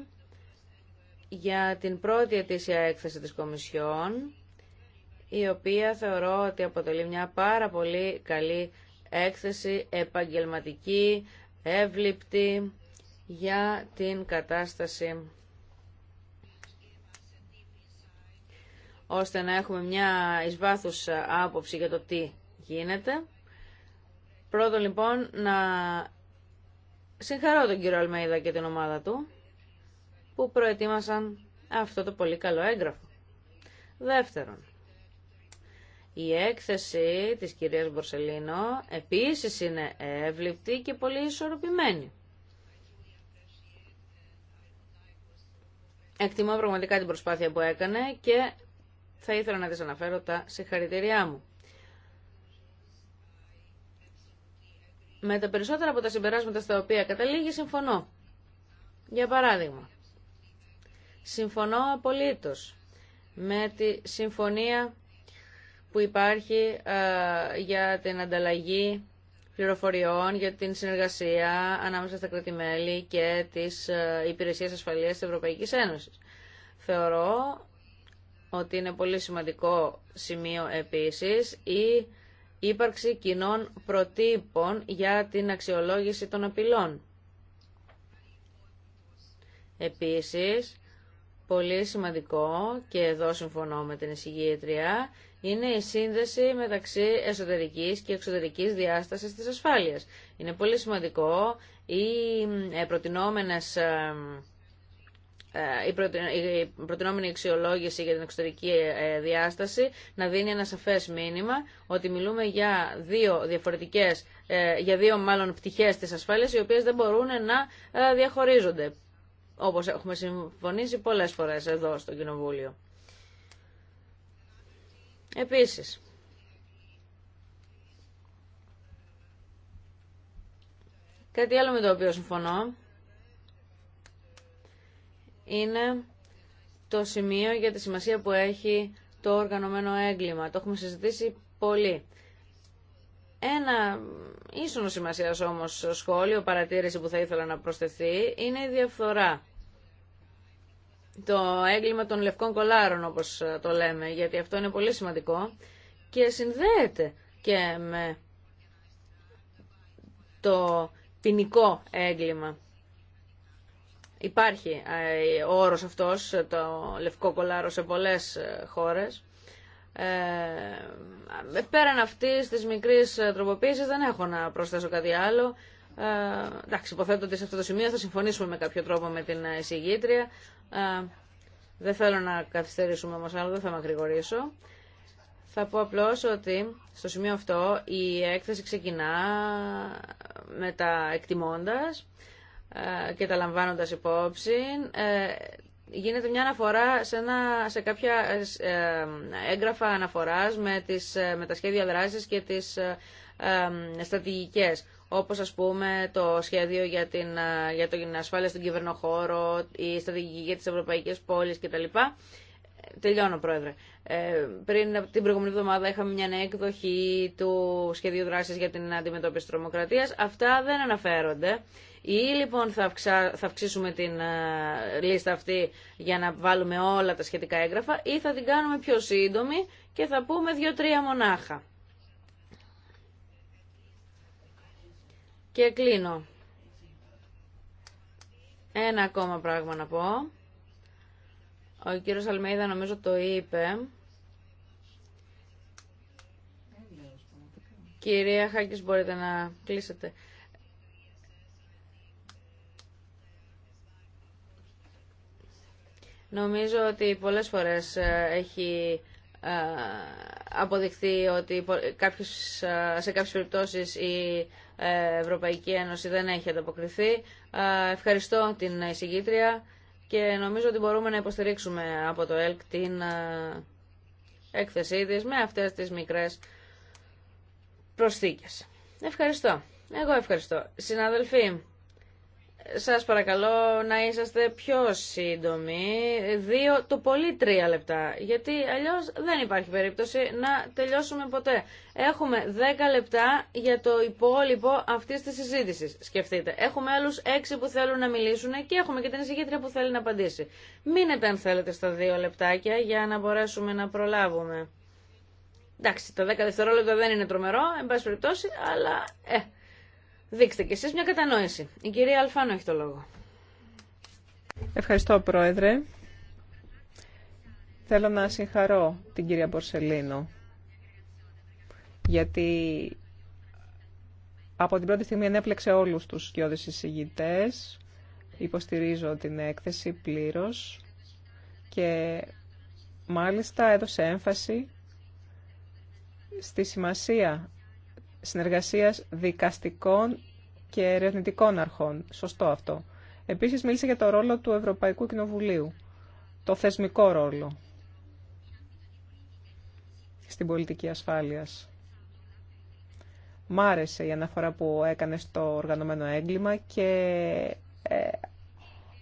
για την πρώτη ετήσια έκθεση της Κομισιόν η οποία θεωρώ ότι αποτελεί μια πάρα πολύ καλή έκθεση επαγγελματική, εύληπτη για την κατάσταση ώστε να έχουμε μια εις άποψη για το τι γίνεται. Πρώτον λοιπόν να συγχαρώ τον κύριο Αλμέιδα και την ομάδα του που προετοίμασαν αυτό το πολύ καλό έγγραφο. Δεύτερον, η έκθεση της κυρίας Μπορσελίνο επίσης είναι εύληπτη και πολύ ισορροπημένη. Εκτιμώ πραγματικά την προσπάθεια που έκανε και θα ήθελα να της αναφέρω τα συγχαρητήριά μου. Με τα περισσότερα από τα συμπεράσματα στα οποία καταλήγει συμφωνώ. Για παράδειγμα, συμφωνώ απολύτως με τη συμφωνία που υπάρχει ε, για την ανταλλαγή πληροφοριών, για την συνεργασία ανάμεσα στα κρατημέλη και τις ε, υπηρεσίες ασφαλείας της Ευρωπαϊκής Ένωσης. Θεωρώ ότι είναι πολύ σημαντικό σημείο επίσης η ύπαρξη κοινών προτύπων για την αξιολόγηση των απειλών. Επίσης, πολύ σημαντικό, και εδώ συμφωνώ με την εισηγήτρια, είναι η σύνδεση μεταξύ εσωτερικής και εξωτερικής διάστασης της ασφάλειας. Είναι πολύ σημαντικό ε, ε, ε, η προτινόμενη αξιολόγηση για την εξωτερική διάσταση να δίνει ένα σαφές μήνυμα ότι μιλούμε για δύο διαφορετικές, για δύο μάλλον πτυχές της ασφάλειας οι οποίες δεν μπορούν να διαχωρίζονται όπως έχουμε συμφωνήσει πολλές φορές εδώ στο Κοινοβούλιο. Επίσης, κάτι άλλο με το οποίο συμφωνώ είναι το σημείο για τη σημασία που έχει το οργανωμένο έγκλημα. Το έχουμε συζητήσει πολύ. Ένα ίσονο σημασία όμως σχόλιο, παρατήρηση που θα ήθελα να προσθεθεί, είναι η διαφθορά το έγκλημα των λευκών κολάρων όπως ε, το λέμε, γιατί αυτό είναι πολύ σημαντικό και συνδέεται και με το ποινικό έγκλημα. Υπάρχει ε, ο όρος αυτός, το λευκό κολάρο σε πολλές ε, χώρες. Ε, πέραν αυτή της μικρής τροποποίηση δεν έχω να προσθέσω κάτι άλλο. Ε, εντάξει, υποθέτω ότι σε αυτό το σημείο θα συμφωνήσουμε με κάποιο τρόπο με την εισηγήτρια δεν θέλω να καθυστερήσουμε όμως, άλλο δεν θα μακρηγορήσω. Θα πω απλώς ότι στο σημείο αυτό η έκθεση ξεκινά με τα εκτιμώντας και τα λαμβάνοντας υπόψη. Ε, γίνεται μια αναφορά σε, ένα, σε κάποια ε, έγγραφα αναφοράς με, τις, ε, με τα σχέδια δράσης και τις στρατηγικές όπως ας πούμε το σχέδιο για την, για την ασφάλεια στον κυβερνοχώρο, η στρατηγική για τις ευρωπαϊκές πόλεις κτλ. Ε, τελειώνω, Πρόεδρε. Ε, πριν την προηγούμενη εβδομάδα είχαμε μια νέα εκδοχή του σχεδίου δράσης για την αντιμετώπιση της Τρομοκρατία. Αυτά δεν αναφέρονται. Ή λοιπόν θα, θα αυξήσουμε την λίστα αυτή για να βάλουμε όλα τα σχετικά έγγραφα ή θα την κάνουμε πιο σύντομη και θα πούμε δύο-τρία μονάχα. Και κλείνω. Ένα ακόμα πράγμα να πω. Ο κύριος Αλμέιδα νομίζω το είπε. Κυρία Χάκης μπορείτε να κλείσετε. Νομίζω ότι πολλές φορές ε, έχει ε, αποδειχθεί ότι ε, σε κάποιες περιπτώσεις η ε, Ευρωπαϊκή Ένωση δεν έχει ανταποκριθεί. Ευχαριστώ την εισηγήτρια και νομίζω ότι μπορούμε να υποστηρίξουμε από το ΕΛΚ την έκθεσή της με αυτές τις μικρές προσθήκες. Ευχαριστώ. Εγώ ευχαριστώ. Συναδελφοί, σας παρακαλώ να είσαστε πιο σύντομοι, δύο, το πολύ τρία λεπτά, γιατί αλλιώς δεν υπάρχει περίπτωση να τελειώσουμε ποτέ. Έχουμε δέκα λεπτά για το υπόλοιπο αυτής της συζήτησης, σκεφτείτε. Έχουμε άλλους έξι που θέλουν να μιλήσουν και έχουμε και την εισηγήτρια που θέλει να απαντήσει. Μείνετε αν θέλετε στα δύο λεπτάκια για να μπορέσουμε να προλάβουμε. Εντάξει, τα δέκα δευτερόλεπτα δεν είναι τρομερό, εν πάση περιπτώσει, αλλά ε, Δείξτε και εσείς μια κατανόηση. Η κυρία Αλφάνο έχει το λόγο. Ευχαριστώ, Πρόεδρε. Θέλω να συγχαρώ την κυρία Μπορσελίνο, γιατί από την πρώτη στιγμή ενέπλεξε όλους τους σκιώδες εισηγητές. Υποστηρίζω την έκθεση πλήρως και μάλιστα έδωσε έμφαση στη σημασία συνεργασίας δικαστικών και ερευνητικών αρχών. Σωστό αυτό. Επίσης μίλησε για το ρόλο του Ευρωπαϊκού Κοινοβουλίου, το θεσμικό ρόλο στην πολιτική ασφάλειας. Μ' άρεσε η αναφορά που έκανε στο οργανωμένο έγκλημα και ε,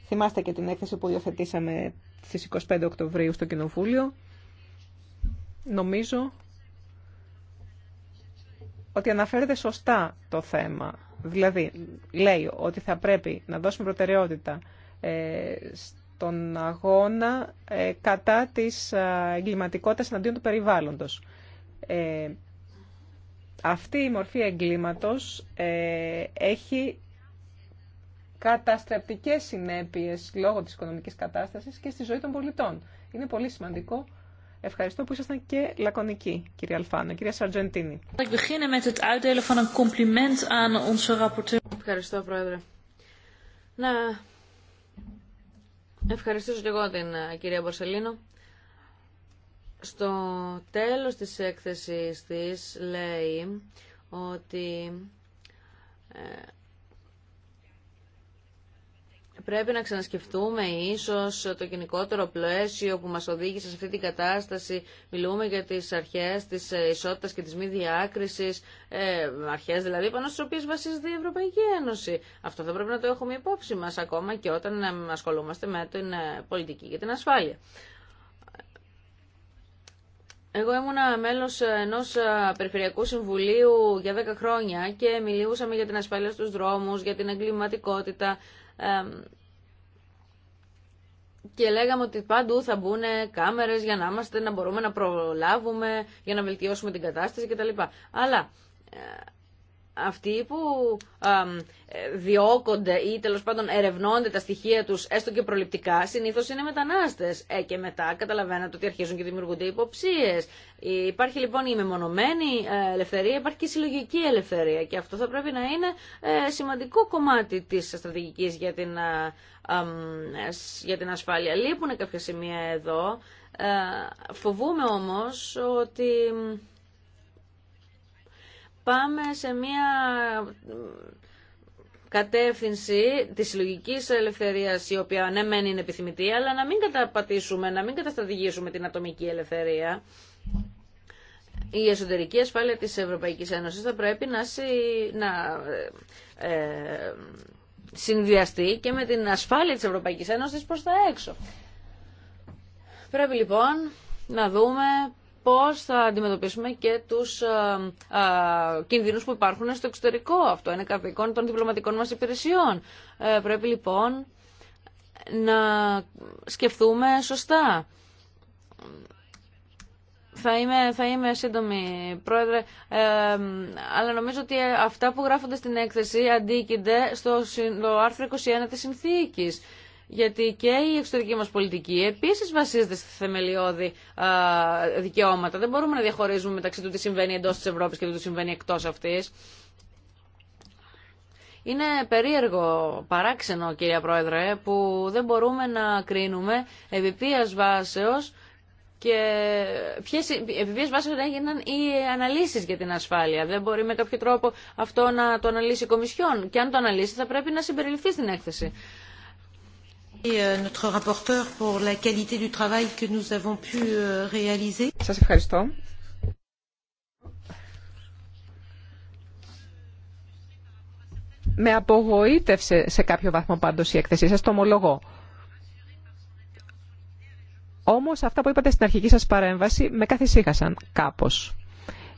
θυμάστε και την έκθεση που υιοθετήσαμε στις 25 Οκτωβρίου στο Κοινοβούλιο. Νομίζω ότι αναφέρεται σωστά το θέμα. Δηλαδή, λέει ότι θα πρέπει να δώσουμε προτεραιότητα ε, στον αγώνα ε, κατά της ε, εγκληματικότητας εναντίον του περιβάλλοντος. Αυτή η μορφή εγκλήματος έχει καταστρεπτικές συνέπειες λόγω της οικονομικής κατάστασης και στη ζωή των πολιτών. Είναι πολύ σημαντικό Ευχαριστώ που ήσασταν και λακωνικοί, κυρία Αλφάνο. Κυρία Σαρτζεντίνη. Ευχαριστώ, Πρόεδρε. Να ευχαριστήσω και εγώ την ε, κυρία Μπορσελίνο. Στο τέλος της έκθεσης της λέει ότι ε, πρέπει να ξανασκεφτούμε ίσως το γενικότερο πλαίσιο που μας οδήγησε σε αυτή την κατάσταση. Μιλούμε για τις αρχές της ε, ισότητας και της μη διάκρισης, ε, αρχές δηλαδή πάνω στις οποίες βασίζεται η Ευρωπαϊκή Ένωση. Αυτό θα πρέπει να το έχουμε υπόψη μας ακόμα και όταν ε, ασχολούμαστε με την ε, πολιτική για την ασφάλεια. Εγώ ήμουνα μέλος ενός Περιφερειακού Συμβουλίου για 10 χρόνια και μιλούσαμε για την ασφάλεια στους δρόμους, για την εγκληματικότητα, και λέγαμε ότι παντού θα μπουν κάμερες για να, να μπορούμε να προλάβουμε, για να βελτιώσουμε την κατάσταση κτλ. Αλλά ε, αυτοί που ε, διώκονται ή τέλος πάντων ερευνώνται τα στοιχεία τους έστω και προληπτικά συνήθως είναι μετανάστες ε, και μετά καταλαβαίνετε ότι αρχίζουν και δημιουργούνται υποψίες ε, υπάρχει λοιπόν η μεμονωμένη ε, ελευθερία υπάρχει και η συλλογική ελευθερία και αυτό θα πρέπει να είναι σημαντικό κομμάτι της στρατηγικής για την, για την ασφάλεια λείπουν κάποια σημεία εδώ φοβούμε όμως ότι πάμε σε μια κατεύθυνση τη συλλογική ελευθερία, η οποία ναι, μεν είναι επιθυμητή, αλλά να μην καταπατήσουμε, να μην καταστατηγήσουμε την ατομική ελευθερία. Η εσωτερική ασφάλεια της Ευρωπαϊκής Ένωσης θα πρέπει να, να ε, ε, συνδυαστεί και με την ασφάλεια της Ευρωπαϊκής Ένωσης προς τα έξω. Πρέπει λοιπόν να δούμε πώς θα αντιμετωπίσουμε και τους α, ε, ε, κινδύνους που υπάρχουν στο εξωτερικό. Αυτό είναι καθήκον των διπλωματικών μας υπηρεσιών. Ε, πρέπει λοιπόν να σκεφτούμε σωστά. Θα είμαι, θα είμαι σύντομη, Πρόεδρε, ε, αλλά νομίζω ότι αυτά που γράφονται στην έκθεση αντίκειται στο, στο άρθρο 21 της Συνθήκης γιατί και η εξωτερική μας πολιτική επίσης βασίζεται στη θεμελιώδη δικαιώματα. Δεν μπορούμε να διαχωρίζουμε μεταξύ του τι συμβαίνει εντός της Ευρώπης και του τι συμβαίνει εκτός αυτής. Είναι περίεργο, παράξενο κυρία Πρόεδρε, που δεν μπορούμε να κρίνουμε επιπίας βάσεως και ποιες επιπίες βάσεως έγιναν οι αναλύσεις για την ασφάλεια. Δεν μπορεί με κάποιο τρόπο αυτό να το αναλύσει η Κομισιόν. Και αν το αναλύσει θα πρέπει να συμπεριληφθεί στην έκθεση. Σας ευχαριστώ. Με απογοήτευσε σε κάποιο βαθμό πάντως η έκθεσή σας, το ομολογώ. Όμως αυτά που είπατε στην αρχική σας παρέμβαση με καθησύχασαν κάπως.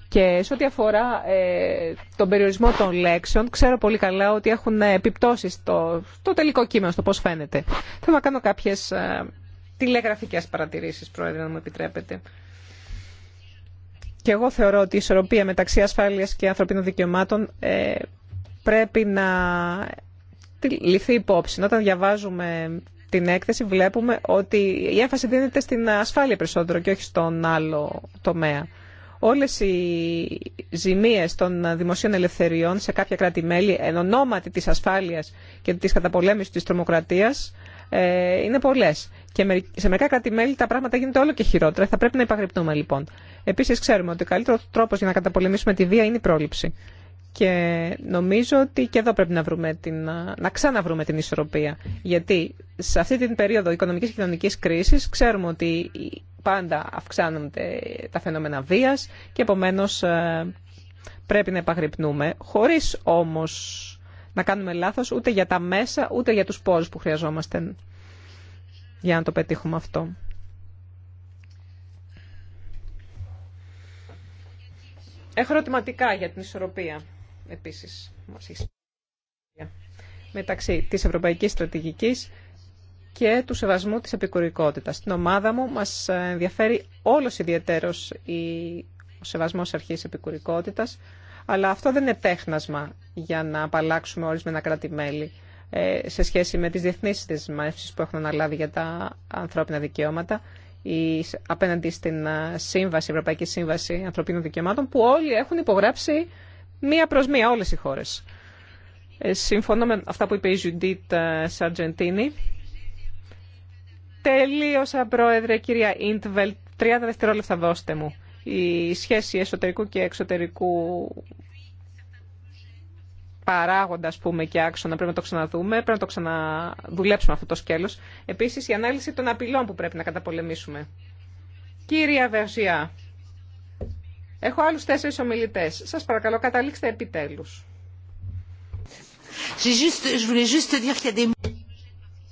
Και σε ό,τι αφορά ε, τον περιορισμό των λέξεων, ξέρω πολύ καλά ότι έχουν ε, επιπτώσει στο, στο τελικό κείμενο, στο πώ φαίνεται. Θέλω να κάνω κάποιε ε, τηλεγραφικές παρατηρήσεις, Πρόεδρε, να μου επιτρέπετε. Και εγώ θεωρώ ότι η ισορροπία μεταξύ ασφάλεια και ανθρωπίνων δικαιωμάτων ε, πρέπει να ληφθεί υπόψη. Όταν διαβάζουμε την έκθεση βλέπουμε ότι η έμφαση δίνεται στην ασφάλεια περισσότερο και όχι στον άλλο τομέα όλες οι ζημίες των δημοσίων ελευθεριών σε κάποια κράτη-μέλη εν ονόματι της ασφάλειας και της καταπολέμησης της τρομοκρατίας ε, είναι πολλές. Και σε μερικά κράτη-μέλη τα πράγματα γίνονται όλο και χειρότερα. Θα πρέπει να υπαγρυπτούμε λοιπόν. Επίσης ξέρουμε ότι ο καλύτερος τρόπος για να καταπολεμήσουμε τη βία είναι η πρόληψη. Και νομίζω ότι και εδώ πρέπει να, βρούμε την, να ξαναβρούμε την ισορροπία. Γιατί σε αυτή την περίοδο οικονομικής και κοινωνικής κρίσης ξέρουμε ότι πάντα αυξάνονται τα φαινόμενα βίας και επομένως ε, πρέπει να επαγρυπνούμε, χωρίς όμως να κάνουμε λάθος ούτε για τα μέσα, ούτε για τους πόρους που χρειαζόμαστε για να το πετύχουμε αυτό. Έχω ερωτηματικά για την ισορροπία, επίσης, μεταξύ της Ευρωπαϊκής Στρατηγικής και του σεβασμού της επικουρικότητας. Στην ομάδα μου μας ενδιαφέρει όλος ιδιαίτερος ο σεβασμός αρχής επικουρικότητας, αλλά αυτό δεν είναι τέχνασμα για να απαλλάξουμε ορισμένα κράτη-μέλη ε, σε σχέση με τις διεθνείς δεσμεύσεις που έχουν αναλάβει για τα ανθρώπινα δικαιώματα ή απέναντι στην ε, σύμβαση, Ευρωπαϊκή Σύμβαση Ανθρωπίνων Δικαιωμάτων που όλοι έχουν υπογράψει μία προς μία όλες οι χώρες. Ε, συμφωνώ με αυτά που είπε η Judith Σαρτζεντίνη Τελείωσα, Πρόεδρε, κυρία Ιντβελ. 30 δευτερόλεπτα δώστε μου. Η σχέση εσωτερικού και εξωτερικού παράγοντα, πούμε, και άξονα πρέπει να το ξαναδούμε, πρέπει να το ξαναδουλέψουμε αυτό το σκέλος. Επίσης, η ανάλυση των απειλών που πρέπει να καταπολεμήσουμε. Κύρια Βερζιά, έχω άλλους τέσσερις ομιλητές. Σας παρακαλώ, καταλήξτε επιτέλους.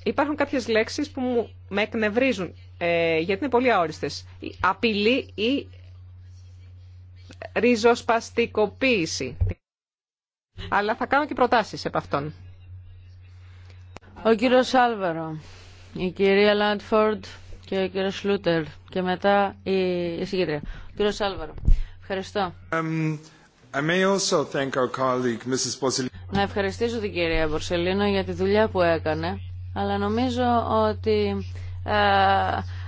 Υπάρχουν κάποιες λέξεις που μου, με εκνευρίζουν, ε, γιατί είναι πολύ αόριστες. Η απειλή ή ριζοσπαστικοποίηση. Αλλά θα κάνω και προτάσεις επ' αυτών. Ο κύριος Σάλβαρο, η κυρία Λάντφορντ και ο κύριος Σλούτερ και μετά η, η συγκέντρια. Ο κύριος Σάλβαρο, ευχαριστώ. Um, I also thank our colleague, Mrs. Να ευχαριστήσω την κυρία Μπορσελίνο για τη δουλειά που έκανε αλλά νομίζω ότι ε,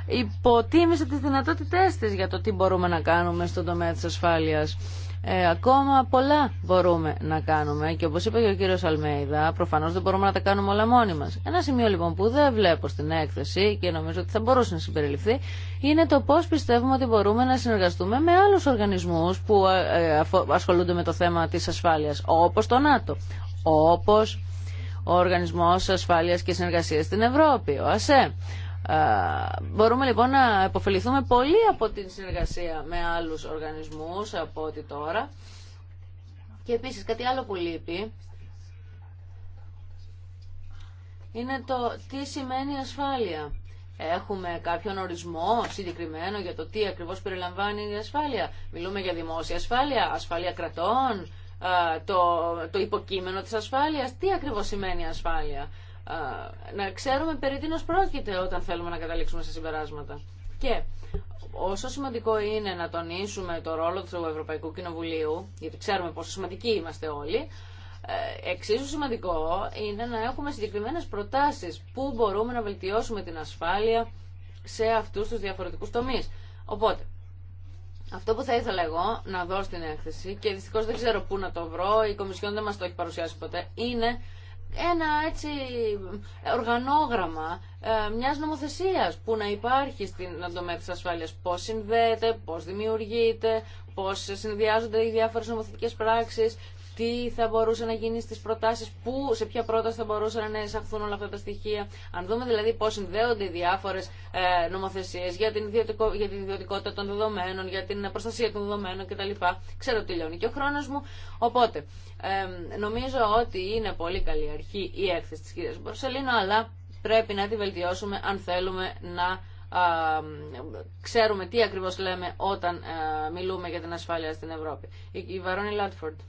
υποτίμησε τις δυνατότητές της για το τι μπορούμε να κάνουμε στον τομέα της ασφάλειας. Ε, ακόμα πολλά μπορούμε να κάνουμε και όπως είπε και ο κύριος Αλμέιδα προφανώς δεν μπορούμε να τα κάνουμε όλα μόνοι μας. Ένα σημείο λοιπόν που δεν βλέπω στην έκθεση και νομίζω ότι θα μπορούσε να συμπεριληφθεί είναι το πώς πιστεύουμε ότι μπορούμε να συνεργαστούμε με άλλους οργανισμούς που ε, ασχολούνται με το θέμα της ασφάλειας όπως το ΝΑΤΟ, όπως ο Οργανισμός Ασφάλειας και Συνεργασίας στην Ευρώπη, ο ΑΣΕ. Μπορούμε λοιπόν να επωφεληθούμε πολύ από την συνεργασία με άλλους οργανισμούς από ό,τι τώρα. Και επίσης κάτι άλλο που λείπει είναι το τι σημαίνει ασφάλεια. Έχουμε κάποιον ορισμό συγκεκριμένο για το τι ακριβώς περιλαμβάνει η ασφάλεια. Μιλούμε για δημόσια ασφάλεια, ασφάλεια κρατών, το, το υποκείμενο της ασφάλειας. Τι ακριβώς σημαίνει ασφάλεια. Να ξέρουμε περί τίνος πρόκειται όταν θέλουμε να καταλήξουμε σε συμπεράσματα. Και όσο σημαντικό είναι να τονίσουμε το ρόλο του Ευρωπαϊκού Κοινοβουλίου, γιατί ξέρουμε πόσο σημαντικοί είμαστε όλοι, ε, εξίσου σημαντικό είναι να έχουμε συγκεκριμένες προτάσεις που μπορούμε να βελτιώσουμε την ασφάλεια σε αυτούς τους διαφορετικούς τομείς. Οπότε, αυτό που θα ήθελα εγώ να δω στην έκθεση και δυστυχώ δεν ξέρω πού να το βρω, η Κομισιόν δεν μας το έχει παρουσιάσει ποτέ, είναι ένα έτσι οργανόγραμμα ε, μιας νομοθεσίας που να υπάρχει στην τομέα τη ασφάλειας. Πώς συνδέεται, πώς δημιουργείται, πώ συνδυάζονται οι διάφορες νομοθετικές πράξεις, τι θα μπορούσε να γίνει στι προτάσει, σε ποια πρόταση θα μπορούσαν να εισαχθούν όλα αυτά τα στοιχεία. Αν δούμε δηλαδή πω συνδέονται οι διάφορες ε, νομοθεσίες για την, για την ιδιωτικότητα των δεδομένων, για την προστασία των δεδομένων κτλ. Ξέρω ότι λιώνει και ο χρόνο μου. Οπότε, ε, νομίζω ότι είναι πολύ καλή αρχή η έκθεση τη κυρίας Μπορσελίνο, αλλά πρέπει να τη βελτιώσουμε αν θέλουμε να ξέρουμε τι ακριβώς λέμε όταν ε, μιλούμε για την ασφάλεια στην Ευρώπη. Η Βαρόνι Λάτφορντ.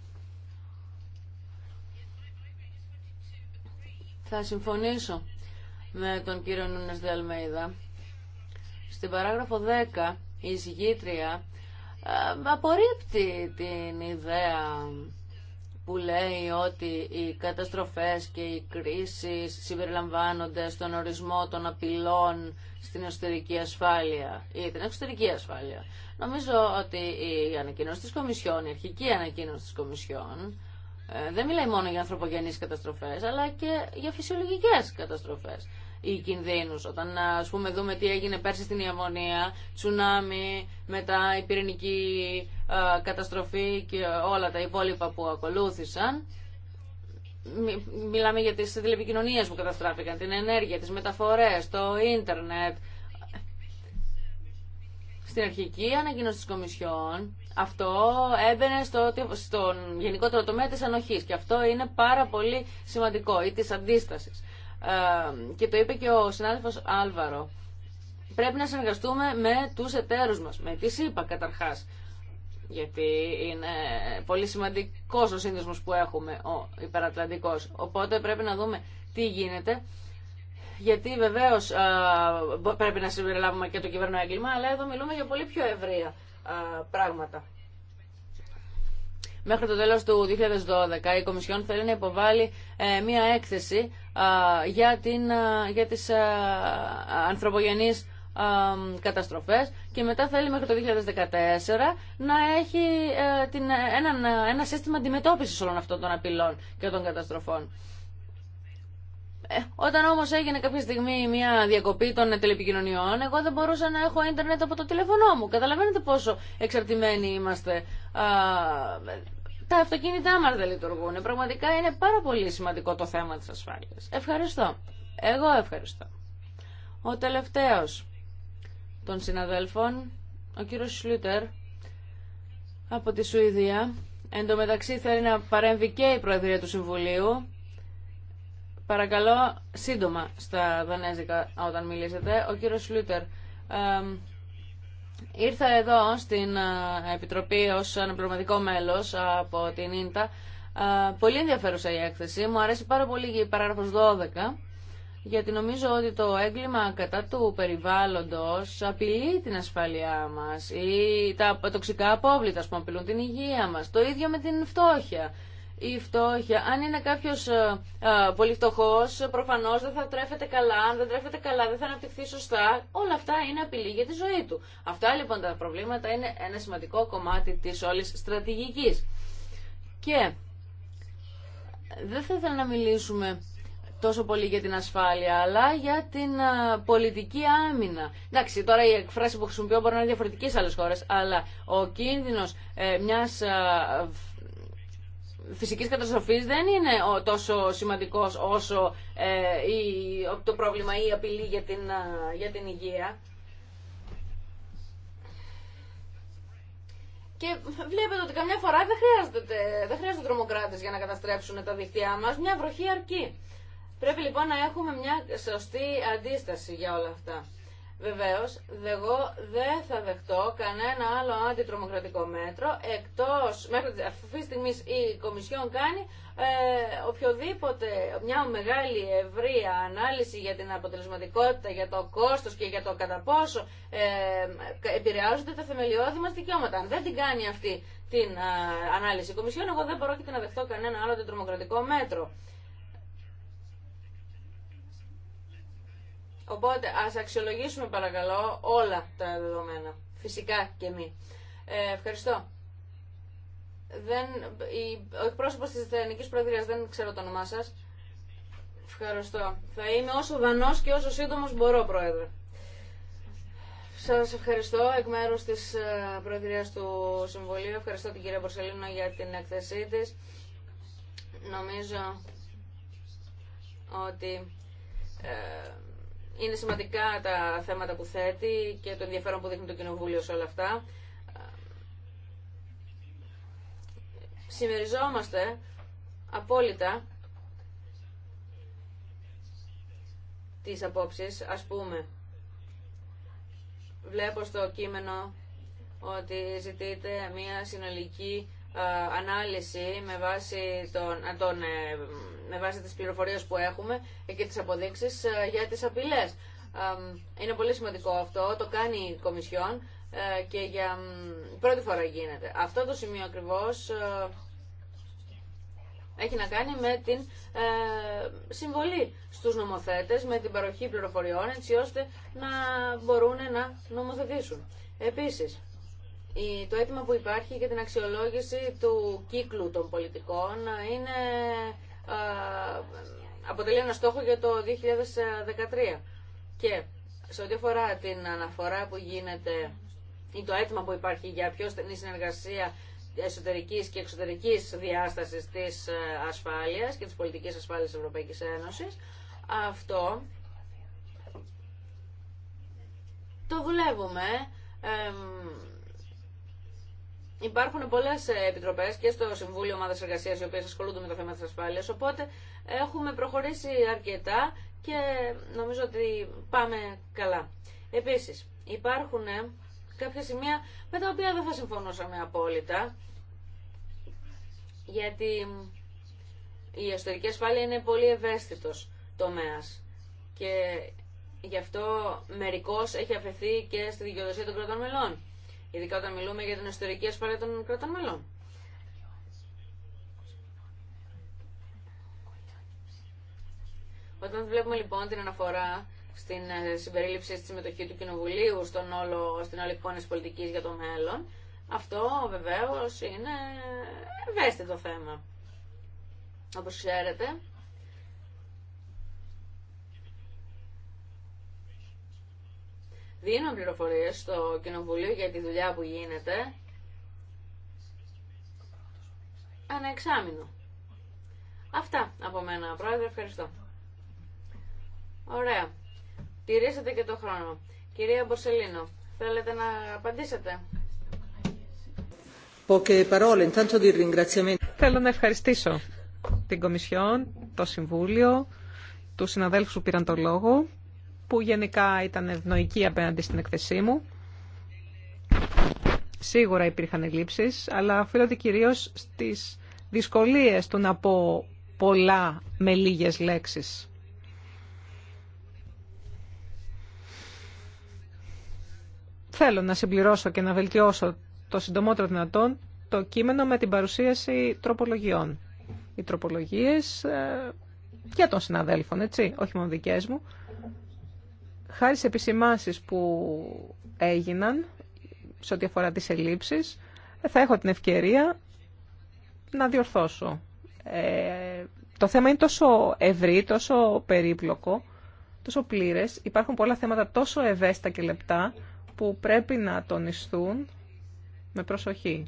Θα συμφωνήσω με τον κύριο Νούνες Δελμέιδα. Στην παράγραφο 10 η εισηγήτρια ε, απορρίπτει την ιδέα που λέει ότι οι καταστροφές και οι κρίσεις συμπεριλαμβάνονται στον ορισμό των απειλών στην εσωτερική ασφάλεια ή την εξωτερική ασφάλεια. Νομίζω ότι η ανακοίνωση της Κομισιόν, η αρχική ανακοίνωση της Κομισιόν, ε, δεν μιλάει μόνο για ανθρωπογενείς καταστροφές, αλλά και για φυσιολογικές καταστροφές ή κινδύνους. Όταν ας πούμε δούμε τι έγινε πέρσι στην Ιαβωνία, τσουνάμι, μετά η πυρηνική ε, καταστροφή και όλα τα υπόλοιπα που ακολούθησαν, μιλάμε για τις τηλεπικοινωνίες που καταστράφηκαν, την ενέργεια, τις μεταφορές, το ίντερνετ. Στην αρχική ανακοίνωση της Κομισιόν αυτό έμπαινε στο, στον γενικό τομέα της ανοχής και αυτό είναι πάρα πολύ σημαντικό ή της αντίστασης. Ε, και το είπε και ο συνάδελφος Άλβαρο. Πρέπει να συνεργαστούμε με τους εταίρους μας, με τη ΣΥΠΑ καταρχάς, γιατί είναι πολύ σημαντικός ο σύνδεσμος που έχουμε, ο υπερατλαντικός. Οπότε πρέπει να δούμε τι γίνεται γιατί βεβαίω ε, πρέπει να συμπεριλάβουμε και το κυβερνό αλλά εδώ μιλούμε για πολύ πιο ευρεία πράγματα. Μέχρι το τέλος του 2012 η Κομισιόν θέλει να υποβάλει ε, μία έκθεση για, την, για τις ανθρωπογενείς καταστροφές και μετά θέλει μέχρι το 2014 να έχει ε, την, ε, ένα, ένα σύστημα αντιμετώπισης όλων αυτών των απειλών και των καταστροφών. Ε, όταν όμω έγινε κάποια στιγμή μια διακοπή των τηλεπικοινωνιών, εγώ δεν μπορούσα να έχω ίντερνετ από το τηλέφωνό μου. Καταλαβαίνετε πόσο εξαρτημένοι είμαστε. Α, τα αυτοκίνητά μα δεν λειτουργούν. Πραγματικά είναι πάρα πολύ σημαντικό το θέμα τη ασφάλεια. Ευχαριστώ. Εγώ ευχαριστώ. Ο τελευταίο των συναδέλφων, ο κύριο Σλούτερ από τη Σουηδία. Εν τω μεταξύ θέλει να παρέμβει και η Προεδρία του Συμβουλίου Παρακαλώ σύντομα στα δανέζικα όταν μιλήσετε. Ο κύριος Λούτερ, ήρθα εδώ στην ε, Επιτροπή ως αναπληρωματικό μέλος από την ΙΝΤΑ. Ε, πολύ ενδιαφέρουσα η έκθεση. Μου αρέσει πάρα πολύ η παράγραφος 12 γιατί νομίζω ότι το έγκλημα κατά του περιβάλλοντος απειλεί την ασφαλειά μας ή τα τοξικά απόβλητα που απειλούν την υγεία μας, το ίδιο με την φτώχεια η φτώχεια. Αν είναι κάποιο ε, ε, πολύ φτωχό, προφανώ δεν θα τρέφεται καλά. Αν δεν τρέφεται καλά, δεν θα αναπτυχθεί σωστά. Όλα αυτά είναι απειλή για τη ζωή του. Αυτά λοιπόν τα προβλήματα είναι ένα σημαντικό κομμάτι τη όλη στρατηγική. Και δεν θα ήθελα να μιλήσουμε τόσο πολύ για την ασφάλεια, αλλά για την ε, πολιτική άμυνα. Εντάξει, τώρα η εκφράση που χρησιμοποιώ μπορεί να είναι διαφορετική σε άλλε χώρε, αλλά ο κίνδυνο μια φυσική καταστροφή δεν είναι τόσο σημαντικός όσο ε, το πρόβλημα ή η απειλή για την, ε, για την υγεία. Και βλέπετε ότι καμιά φορά δεν χρειάζεται, δεν χρειάζεται τρομοκράτες για να καταστρέψουν τα δίκτυά μας. Μια βροχή αρκεί. Πρέπει λοιπόν να έχουμε μια σωστή αντίσταση για όλα αυτά. Βεβαίω, εγώ δεν θα δεχτώ κανένα άλλο αντιτρομοκρατικό μέτρο εκτό. Μέχρι αυτή τη στιγμή η Κομισιόν κάνει ε, οποιοδήποτε, μια μεγάλη ευρεία ανάλυση για την αποτελεσματικότητα, για το κόστο και για το κατά πόσο ε, επηρεάζονται τα θεμελιώδη μα δικαιώματα. Αν δεν την κάνει αυτή την ε, ανάλυση η Κομισιόν, εγώ δεν μπορώ να δεχτώ κανένα άλλο αντιτρομοκρατικό μέτρο. Οπότε ας αξιολογήσουμε παρακαλώ όλα τα δεδομένα. Φυσικά και μη. Ε, ευχαριστώ. Δεν, η, ο εκπρόσωπο τη Ελληνική Προεδρία δεν ξέρω το όνομά σα. Ευχαριστώ. Θα είμαι όσο δανό και όσο σύντομο μπορώ, Πρόεδρε. Σα ευχαριστώ εκ μέρου τη ε, Προεδρία του Συμβουλίου. Ευχαριστώ την κυρία Μπορσελίνο για την έκθεσή τη. Νομίζω ότι. Ε, είναι σημαντικά τα θέματα που θέτει και το ενδιαφέρον που δείχνει το Κοινοβούλιο σε όλα αυτά. Συμμεριζόμαστε απόλυτα τις απόψεις, ας πούμε. Βλέπω στο κείμενο ότι ζητείται μια συνολική ε, ανάλυση με βάση τον, ε, τον ε, με βάση τις πληροφορίες που έχουμε και τις αποδείξεις ε, για τις απειλές. Είναι πολύ σημαντικό αυτό, το κάνει η Κομισιόν ε, και για πρώτη φορά γίνεται. Αυτό το σημείο ακριβώς ε, έχει να κάνει με την συμβολή στους νομοθέτες, με την παροχή πληροφοριών, έτσι ώστε να μπορούν να νομοθετήσουν. Επίσης, το αίτημα που υπάρχει για την αξιολόγηση του κύκλου των πολιτικών είναι αποτελεί ένα στόχο για το 2013. Και σε ό,τι αφορά την αναφορά που γίνεται ή το αίτημα που υπάρχει για πιο στενή συνεργασία εσωτερικής και εξωτερικής διάστασης της ε, ασφάλειας και της πολιτικής ασφάλειας της Ευρωπαϊκής Ένωσης, αυτό το δουλεύουμε. Υπάρχουν πολλέ ε, επιτροπέ και στο Συμβούλιο Ομάδα Εργασία οι οποίε ασχολούνται με το θέμα τη ασφάλεια. Οπότε έχουμε προχωρήσει αρκετά και νομίζω ότι πάμε καλά. Επίση, υπάρχουν ε, κάποια σημεία με τα οποία δεν θα συμφωνούσαμε απόλυτα. Γιατί η εσωτερική ασφάλεια είναι πολύ ευαίσθητο τομέα. Και γι' αυτό μερικώ έχει αφαιθεί και στη δικαιοδοσία των κρατών μελών ειδικά όταν μιλούμε για την ιστορική ασφάλεια των κρατών μελών. Όταν βλέπουμε λοιπόν την αναφορά στην ε, συμπερίληψη στη συμμετοχή του Κοινοβουλίου στον όλο, στην όλη εικόνα πολιτική για το μέλλον, αυτό βεβαίω είναι ευαίσθητο θέμα. Όπω ξέρετε, Δίνω πληροφορίες στο Κοινοβουλίο για τη δουλειά που γίνεται ανεξάμεινο. Αυτά από μένα, Πρόεδρε, ευχαριστώ. Ωραία. Τηρήσατε και το χρόνο. Κυρία Μπορσελίνο, θέλετε να απαντήσετε. Θέλω να ευχαριστήσω την Κομισιόν, το Συμβούλιο, του συναδέλφου που πήραν το λόγο που γενικά ήταν ευνοϊκή απέναντι στην εκθεσή μου. Σίγουρα υπήρχαν ελλείψεις, αλλά οφείλονται κυρίως στις δυσκολίες του να πω πολλά με λίγες λέξεις. Θέλω να συμπληρώσω και να βελτιώσω το συντομότερο δυνατόν το κείμενο με την παρουσίαση τροπολογιών. Οι τροπολογίες και ε, των συναδέλφων, έτσι, όχι μόνο δικές μου, Χάρη σε επισημάσεις που έγιναν σε ό,τι αφορά τις ελλείψεις, ε, θα έχω την ευκαιρία να διορθώσω. Ε, το θέμα είναι τόσο ευρύ, τόσο περίπλοκο, τόσο πλήρες. Υπάρχουν πολλά θέματα τόσο ευαίσθητα και λεπτά που πρέπει να τονιστούν με προσοχή.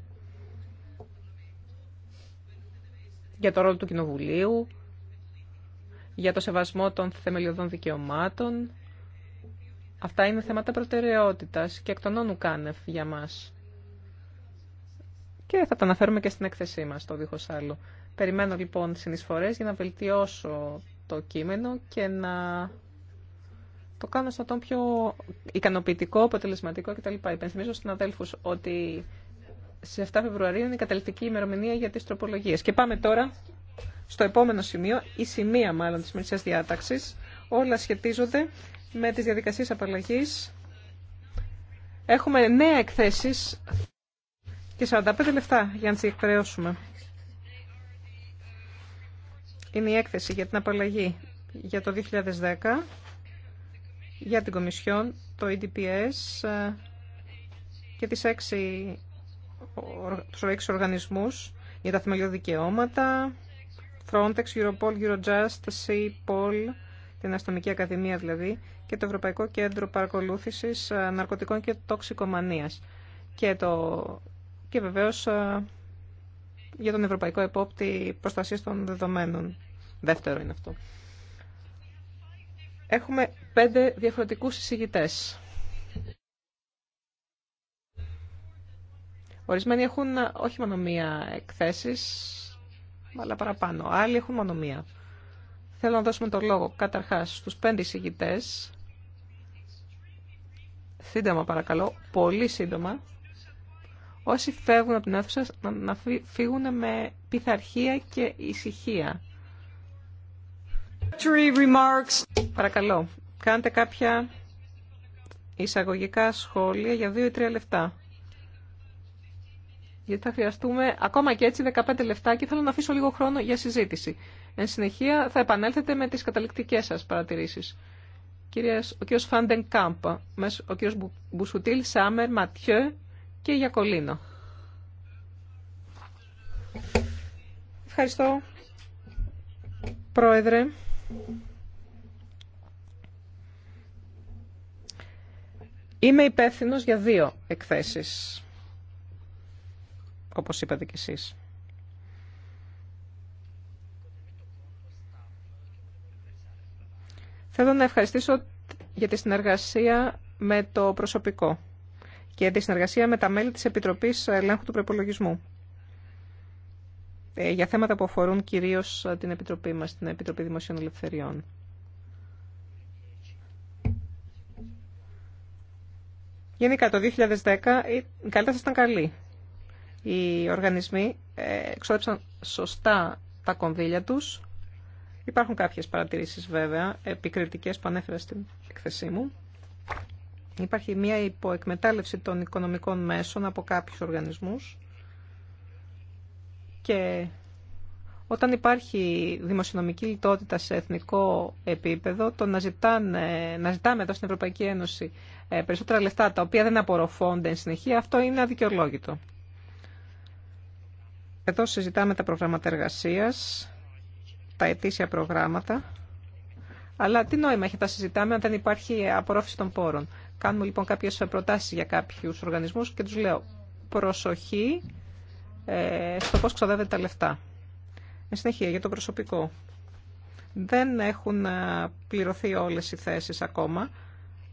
Για το ρόλο του Κοινοβουλίου, για το σεβασμό των θεμελιωδών δικαιωμάτων, Αυτά είναι θέματα προτεραιότητας και εκ των όνου κάνευ για μας. Και θα τα αναφέρουμε και στην έκθεσή μας, το δίχως άλλο. Περιμένω λοιπόν συνεισφορές για να βελτιώσω το κείμενο και να το κάνω σαν τον πιο ικανοποιητικό, αποτελεσματικό κτλ. Υπενθυμίζω στους αδέλφους ότι σε 7 Φεβρουαρίου είναι η καταληκτική ημερομηνία για τις τροπολογίες. Και πάμε τώρα στο επόμενο σημείο, η σημεία μάλλον της μερικής διάταξης. Όλα σχετίζονται με τις διαδικασίες απαλλαγής. Έχουμε νέα εκθέσεις και 45 λεπτά για να τις εκπαιρεώσουμε. Είναι η έκθεση για την απαλλαγή για το 2010, για την Κομισιόν, το EDPS ε, και τις έξι, τους έξι οργανισμούς για τα θεμελιώδη δικαιώματα, Frontex, Europol, Eurojust, C-Pol την Αστυνομική Ακαδημία δηλαδή, και το Ευρωπαϊκό Κέντρο Παρακολούθηση ε, Ναρκωτικών και Τοξικομανία. Και, το... και βεβαίως ε, για τον Ευρωπαϊκό Επόπτη Προστασία των Δεδομένων. Δεύτερο είναι αυτό. Έχουμε πέντε διαφορετικούς εισηγητές. Ορισμένοι έχουν ε, όχι μόνο μία εκθέσεις, αλλά παραπάνω. Άλλοι έχουν μόνο μία. Θέλω να δώσουμε το λόγο καταρχάς στους πέντε εισηγητές. Σύντομα παρακαλώ, πολύ σύντομα. Όσοι φεύγουν από την αίθουσα να φύγουν με πειθαρχία και ησυχία. Παρακαλώ, κάντε κάποια εισαγωγικά σχόλια για δύο ή τρία λεφτά. Γιατί θα χρειαστούμε ακόμα και έτσι 15 λεφτά και θέλω να αφήσω λίγο χρόνο για συζήτηση. Εν συνεχεία θα επανέλθετε με τις καταληκτικές σας παρατηρήσεις. Ο κύριος Φάντεν Κάμπα, ο κύριος Μπουσουτήλ, Σάμερ, Ματιέ και Γιακολίνο. Ευχαριστώ, Πρόεδρε. Είμαι υπεύθυνο για δύο εκθέσεις, όπως είπατε κι εσείς. Θέλω να ευχαριστήσω για τη συνεργασία με το προσωπικό και τη συνεργασία με τα μέλη της Επιτροπής Ελέγχου του Προπολογισμού ε, για θέματα που αφορούν κυρίως ε, την Επιτροπή μας, την Επιτροπή Δημοσίων Ελευθεριών. Γενικά το 2010 η κατάσταση ήταν καλή. Οι οργανισμοί ε, εξόδεψαν σωστά τα κονδύλια τους Υπάρχουν κάποιες παρατηρήσεις βέβαια, επικριτικές που ανέφερα στην εκθεσή μου. Υπάρχει μια υποεκμετάλλευση των οικονομικών μέσων από κάποιους οργανισμούς και όταν υπάρχει δημοσιονομική λιτότητα σε εθνικό επίπεδο, το να, ζητάνε, να ζητάμε εδώ στην Ευρωπαϊκή Ένωση ε, περισσότερα λεφτά τα οποία δεν απορροφώνται εν συνεχεία, αυτό είναι αδικαιολόγητο. Εδώ συζητάμε τα προγράμματα εργασίας, τα ετήσια προγράμματα. Αλλά τι νόημα έχει να τα συζητάμε αν δεν υπάρχει απορρόφηση των πόρων. Κάνουμε λοιπόν κάποιες προτάσει για κάποιους οργανισμούς και τους λέω προσοχή ε, στο πω ξοδεύετε τα λεφτά. Με συνεχεία, για το προσωπικό. Δεν έχουν ε, πληρωθεί όλες οι θέσεις ακόμα.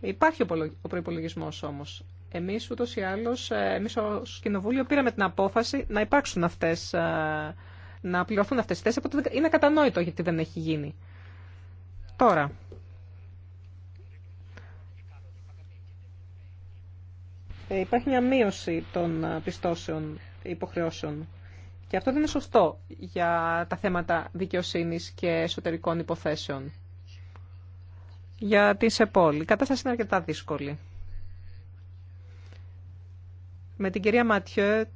Υπάρχει ο προπολογισμό όμως. Εμείς ούτως ή άλλως, ε, εμείς ως Κοινοβούλιο πήραμε την απόφαση να υπάρξουν αυτές να πληρωθούν αυτές τις θέσεις, οπότε είναι κατανόητο γιατί δεν έχει γίνει. Τώρα, ε, υπάρχει μια μείωση των ε, πιστώσεων υποχρεώσεων και αυτό δεν είναι σωστό για τα θέματα δικαιοσύνης και εσωτερικών υποθέσεων. Για τη ΣΕΠΟΛ, η κατάσταση είναι αρκετά δύσκολη. Με την κυρία Ματιέ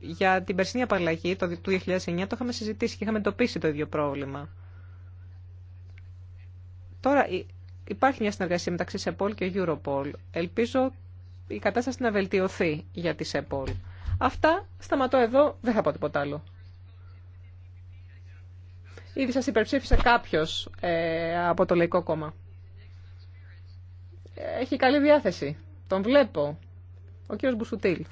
για την περσινή απαλλαγή το, του 2009 το είχαμε συζητήσει και είχαμε εντοπίσει το ίδιο πρόβλημα. Τώρα υπάρχει μια συνεργασία μεταξύ ΣΕΠΟΛ και Europol. Ελπίζω η κατάσταση να βελτιωθεί για τη ΣΕΠΟΛ. Αυτά σταματώ εδώ, δεν θα πω τίποτα άλλο. Ήδη σας υπερψήφισε κάποιος ε, από το Λαϊκό Κόμμα. Έχει καλή διάθεση. Τον βλέπω. Ο κύριος Μπουσουτήλ.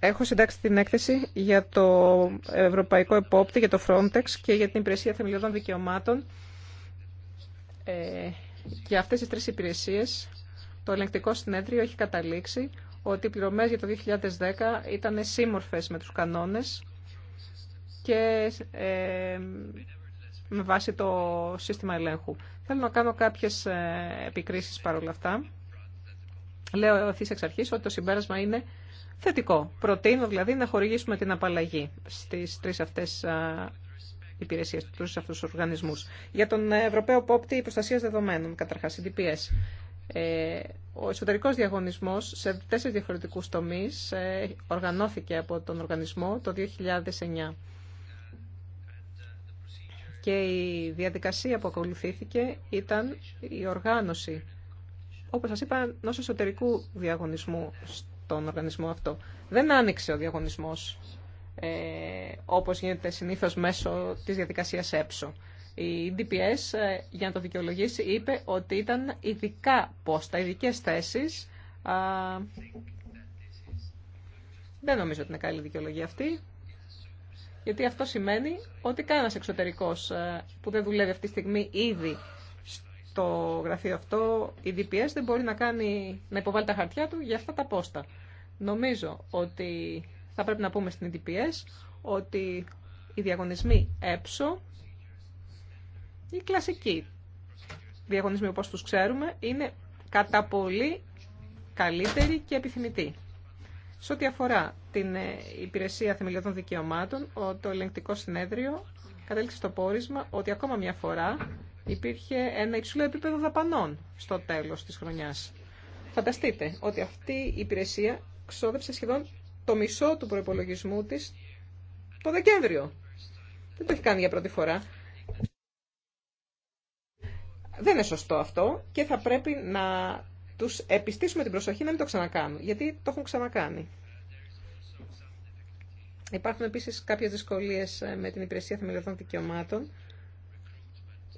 Έχω συντάξει την έκθεση για το Ευρωπαϊκό Επόπτη, για το Frontex και για την Υπηρεσία Θεμελιωδών Δικαιωμάτων. Ε, για αυτές τις τρεις υπηρεσίες το ελεγκτικό συνέδριο έχει καταλήξει ότι οι πληρωμές για το 2010 ήταν σύμμορφες με τους κανόνες και ε, με βάση το σύστημα ελέγχου. Θέλω να κάνω κάποιες ε, επικρίσεις παρόλα αυτά. Λέω ευθύ εξ αρχή ότι το συμπέρασμα είναι θετικό. Προτείνω δηλαδή να χορηγήσουμε την απαλλαγή στι τρει αυτέ υπηρεσίε, στου τρει αυτού οργανισμού. Για τον Ευρωπαίο Πόπτη Προστασία Δεδομένων, καταρχά, η Ε, ο εσωτερικό διαγωνισμό σε τέσσερι διαφορετικού τομεί ε, οργανώθηκε από τον οργανισμό το 2009. Και η διαδικασία που ακολουθήθηκε ήταν η οργάνωση όπως σας είπα, ενό εσωτερικού διαγωνισμού στον οργανισμό αυτό. Δεν άνοιξε ο διαγωνισμός ε, όπως γίνεται συνήθως μέσω της διαδικασίας έψω. Η DPS, ε, για να το δικαιολογήσει, είπε ότι ήταν ειδικά πόστα, ειδικέ θέσεις. δεν νομίζω ότι είναι καλή δικαιολογία αυτή, γιατί αυτό σημαίνει ότι κανένα εξωτερικός ε, που δεν δουλεύει αυτή τη στιγμή ήδη το γραφείο αυτό η DPS δεν μπορεί να, κάνει, να υποβάλει τα χαρτιά του για αυτά τα πόστα. Νομίζω ότι θα πρέπει να πούμε στην DPS ότι οι διαγωνισμοί έψω, οι κλασικοί διαγωνισμοί όπως τους ξέρουμε, είναι κατά πολύ καλύτεροι και επιθυμητοί. Σε ό,τι αφορά την ε, Υπηρεσία Θεμελιωδών Δικαιωμάτων, το ελεγκτικό συνέδριο κατέληξε στο πόρισμα ότι ακόμα μια φορά υπήρχε ένα υψηλό επίπεδο δαπανών στο τέλος της χρονιάς. Φανταστείτε ότι αυτή η υπηρεσία ξόδεψε σχεδόν το μισό του προπολογισμού της το Δεκέμβριο. Δεν το έχει κάνει για πρώτη φορά. Δεν είναι σωστό αυτό και θα πρέπει να τους επιστήσουμε την προσοχή να μην το ξανακάνουν, γιατί το έχουν ξανακάνει. Υπάρχουν επίσης κάποιες δυσκολίες ε, με την υπηρεσία θεμελιωδών δικαιωμάτων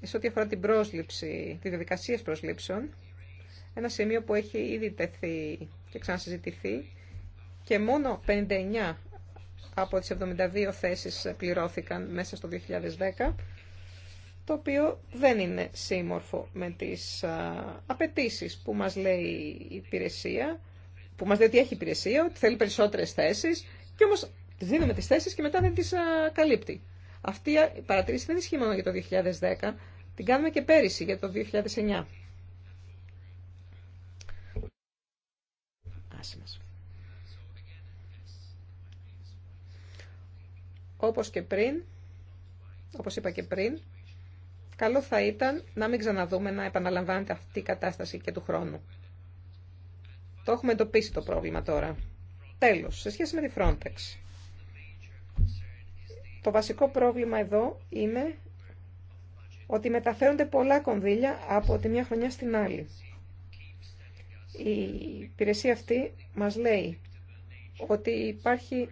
σε ό,τι αφορά την πρόσληψη, τη διαδικασία προσλήψεων, ένα σημείο που έχει ήδη τεθεί και ξανασυζητηθεί και μόνο 59 από τις 72 θέσεις πληρώθηκαν μέσα στο 2010, το οποίο δεν είναι σύμμορφο με τις απαιτήσει που μας λέει η υπηρεσία, που μας λέει ότι έχει υπηρεσία, ότι θέλει περισσότερες θέσεις και όμως δίνουμε τις θέσεις και μετά δεν τις καλύπτει. Αυτή η παρατήρηση δεν ισχύει μόνο για το 2010, την κάνουμε και πέρυσι για το 2009. Άσε Όπως και πριν, όπως είπα και πριν, καλό θα ήταν να μην ξαναδούμε να επαναλαμβάνεται αυτή η κατάσταση και του χρόνου. Το έχουμε εντοπίσει το πρόβλημα τώρα. Τέλος, σε σχέση με τη Frontex. Το βασικό πρόβλημα εδώ είναι ότι μεταφέρονται πολλά κονδύλια από τη μια χρονιά στην άλλη. Η υπηρεσία αυτή μας λέει ότι υπάρχει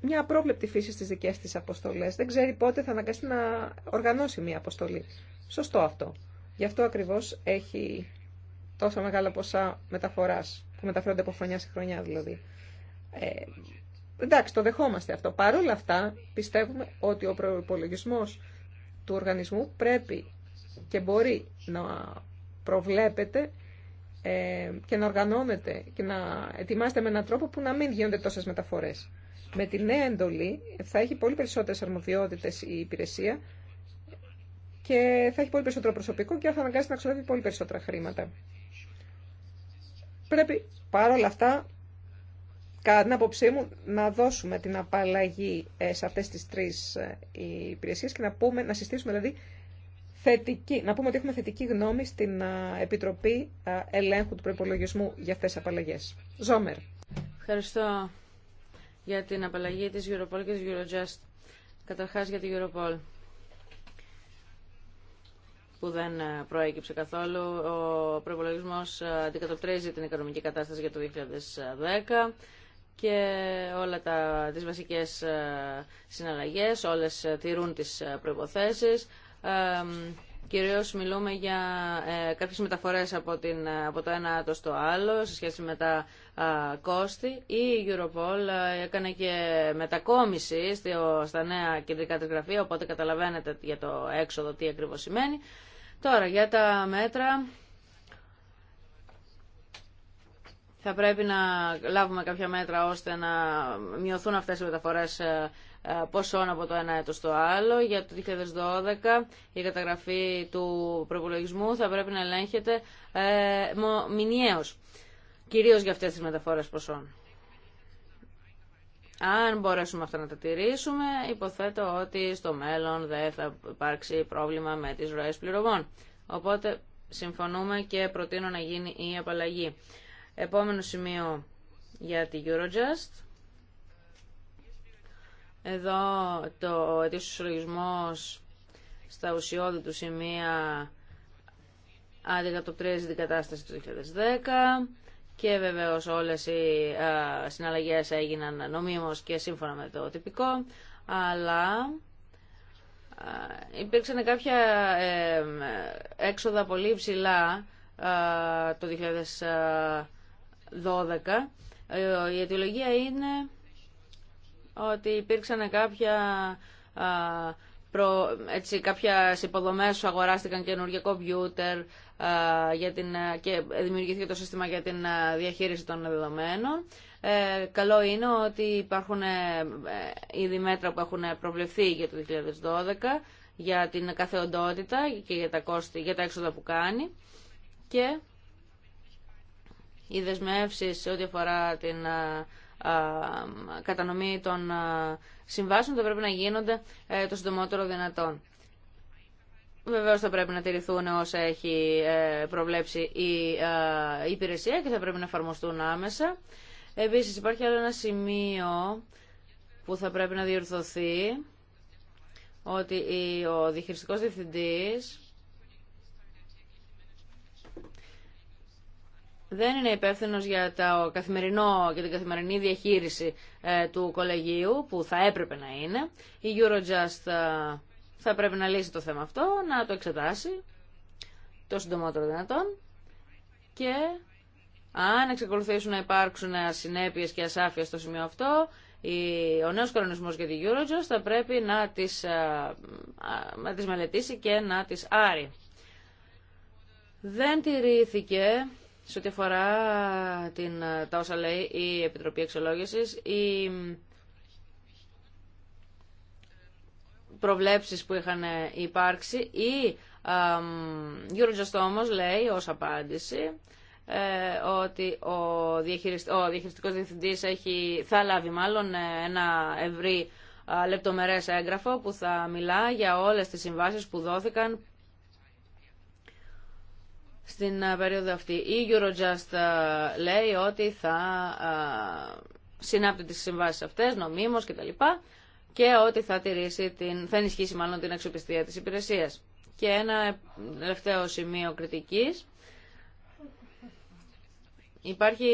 μια απρόβλεπτη φύση στις δικές της αποστολές. Δεν ξέρει πότε θα αναγκαστεί να οργανώσει μια αποστολή. Σωστό αυτό. Γι' αυτό ακριβώς έχει τόσα μεγάλα ποσά μεταφοράς, που μεταφέρονται από χρονιά σε χρονιά δηλαδή. Ε, Εντάξει, το δεχόμαστε αυτό. Παρ' όλα αυτά, πιστεύουμε ότι ο προπολογισμό του οργανισμού πρέπει και μπορεί να προβλέπεται ε, και να οργανώνεται και να ετοιμάστε με έναν τρόπο που να μην γίνονται τόσε μεταφορές. Με τη νέα εντολή θα έχει πολύ περισσότερες αρμοδιότητες η υπηρεσία και θα έχει πολύ περισσότερο προσωπικό και θα αναγκάσει να ξοδεύει πολύ περισσότερα χρήματα. Πρέπει παρόλα αυτά κατά την άποψή μου, να δώσουμε την απαλλαγή ε, σε αυτές τις τρεις ε, υπηρεσίες και να, πούμε, να συστήσουμε δηλαδή θετική, να πούμε ότι έχουμε θετική γνώμη στην ε, Επιτροπή Ελέγχου του Προπολογισμού για αυτές τις απαλλαγές. Ζόμερ. Ευχαριστώ για την απαλλαγή της Europol και της Eurojust. Καταρχάς για την Europol που δεν προέκυψε καθόλου. Ο προπολογισμό αντικατοπτρίζει την οικονομική κατάσταση για το 2010 και όλα τα, τις βασικές ε, συναλλαγές, όλες ε, τηρούν τις ε, προϋποθέσεις. Κυρίως μιλούμε για κάποιες μεταφορές από, την, από το ένα άτομο στο άλλο σε σχέση με τα κόστη. Η Europol έκανε και μετακόμιση στα νέα κεντρικά της γραφεία, οπότε καταλαβαίνετε για το έξοδο τι ακριβώς σημαίνει. Τώρα για τα μέτρα θα πρέπει να λάβουμε κάποια μέτρα ώστε να μειωθούν αυτές οι μεταφορές ε, ε, ποσών από το ένα έτος στο άλλο. Για το 2012 η καταγραφή του προπολογισμού θα πρέπει να ελέγχεται ε, μηνιαίως, κυρίως για αυτές τις μεταφορές ποσών. Αν μπορέσουμε αυτά να τα τηρήσουμε, υποθέτω ότι στο μέλλον δεν θα υπάρξει πρόβλημα με τις ροές πληρωμών. Οπότε συμφωνούμε και προτείνω να γίνει η απαλλαγή. Επόμενο σημείο για τη Eurojust. Εδώ το αιτήσιο συλλογισμό στα ουσιώδη του σημεία αντικατοπτρίζει την κατάσταση του 2010 και βεβαίως όλες οι α, συναλλαγές έγιναν νομίμως και σύμφωνα με το τυπικό, αλλά υπήρξαν κάποια έξοδα πολύ ψηλά το 2010 12 ε, η αιτιολογία είναι ότι υπήρξαν κάποια, προ, έτσι, κάποια υποδομές που αγοράστηκαν καινούργια κομπιούτερ για την, και δημιουργήθηκε το σύστημα για την διαχείριση των δεδομένων. Ε, καλό είναι ότι υπάρχουν ε, ήδη μέτρα που έχουν προβλεφθεί για το 2012 για την καθεοντότητα και για τα, κόστη, για τα έξοδα που κάνει και οι δεσμεύσει ό,τι αφορά την κατανομή των συμβάσεων θα πρέπει να γίνονται ε, το συντομότερο δυνατόν. Βεβαίως θα πρέπει να τηρηθούν όσα έχει ε, προβλέψει η υπηρεσία και θα πρέπει να εφαρμοστούν άμεσα. Επίσης υπάρχει άλλο ένα σημείο που θα πρέπει να διορθωθεί ότι ο διχειριστικός διευθυντής δεν είναι υπεύθυνο για το καθημερινό και την καθημερινή διαχείριση ε, του κολεγίου που θα έπρεπε να είναι. Η Eurojust ε, θα πρέπει να λύσει το θέμα αυτό, να το εξετάσει το συντομότερο δυνατόν και αν εξακολουθήσουν να υπάρξουν ασυνέπειες και ασάφειες στο σημείο αυτό, ο νέος κανονισμός για τη Eurojust θα πρέπει να τις, ε, να τις μελετήσει και να τις άρει. Δεν τηρήθηκε σε ό,τι αφορά την, τα όσα λέει η Επιτροπή εξολογηση οι προβλέψεις που είχαν υπάρξει, η Γιώργος όμως λέει ως απάντηση ε, ότι ο, διαχειριστ, ο διευθυντής έχει, θα λάβει μάλλον ένα ευρύ λεπτομερές έγγραφο που θα μιλά για όλες τις συμβάσεις που δόθηκαν στην ε, περίοδο αυτή. Η Eurojust ε, λέει ότι θα ε, συνάπτει τις συμβάσεις αυτές νομίμως κτλ. και ότι θα, τηρήσει την, θα ενισχύσει μάλλον την αξιοπιστία της υπηρεσίας. Και ένα τελευταίο σημείο κριτικής. Υπάρχει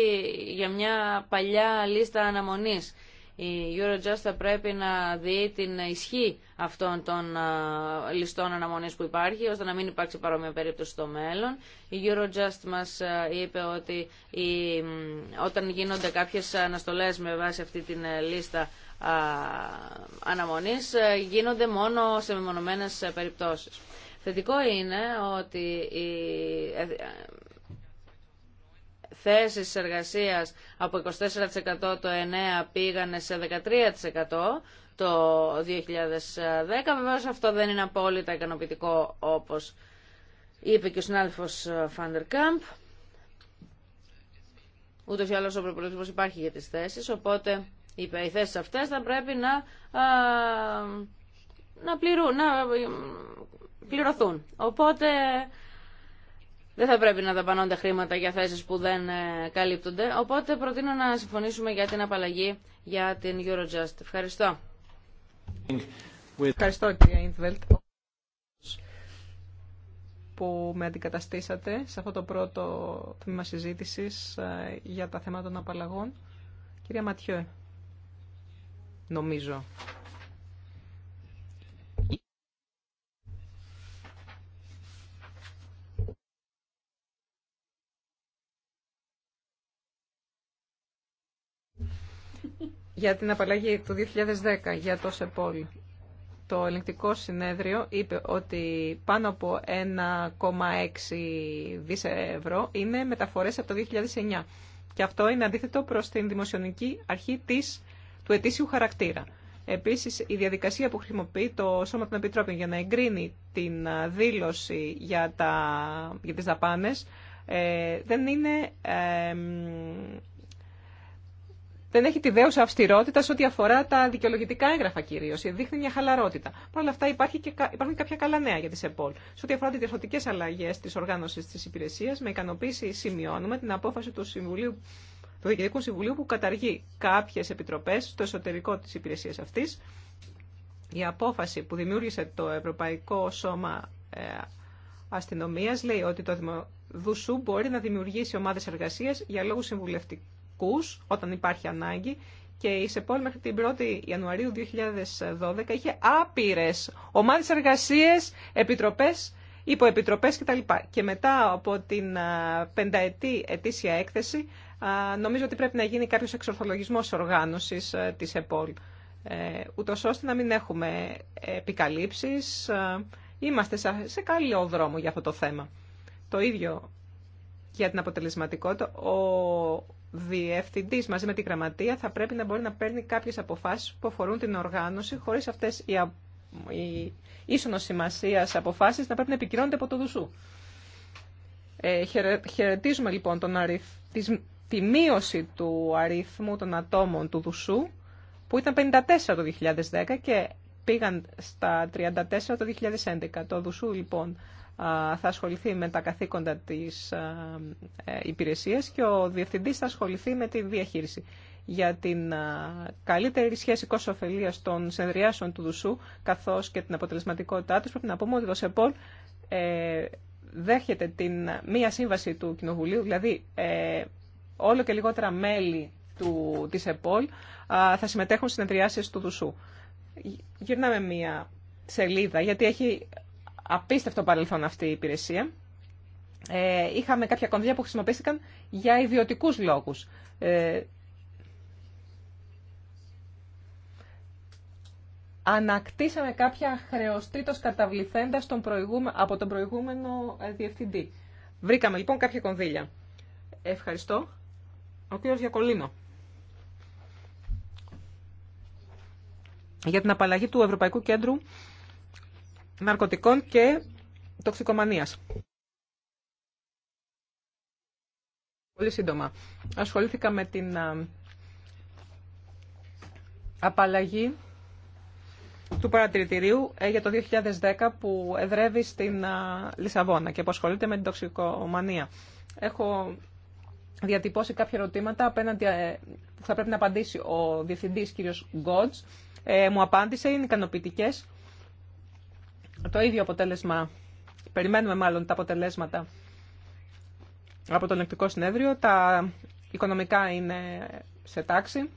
για μια παλιά λίστα αναμονής η Eurojust θα πρέπει να δει την ισχύ αυτών των ληστών αναμονής που υπάρχει, ώστε να μην υπάρξει παρόμοια περίπτωση στο μέλλον. Η Eurojust μας είπε ότι όταν γίνονται κάποιες αναστολές με βάση αυτή την ε, λίστα αναμονής, ε, γίνονται μόνο σε μεμονωμένε ε, περιπτώσεις. Θετικό είναι ότι θέσεις εργασίας από 24% το 9 πήγανε σε 13% το 2010. Βεβαίως αυτό δεν είναι απόλυτα ικανοποιητικό όπως είπε και ο συνάδελφος Φάντερ Κάμπ. Ούτως ή άλλως ο προπολογισμός υπάρχει για τις θέσεις, οπότε οι θέσεις αυτές θα πρέπει να, να πληρωθούν. Οπότε δεν θα πρέπει να δαπανώνται χρήματα για θέσει που δεν ε, καλύπτονται. Οπότε προτείνω να συμφωνήσουμε για την απαλλαγή για την Eurojust. Ευχαριστώ. Ευχαριστώ κύριε Ιντβελτ που με αντικαταστήσατε σε αυτό το πρώτο τμήμα συζήτηση ε, για τα θέματα των απαλλαγών. Κυρία Ματιό, νομίζω για την απαλλαγή του 2010 για το ΣΕΠΟΛ. Το ελεγκτικό συνέδριο είπε ότι πάνω από 1,6 δις ευρώ είναι μεταφορές από το 2009. Και αυτό είναι αντίθετο προς την δημοσιονομική αρχή της, του ετήσιου χαρακτήρα. Επίσης, η διαδικασία που χρησιμοποιεί το Σώμα των Επιτρόπων για να εγκρίνει την ε, δήλωση για, τα, για τις δαπάνες ε, δεν είναι ε, δεν έχει τη δέουσα αυστηρότητα σε ό,τι αφορά τα δικαιολογητικά έγγραφα κυρίω. Δείχνει μια χαλαρότητα. Παρ' όλα αυτά υπάρχει και, υπάρχουν κάποια καλά νέα για τη ΣΕΠΟΛ. Σε ό,τι αφορά τι διαφορετικέ αλλαγέ τη οργάνωση τη υπηρεσία, με ικανοποίηση σημειώνουμε την απόφαση του Συμβουλίου του Διοικητικού Συμβουλίου που καταργεί κάποιε επιτροπέ στο εσωτερικό τη Υπηρεσία αυτή. Η απόφαση που δημιούργησε το Ευρωπαϊκό Σώμα ε, αστυνομία λέει ότι το Δημοδουσού μπορεί να δημιουργήσει ομάδε εργασία για λόγου συμβουλευτικού κους όταν υπάρχει ανάγκη και η ΣΕΠΟΛ μέχρι την 1η Ιανουαρίου 2012 είχε άπειρες ομάδες εργασίες, επιτροπές, υποεπιτροπές κτλ. Και μετά από την πενταετή ετήσια έκθεση νομίζω ότι πρέπει να γίνει κάποιος εξορθολογισμός οργάνωσης της ΕΠΟΛ ε, ούτως ώστε να μην έχουμε επικαλύψεις. Είμαστε σε καλό δρόμο για αυτό το θέμα. Το ίδιο για την αποτελεσματικότητα. Ο διευθυντή μαζί με τη γραμματεία θα πρέπει να μπορεί να παίρνει κάποιε αποφάσει που αφορούν την οργάνωση, χωρί αυτέ οι, α... οι ίσονο σημασία αποφάσει να πρέπει να επικυρώνονται από το δουσού. Ε, χαιρετίζουμε λοιπόν τον αριθ... τη μείωση του αριθμού των ατόμων του δουσού που ήταν 54 το 2010 και πήγαν στα 34 το 2011. Το δουσού λοιπόν θα ασχοληθεί με τα καθήκοντα της ε, υπηρεσίας και ο διευθυντής θα ασχοληθεί με τη διαχείριση. Για την καλύτερη σχέση των συνεδριάσεων του Δουσού, καθώς και την αποτελεσματικότητά τους, πρέπει να πούμε ότι το ΣΕΠΟΛ ε, δέχεται την μία σύμβαση του Κοινοβουλίου, δηλαδή ε, όλο και λιγότερα μέλη του, της ΕΠΟΛ θα συμμετέχουν στις συνεδριάσεις του Δουσού. Γυρνάμε μία σελίδα, γιατί έχει απίστευτο παρελθόν αυτή η υπηρεσία. Ε, είχαμε κάποια κονδύλια που χρησιμοποιήθηκαν για ιδιωτικούς λόγους. Ε, ανακτήσαμε κάποια χρεωστήτως καταβληθέντα στον από τον προηγούμενο ε, διευθυντή. Βρήκαμε λοιπόν κάποια κονδύλια. Ευχαριστώ. Ο κύριος Γιακολίνο. Για την απαλλαγή του Ευρωπαϊκού Κέντρου ναρκωτικών και τοξικομανίας. Πολύ σύντομα. Ασχολήθηκα με την απαλλαγή του παρατηρητηρίου ε, για το 2010 που εδρεύει στην Λισαβόνα και που ασχολείται με την τοξικομανία. Έχω διατυπώσει κάποια ερωτήματα ε, που θα πρέπει να απαντήσει ο διευθυντής κ. Γκότς. Ε, μου απάντησε, είναι ικανοποιητικέ το ίδιο αποτέλεσμα, περιμένουμε μάλλον τα αποτελέσματα από το ελεκτικό συνέδριο. Τα οικονομικά είναι σε τάξη.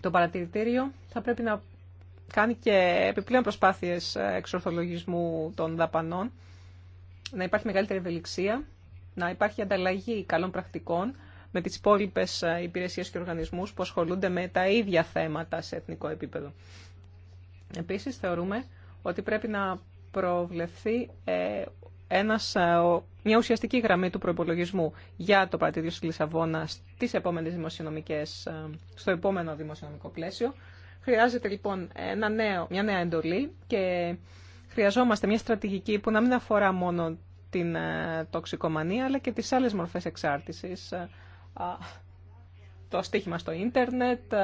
Το παρατηρητήριο θα πρέπει να κάνει και επιπλέον προσπάθειες εξορθολογισμού των δαπανών, να υπάρχει μεγαλύτερη ευελιξία, να υπάρχει ανταλλαγή καλών πρακτικών με τις υπόλοιπε ε, υπηρεσίες και οργανισμούς που ασχολούνται με τα ίδια θέματα σε εθνικό επίπεδο. Επίσης, θεωρούμε ότι πρέπει να προβλεφθεί ε, ένας, ε, μια ουσιαστική γραμμή του προπολογισμού για το Πρατήριο της Λισαβόνας στις επόμενες δημοσιονομικές, στο επόμενο δημοσιονομικό πλαίσιο. Χρειάζεται λοιπόν ένα νέο, μια νέα εντολή και χρειαζόμαστε μια στρατηγική που να μην αφορά μόνο την τοξικομανία αλλά και τις άλλες μορφές εξάρτησης το στίχημα στο ίντερνετ,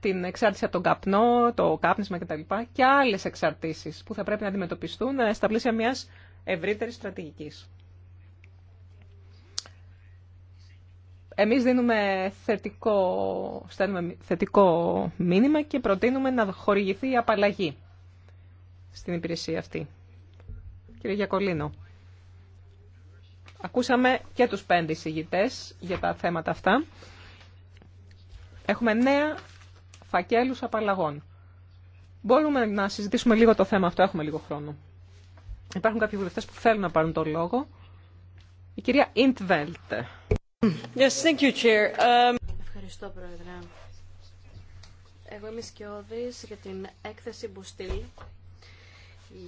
την εξάρτηση από τον καπνό, το κάπνισμα κτλ. και άλλες εξαρτήσεις που θα πρέπει να αντιμετωπιστούν ε, στα πλαίσια μιας ευρύτερης στρατηγικής. Εμείς δίνουμε θετικό, στέλνουμε θετικό μήνυμα και προτείνουμε να χορηγηθεί η απαλλαγή στην υπηρεσία αυτή. Κύριε Γιακολίνο. Ακούσαμε και τους πέντε εισηγητές για τα θέματα αυτά. Έχουμε νέα φακέλους απαλλαγών. Μπορούμε να συζητήσουμε λίγο το θέμα αυτό, έχουμε λίγο χρόνο. Υπάρχουν κάποιοι βουλευτές που θέλουν να πάρουν τον λόγο. Η κυρία Ιντβέλτε. Yes, thank you, Chair. Um, Ευχαριστώ, Πρόεδρε. Εγώ είμαι Σκιώδης για την έκθεση Μπουστήλ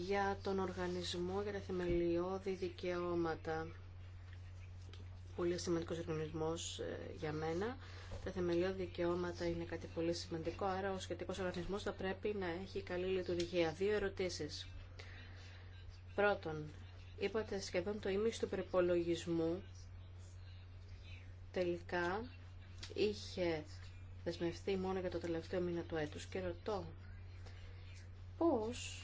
για τον οργανισμό για τα θεμελιώδη δικαιώματα πολύ σημαντικός οργανισμός ε, για μένα. Τα θεμελιώδη δικαιώματα είναι κάτι πολύ σημαντικό, άρα ο σχετικός οργανισμός θα πρέπει να έχει καλή λειτουργία. Δύο ερωτήσεις. Πρώτον, είπατε σχεδόν το ίμιση του προπολογισμού τελικά είχε δεσμευτεί μόνο για το τελευταίο μήνα του έτους και ρωτώ πώς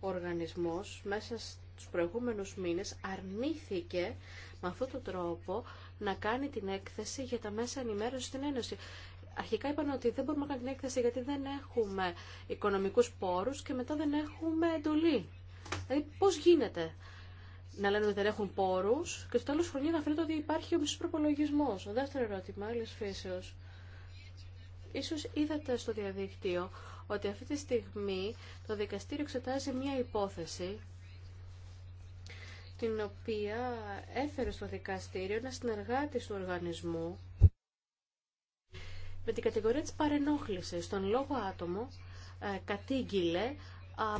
ο οργανισμός μέσα τους προηγούμενους μήνες αρνήθηκε με αυτόν τον τρόπο να κάνει την έκθεση για τα μέσα ενημέρωση στην Ένωση. Αρχικά είπαν ότι δεν μπορούμε να κάνουμε την έκθεση γιατί δεν έχουμε οικονομικούς πόρους και μετά δεν έχουμε εντολή. Δηλαδή πώς γίνεται να λένε ότι δεν έχουν πόρους και στο τέλος χρονιά να φαίνεται ότι υπάρχει ο μισός προπολογισμός. Ο δεύτερο ερώτημα, άλλης φύσεως. Ίσως είδατε στο διαδίκτυο ότι αυτή τη στιγμή το δικαστήριο εξετάζει μια υπόθεση την οποία έφερε στο δικαστήριο ένα συνεργάτη του οργανισμού με την κατηγορία της παρενόχλησης. Στον λόγο άτομο ε, κατήγγειλε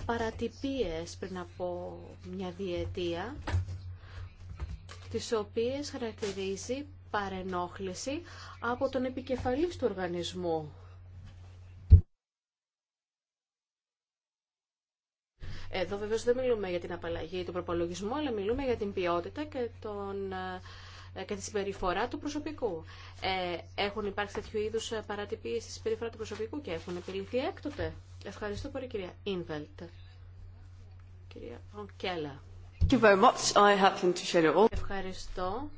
παρατυπίες πριν από μια διετία, τις οποίες χαρακτηρίζει παρενόχληση από τον επικεφαλής του οργανισμού. Εδώ βεβαίως δεν μιλούμε για την απαλλαγή του προπολογισμού, αλλά μιλούμε για την ποιότητα και τον ε, και τη συμπεριφορά του προσωπικού. Ε, έχουν υπάρξει τέτοιου είδου παρατυπίε στη συμπεριφορά του προσωπικού και έχουν επιληθεί έκτοτε. Ευχαριστώ πολύ, κυρία Ινβελτ. Κυρία Ρονκέλα. Ευχαριστώ.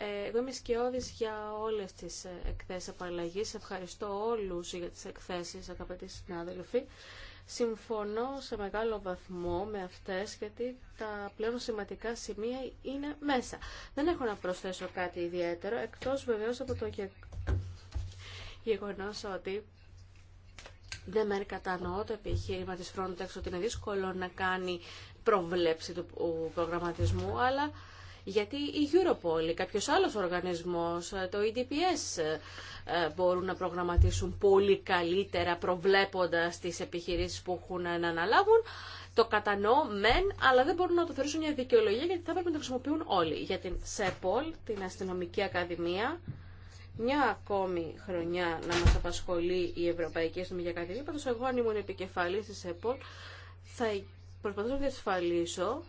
Ε, εγώ είμαι σκιώδης για όλες τις εκθέσεις απαλλαγής. Ευχαριστώ όλους για τις εκθέσεις, αγαπητοί συνάδελφοι. Συμφωνώ σε μεγάλο βαθμό με αυτές γιατί τα πλέον σημαντικά σημεία είναι μέσα. Δεν έχω να προσθέσω κάτι ιδιαίτερο εκτός βεβαίως από το γεγονός ότι δεν με κατανοώ το επιχείρημα της Frontex ότι είναι δύσκολο να κάνει προβλέψη του προγραμματισμού αλλά γιατί η Europol ή κάποιος άλλος οργανισμός, το EDPS, ε, μπορούν να προγραμματίσουν πολύ καλύτερα προβλέποντας τις επιχειρήσεις που έχουν να αναλάβουν. Το κατανοώ μεν, αλλά δεν μπορούν να το θεωρήσουν μια δικαιολογία γιατί θα πρέπει να το χρησιμοποιούν όλοι. Για την ΣΕΠΟΛ, την Αστυνομική Ακαδημία, μια ακόμη χρονιά να μας απασχολεί η Ευρωπαϊκή Αστυνομική Ακαδημία. Πάντως εγώ αν ήμουν επικεφαλής της ΣΕΠΟΛ, θα προσπαθήσω να διασφαλίσω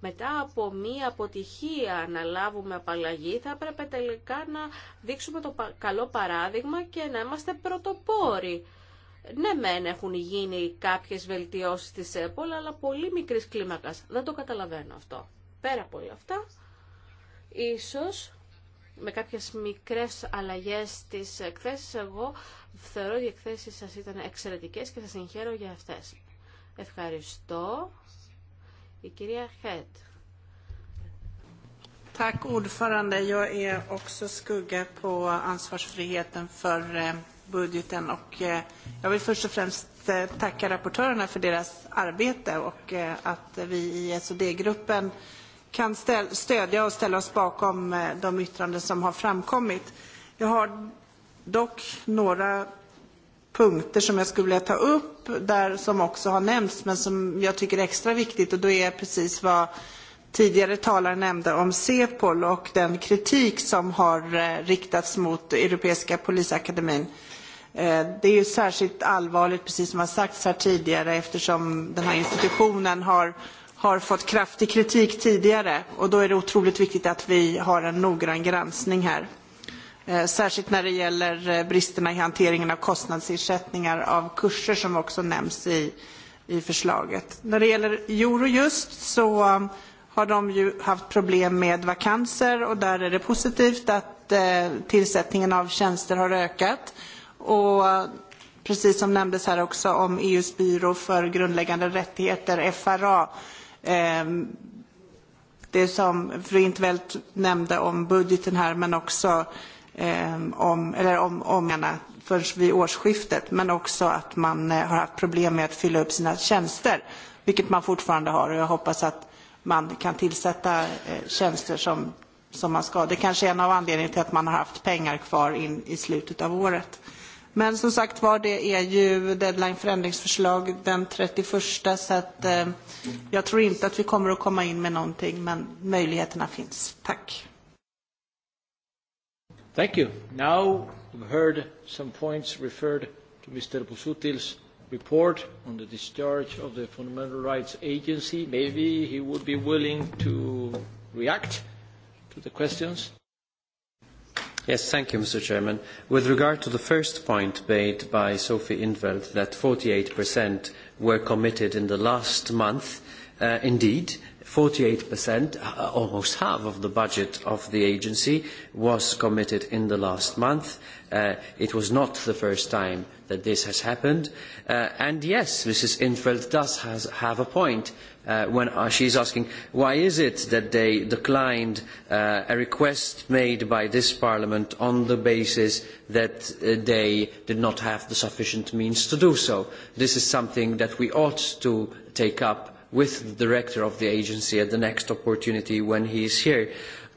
μετά από μία αποτυχία να λάβουμε απαλλαγή, θα έπρεπε τελικά να δείξουμε το καλό παράδειγμα και να είμαστε πρωτοπόροι. Ναι, μεν έχουν γίνει κάποιες βελτιώσεις της ΕΠΟΛ, αλλά πολύ μικρής κλίμακας. Δεν το καταλαβαίνω αυτό. Πέρα από όλα αυτά, ίσως με κάποιες μικρές αλλαγές στις εκθέσεις, εγώ θεωρώ ότι οι εκθέσεις σας ήταν εξαιρετικές και σας συγχαίρω για αυτές. Ευχαριστώ. Η κυρία Tack ordförande. Jag är också skugga på ansvarsfriheten för budgeten och jag vill först och främst tacka rapportörerna för deras arbete och att vi i SOD-gruppen kan stödja och ställa oss bakom de yttranden som har framkommit. Jag har dock några punkter som jag skulle vilja ta upp där som också har nämnts men som jag tycker är extra viktigt och då är precis vad tidigare talare nämnde om Cepol och den kritik som har riktats mot Europeiska polisakademin. Det är särskilt allvarligt, precis som har sagts här tidigare, eftersom den här institutionen har fått kraftig kritik tidigare och då är det otroligt viktigt att vi har en noggrann granskning här särskilt när det gäller bristerna i hanteringen av kostnadsersättningar av kurser som också nämns i förslaget. När det gäller Eurojust så har de ju haft problem med vakanser och där är det positivt att tillsättningen av tjänster har ökat. Och precis som nämndes här också om EUs byrå för grundläggande rättigheter, FRA, det som fru vält nämnde om budgeten här men också om, eller om, om förrän vid årsskiftet men också att man har haft problem med att fylla upp sina tjänster vilket man fortfarande har och jag hoppas att man kan tillsätta tjänster som, som man ska. Det kanske är en av anledningarna till att man har haft pengar kvar in i slutet av året. Men som sagt var, det är ju deadline förändringsförslag den 31 så att jag tror inte att vi kommer att komma in med någonting men möjligheterna finns. Tack. Thank you. Now we've heard some points referred to Mr. Busutil's report on the discharge of the Fundamental Rights Agency. Maybe he would be willing to react to the questions. Yes, thank you, Mr. Chairman. With regard to the first point made by Sophie Inveld, that 48% were committed in the last month, indeed, 48%, almost half of the budget of the agency, was committed in the last month. It was not the first time that this has happened. And yes, Mrs. Infeld does have a point when she is asking why is it that they declined a request made by this Parliament on the basis that they did not have the sufficient means to do so. This is something that we ought to take up with the director of the agency at the next opportunity when he is here.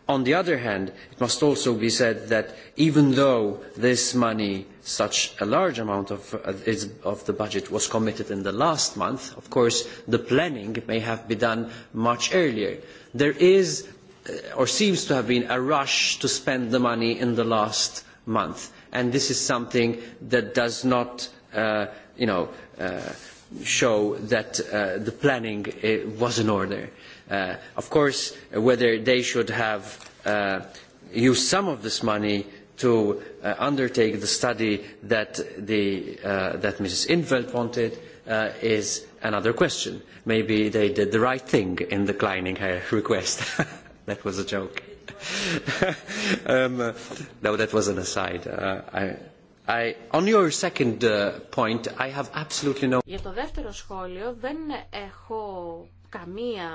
On the other hand, it must also be said that even though this money, such a large amount of the budget, was committed in the last month, of course the planning may have been done much earlier. There is, or seems to have been, a rush to spend the money in the last month, and this is something that does not, you know show that the planning was in order. Of course, whether they should have used some of this money to undertake the study that Mrs. Inveld wanted is another question. Maybe they did the right thing in declining her request. That was a joke. No, that was an aside. Uh, Για το δεύτερο σχόλιο δεν έχω καμία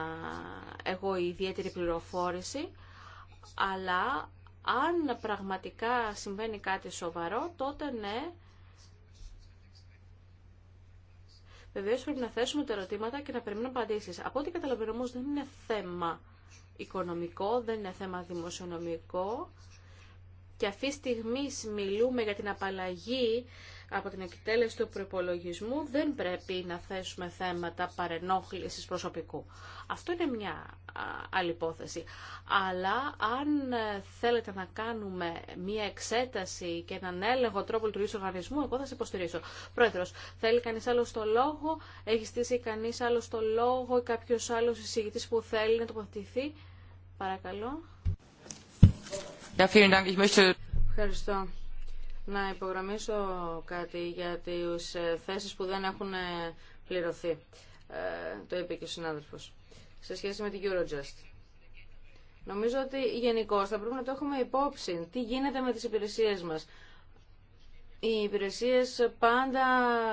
εγώ ιδιαίτερη πληροφόρηση, αλλά αν πραγματικά συμβαίνει κάτι σοβαρό, τότε ναι. Βεβαίω πρέπει να θέσουμε τα ερωτήματα και να περιμένουμε απαντήσει. Από ό,τι καταλαβαίνω όμω δεν είναι θέμα οικονομικό, δεν είναι θέμα δημοσιονομικό και αυτή τη στιγμή μιλούμε για την απαλλαγή από την εκτέλεση του προπολογισμού, δεν πρέπει να θέσουμε θέματα παρενόχλησης προσωπικού. Αυτό είναι μια άλλη υπόθεση. Αλλά αν ε, θέλετε να κάνουμε μια εξέταση και έναν έλεγχο τρόπο λειτουργίας του οργανισμού, εγώ θα σε υποστηρίσω. Πρόεδρος, θέλει κανείς άλλο το λόγο, έχει στήσει κανείς άλλο το λόγο ή κάποιος άλλος εισηγητής που θέλει να τοποθετηθεί. Παρακαλώ. Ευχαριστώ. Να υπογραμμίσω κάτι για τις ε, θέσεις που δεν έχουν ε, πληρωθεί. Ε, το είπε και ο συνάδελφος. Σε σχέση με την Eurojust. Νομίζω ότι γενικώ θα πρέπει να το έχουμε υπόψη. Τι γίνεται με τις υπηρεσίες μας. Οι υπηρεσίες πάντα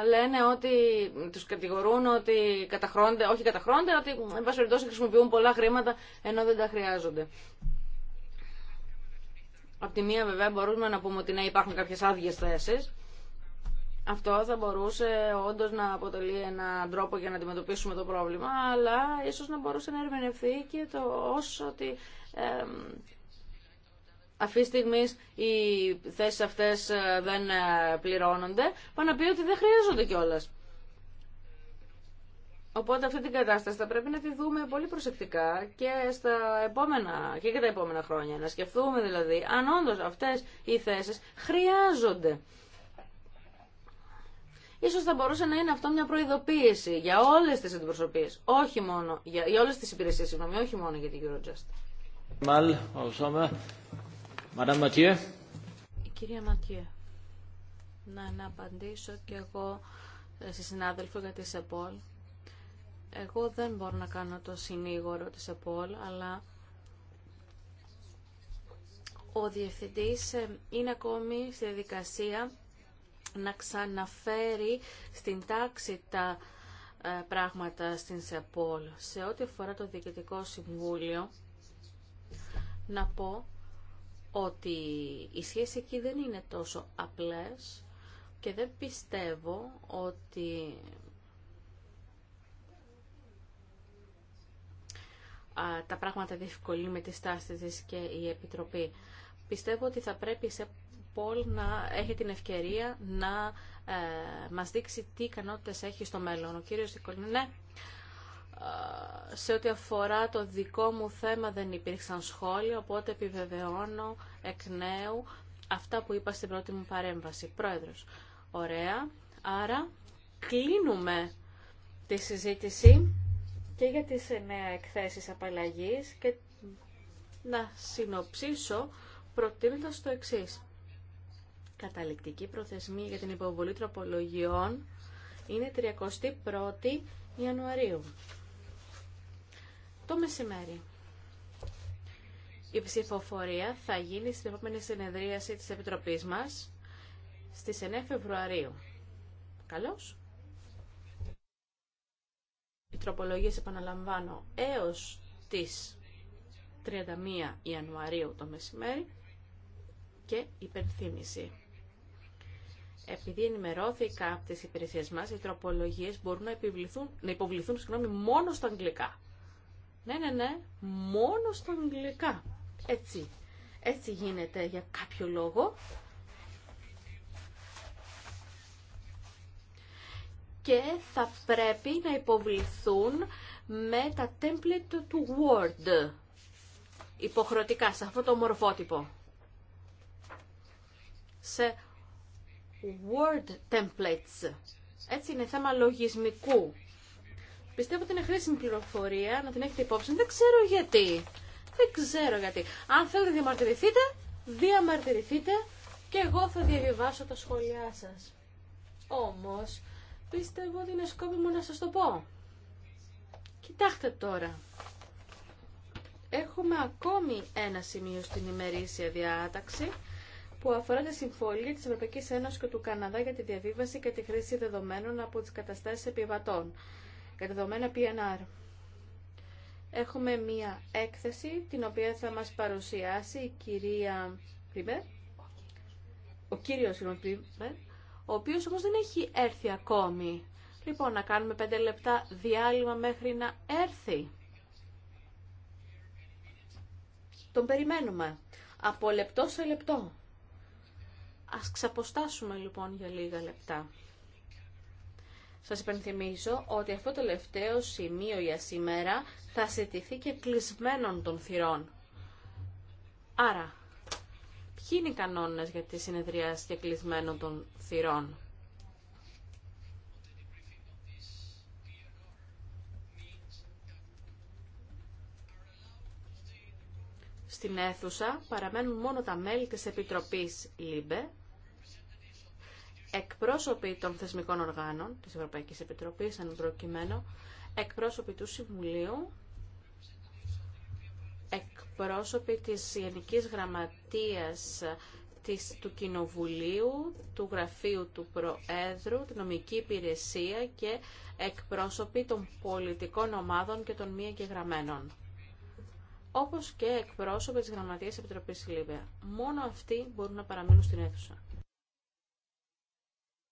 λένε ότι τους κατηγορούν ότι καταχρώνται, όχι καταχρώνται, ότι εν πάση χρησιμοποιούν πολλά χρήματα ενώ δεν τα χρειάζονται. Απ' τη μία βέβαια μπορούμε να πούμε ότι ναι υπάρχουν κάποιες άδειες θέσεις. Αυτό θα μπορούσε όντω να αποτελεί έναν τρόπο για να αντιμετωπίσουμε το πρόβλημα, αλλά ίσως να μπορούσε να ερμηνευθεί και το όσο ότι ε, αυτή στιγμή οι θέσεις αυτές ε, δεν ε, πληρώνονται, πάνω να πει ότι δεν χρειάζονται κιόλας. Οπότε αυτή την κατάσταση θα πρέπει να τη δούμε πολύ προσεκτικά και, στα επόμενα, και για τα επόμενα χρόνια. Να σκεφτούμε δηλαδή αν όντω αυτέ οι θέσει χρειάζονται. Ίσως θα μπορούσε να είναι αυτό μια προειδοποίηση για όλε τι αντιπροσωπείε, όχι μόνο, για, για όλες τις υπηρεσίες, συγγνώμη, όχι μόνο για την Eurojust. κυρία να, απαντήσω και εγώ σε συνάδελφο για τη ΣΕΠΟΛ εγώ δεν μπορώ να κάνω το συνήγορο της ΕΠΟΛ, αλλά ο Διευθυντής ε, είναι ακόμη στη διαδικασία να ξαναφέρει στην τάξη τα ε, πράγματα στην ΣΕΠΟΛ. Σε ό,τι αφορά το Διοικητικό Συμβούλιο, να πω ότι οι σχέση εκεί δεν είναι τόσο απλές και δεν πιστεύω ότι τα πράγματα διευκολύνει με τις στάσεις και η Επιτροπή. Πιστεύω ότι θα πρέπει σε Πολ να έχει την ευκαιρία να ε, μας δείξει τι ικανότητες έχει στο μέλλον. Ο κύριος Δικολίνη, ναι, ε, σε ό,τι αφορά το δικό μου θέμα δεν υπήρξαν σχόλια, οπότε επιβεβαιώνω εκ νέου αυτά που είπα στην πρώτη μου παρέμβαση. Πρόεδρος, ωραία. Άρα κλείνουμε τη συζήτηση και για τις νέα εκθέσεις απαλλαγής και να συνοψίσω προτείνοντας το εξής. Καταληκτική προθεσμία για την υποβολή τροπολογιών είναι 31η Ιανουαρίου. Το μεσημέρι. Η ψηφοφορία θα γίνει στην επόμενη συνεδρίαση της Επιτροπής μας στις 9 Φεβρουαρίου. Καλώς τροπολογίες, επαναλαμβάνω, έως τις 31 Ιανουαρίου το μεσημέρι και υπενθύμηση. Επειδή ενημερώθηκα από τις υπηρεσίες μας, οι τροπολογίες μπορούν να, να υποβληθούν συγγνώμη, μόνο στα αγγλικά. Ναι, ναι, ναι, μόνο στα αγγλικά. Έτσι. Έτσι γίνεται για κάποιο λόγο. και θα πρέπει να υποβληθούν με τα template του Word υποχρεωτικά σε αυτό το μορφότυπο. Σε Word templates. Έτσι είναι θέμα λογισμικού. Πιστεύω ότι είναι χρήσιμη πληροφορία να την έχετε υπόψη. Δεν ξέρω γιατί. Δεν ξέρω γιατί. Αν θέλετε διαμαρτυρηθείτε, διαμαρτυρηθείτε και εγώ θα διαβιβάσω τα σχόλιά σας. Όμως, Πιστεύω ότι είναι σκόπιμο να σας το πω. Κοιτάξτε τώρα. Έχουμε ακόμη ένα σημείο στην ημερήσια διάταξη που αφορά τη Συμφωνία της Ευρωπαϊκής Ένωσης και του Καναδά για τη διαβίβαση και τη χρήση δεδομένων από τις καταστάσεις επιβατών, για δεδομένα PNR. Έχουμε μία έκθεση την οποία θα μας παρουσιάσει η κυρία Πρίμπερ, ο κύριος Πρίμπερ, ο οποίος όμως δεν έχει έρθει ακόμη. Λοιπόν, να κάνουμε πέντε λεπτά διάλειμμα μέχρι να έρθει. Τον περιμένουμε. Από λεπτό σε λεπτό. Ας ξαποστάσουμε λοιπόν για λίγα λεπτά. Σας υπενθυμίζω ότι αυτό το τελευταίο σημείο για σήμερα θα συντηθεί και κλεισμένον των θυρών. Άρα, ποιοι είναι οι κανόνες για τη συνεδριάση και κλεισμένων των θυρών. Στην αίθουσα παραμένουν μόνο τα μέλη της Επιτροπής ΛΥΜΠΕ, εκπρόσωποι των θεσμικών οργάνων της Ευρωπαϊκής Επιτροπής, αν προκειμένου, εκπρόσωποι του Συμβουλίου, εκπρόσωποι της Γενικής Γραμματείας της, του Κοινοβουλίου, του Γραφείου του Προέδρου, την Νομική Υπηρεσία και εκπρόσωποι των πολιτικών ομάδων και των μη εγγεγραμμένων. Όπως και εκπρόσωποι της Γραμματείας Επιτροπής Λίβε. Μόνο αυτοί μπορούν να παραμείνουν στην αίθουσα.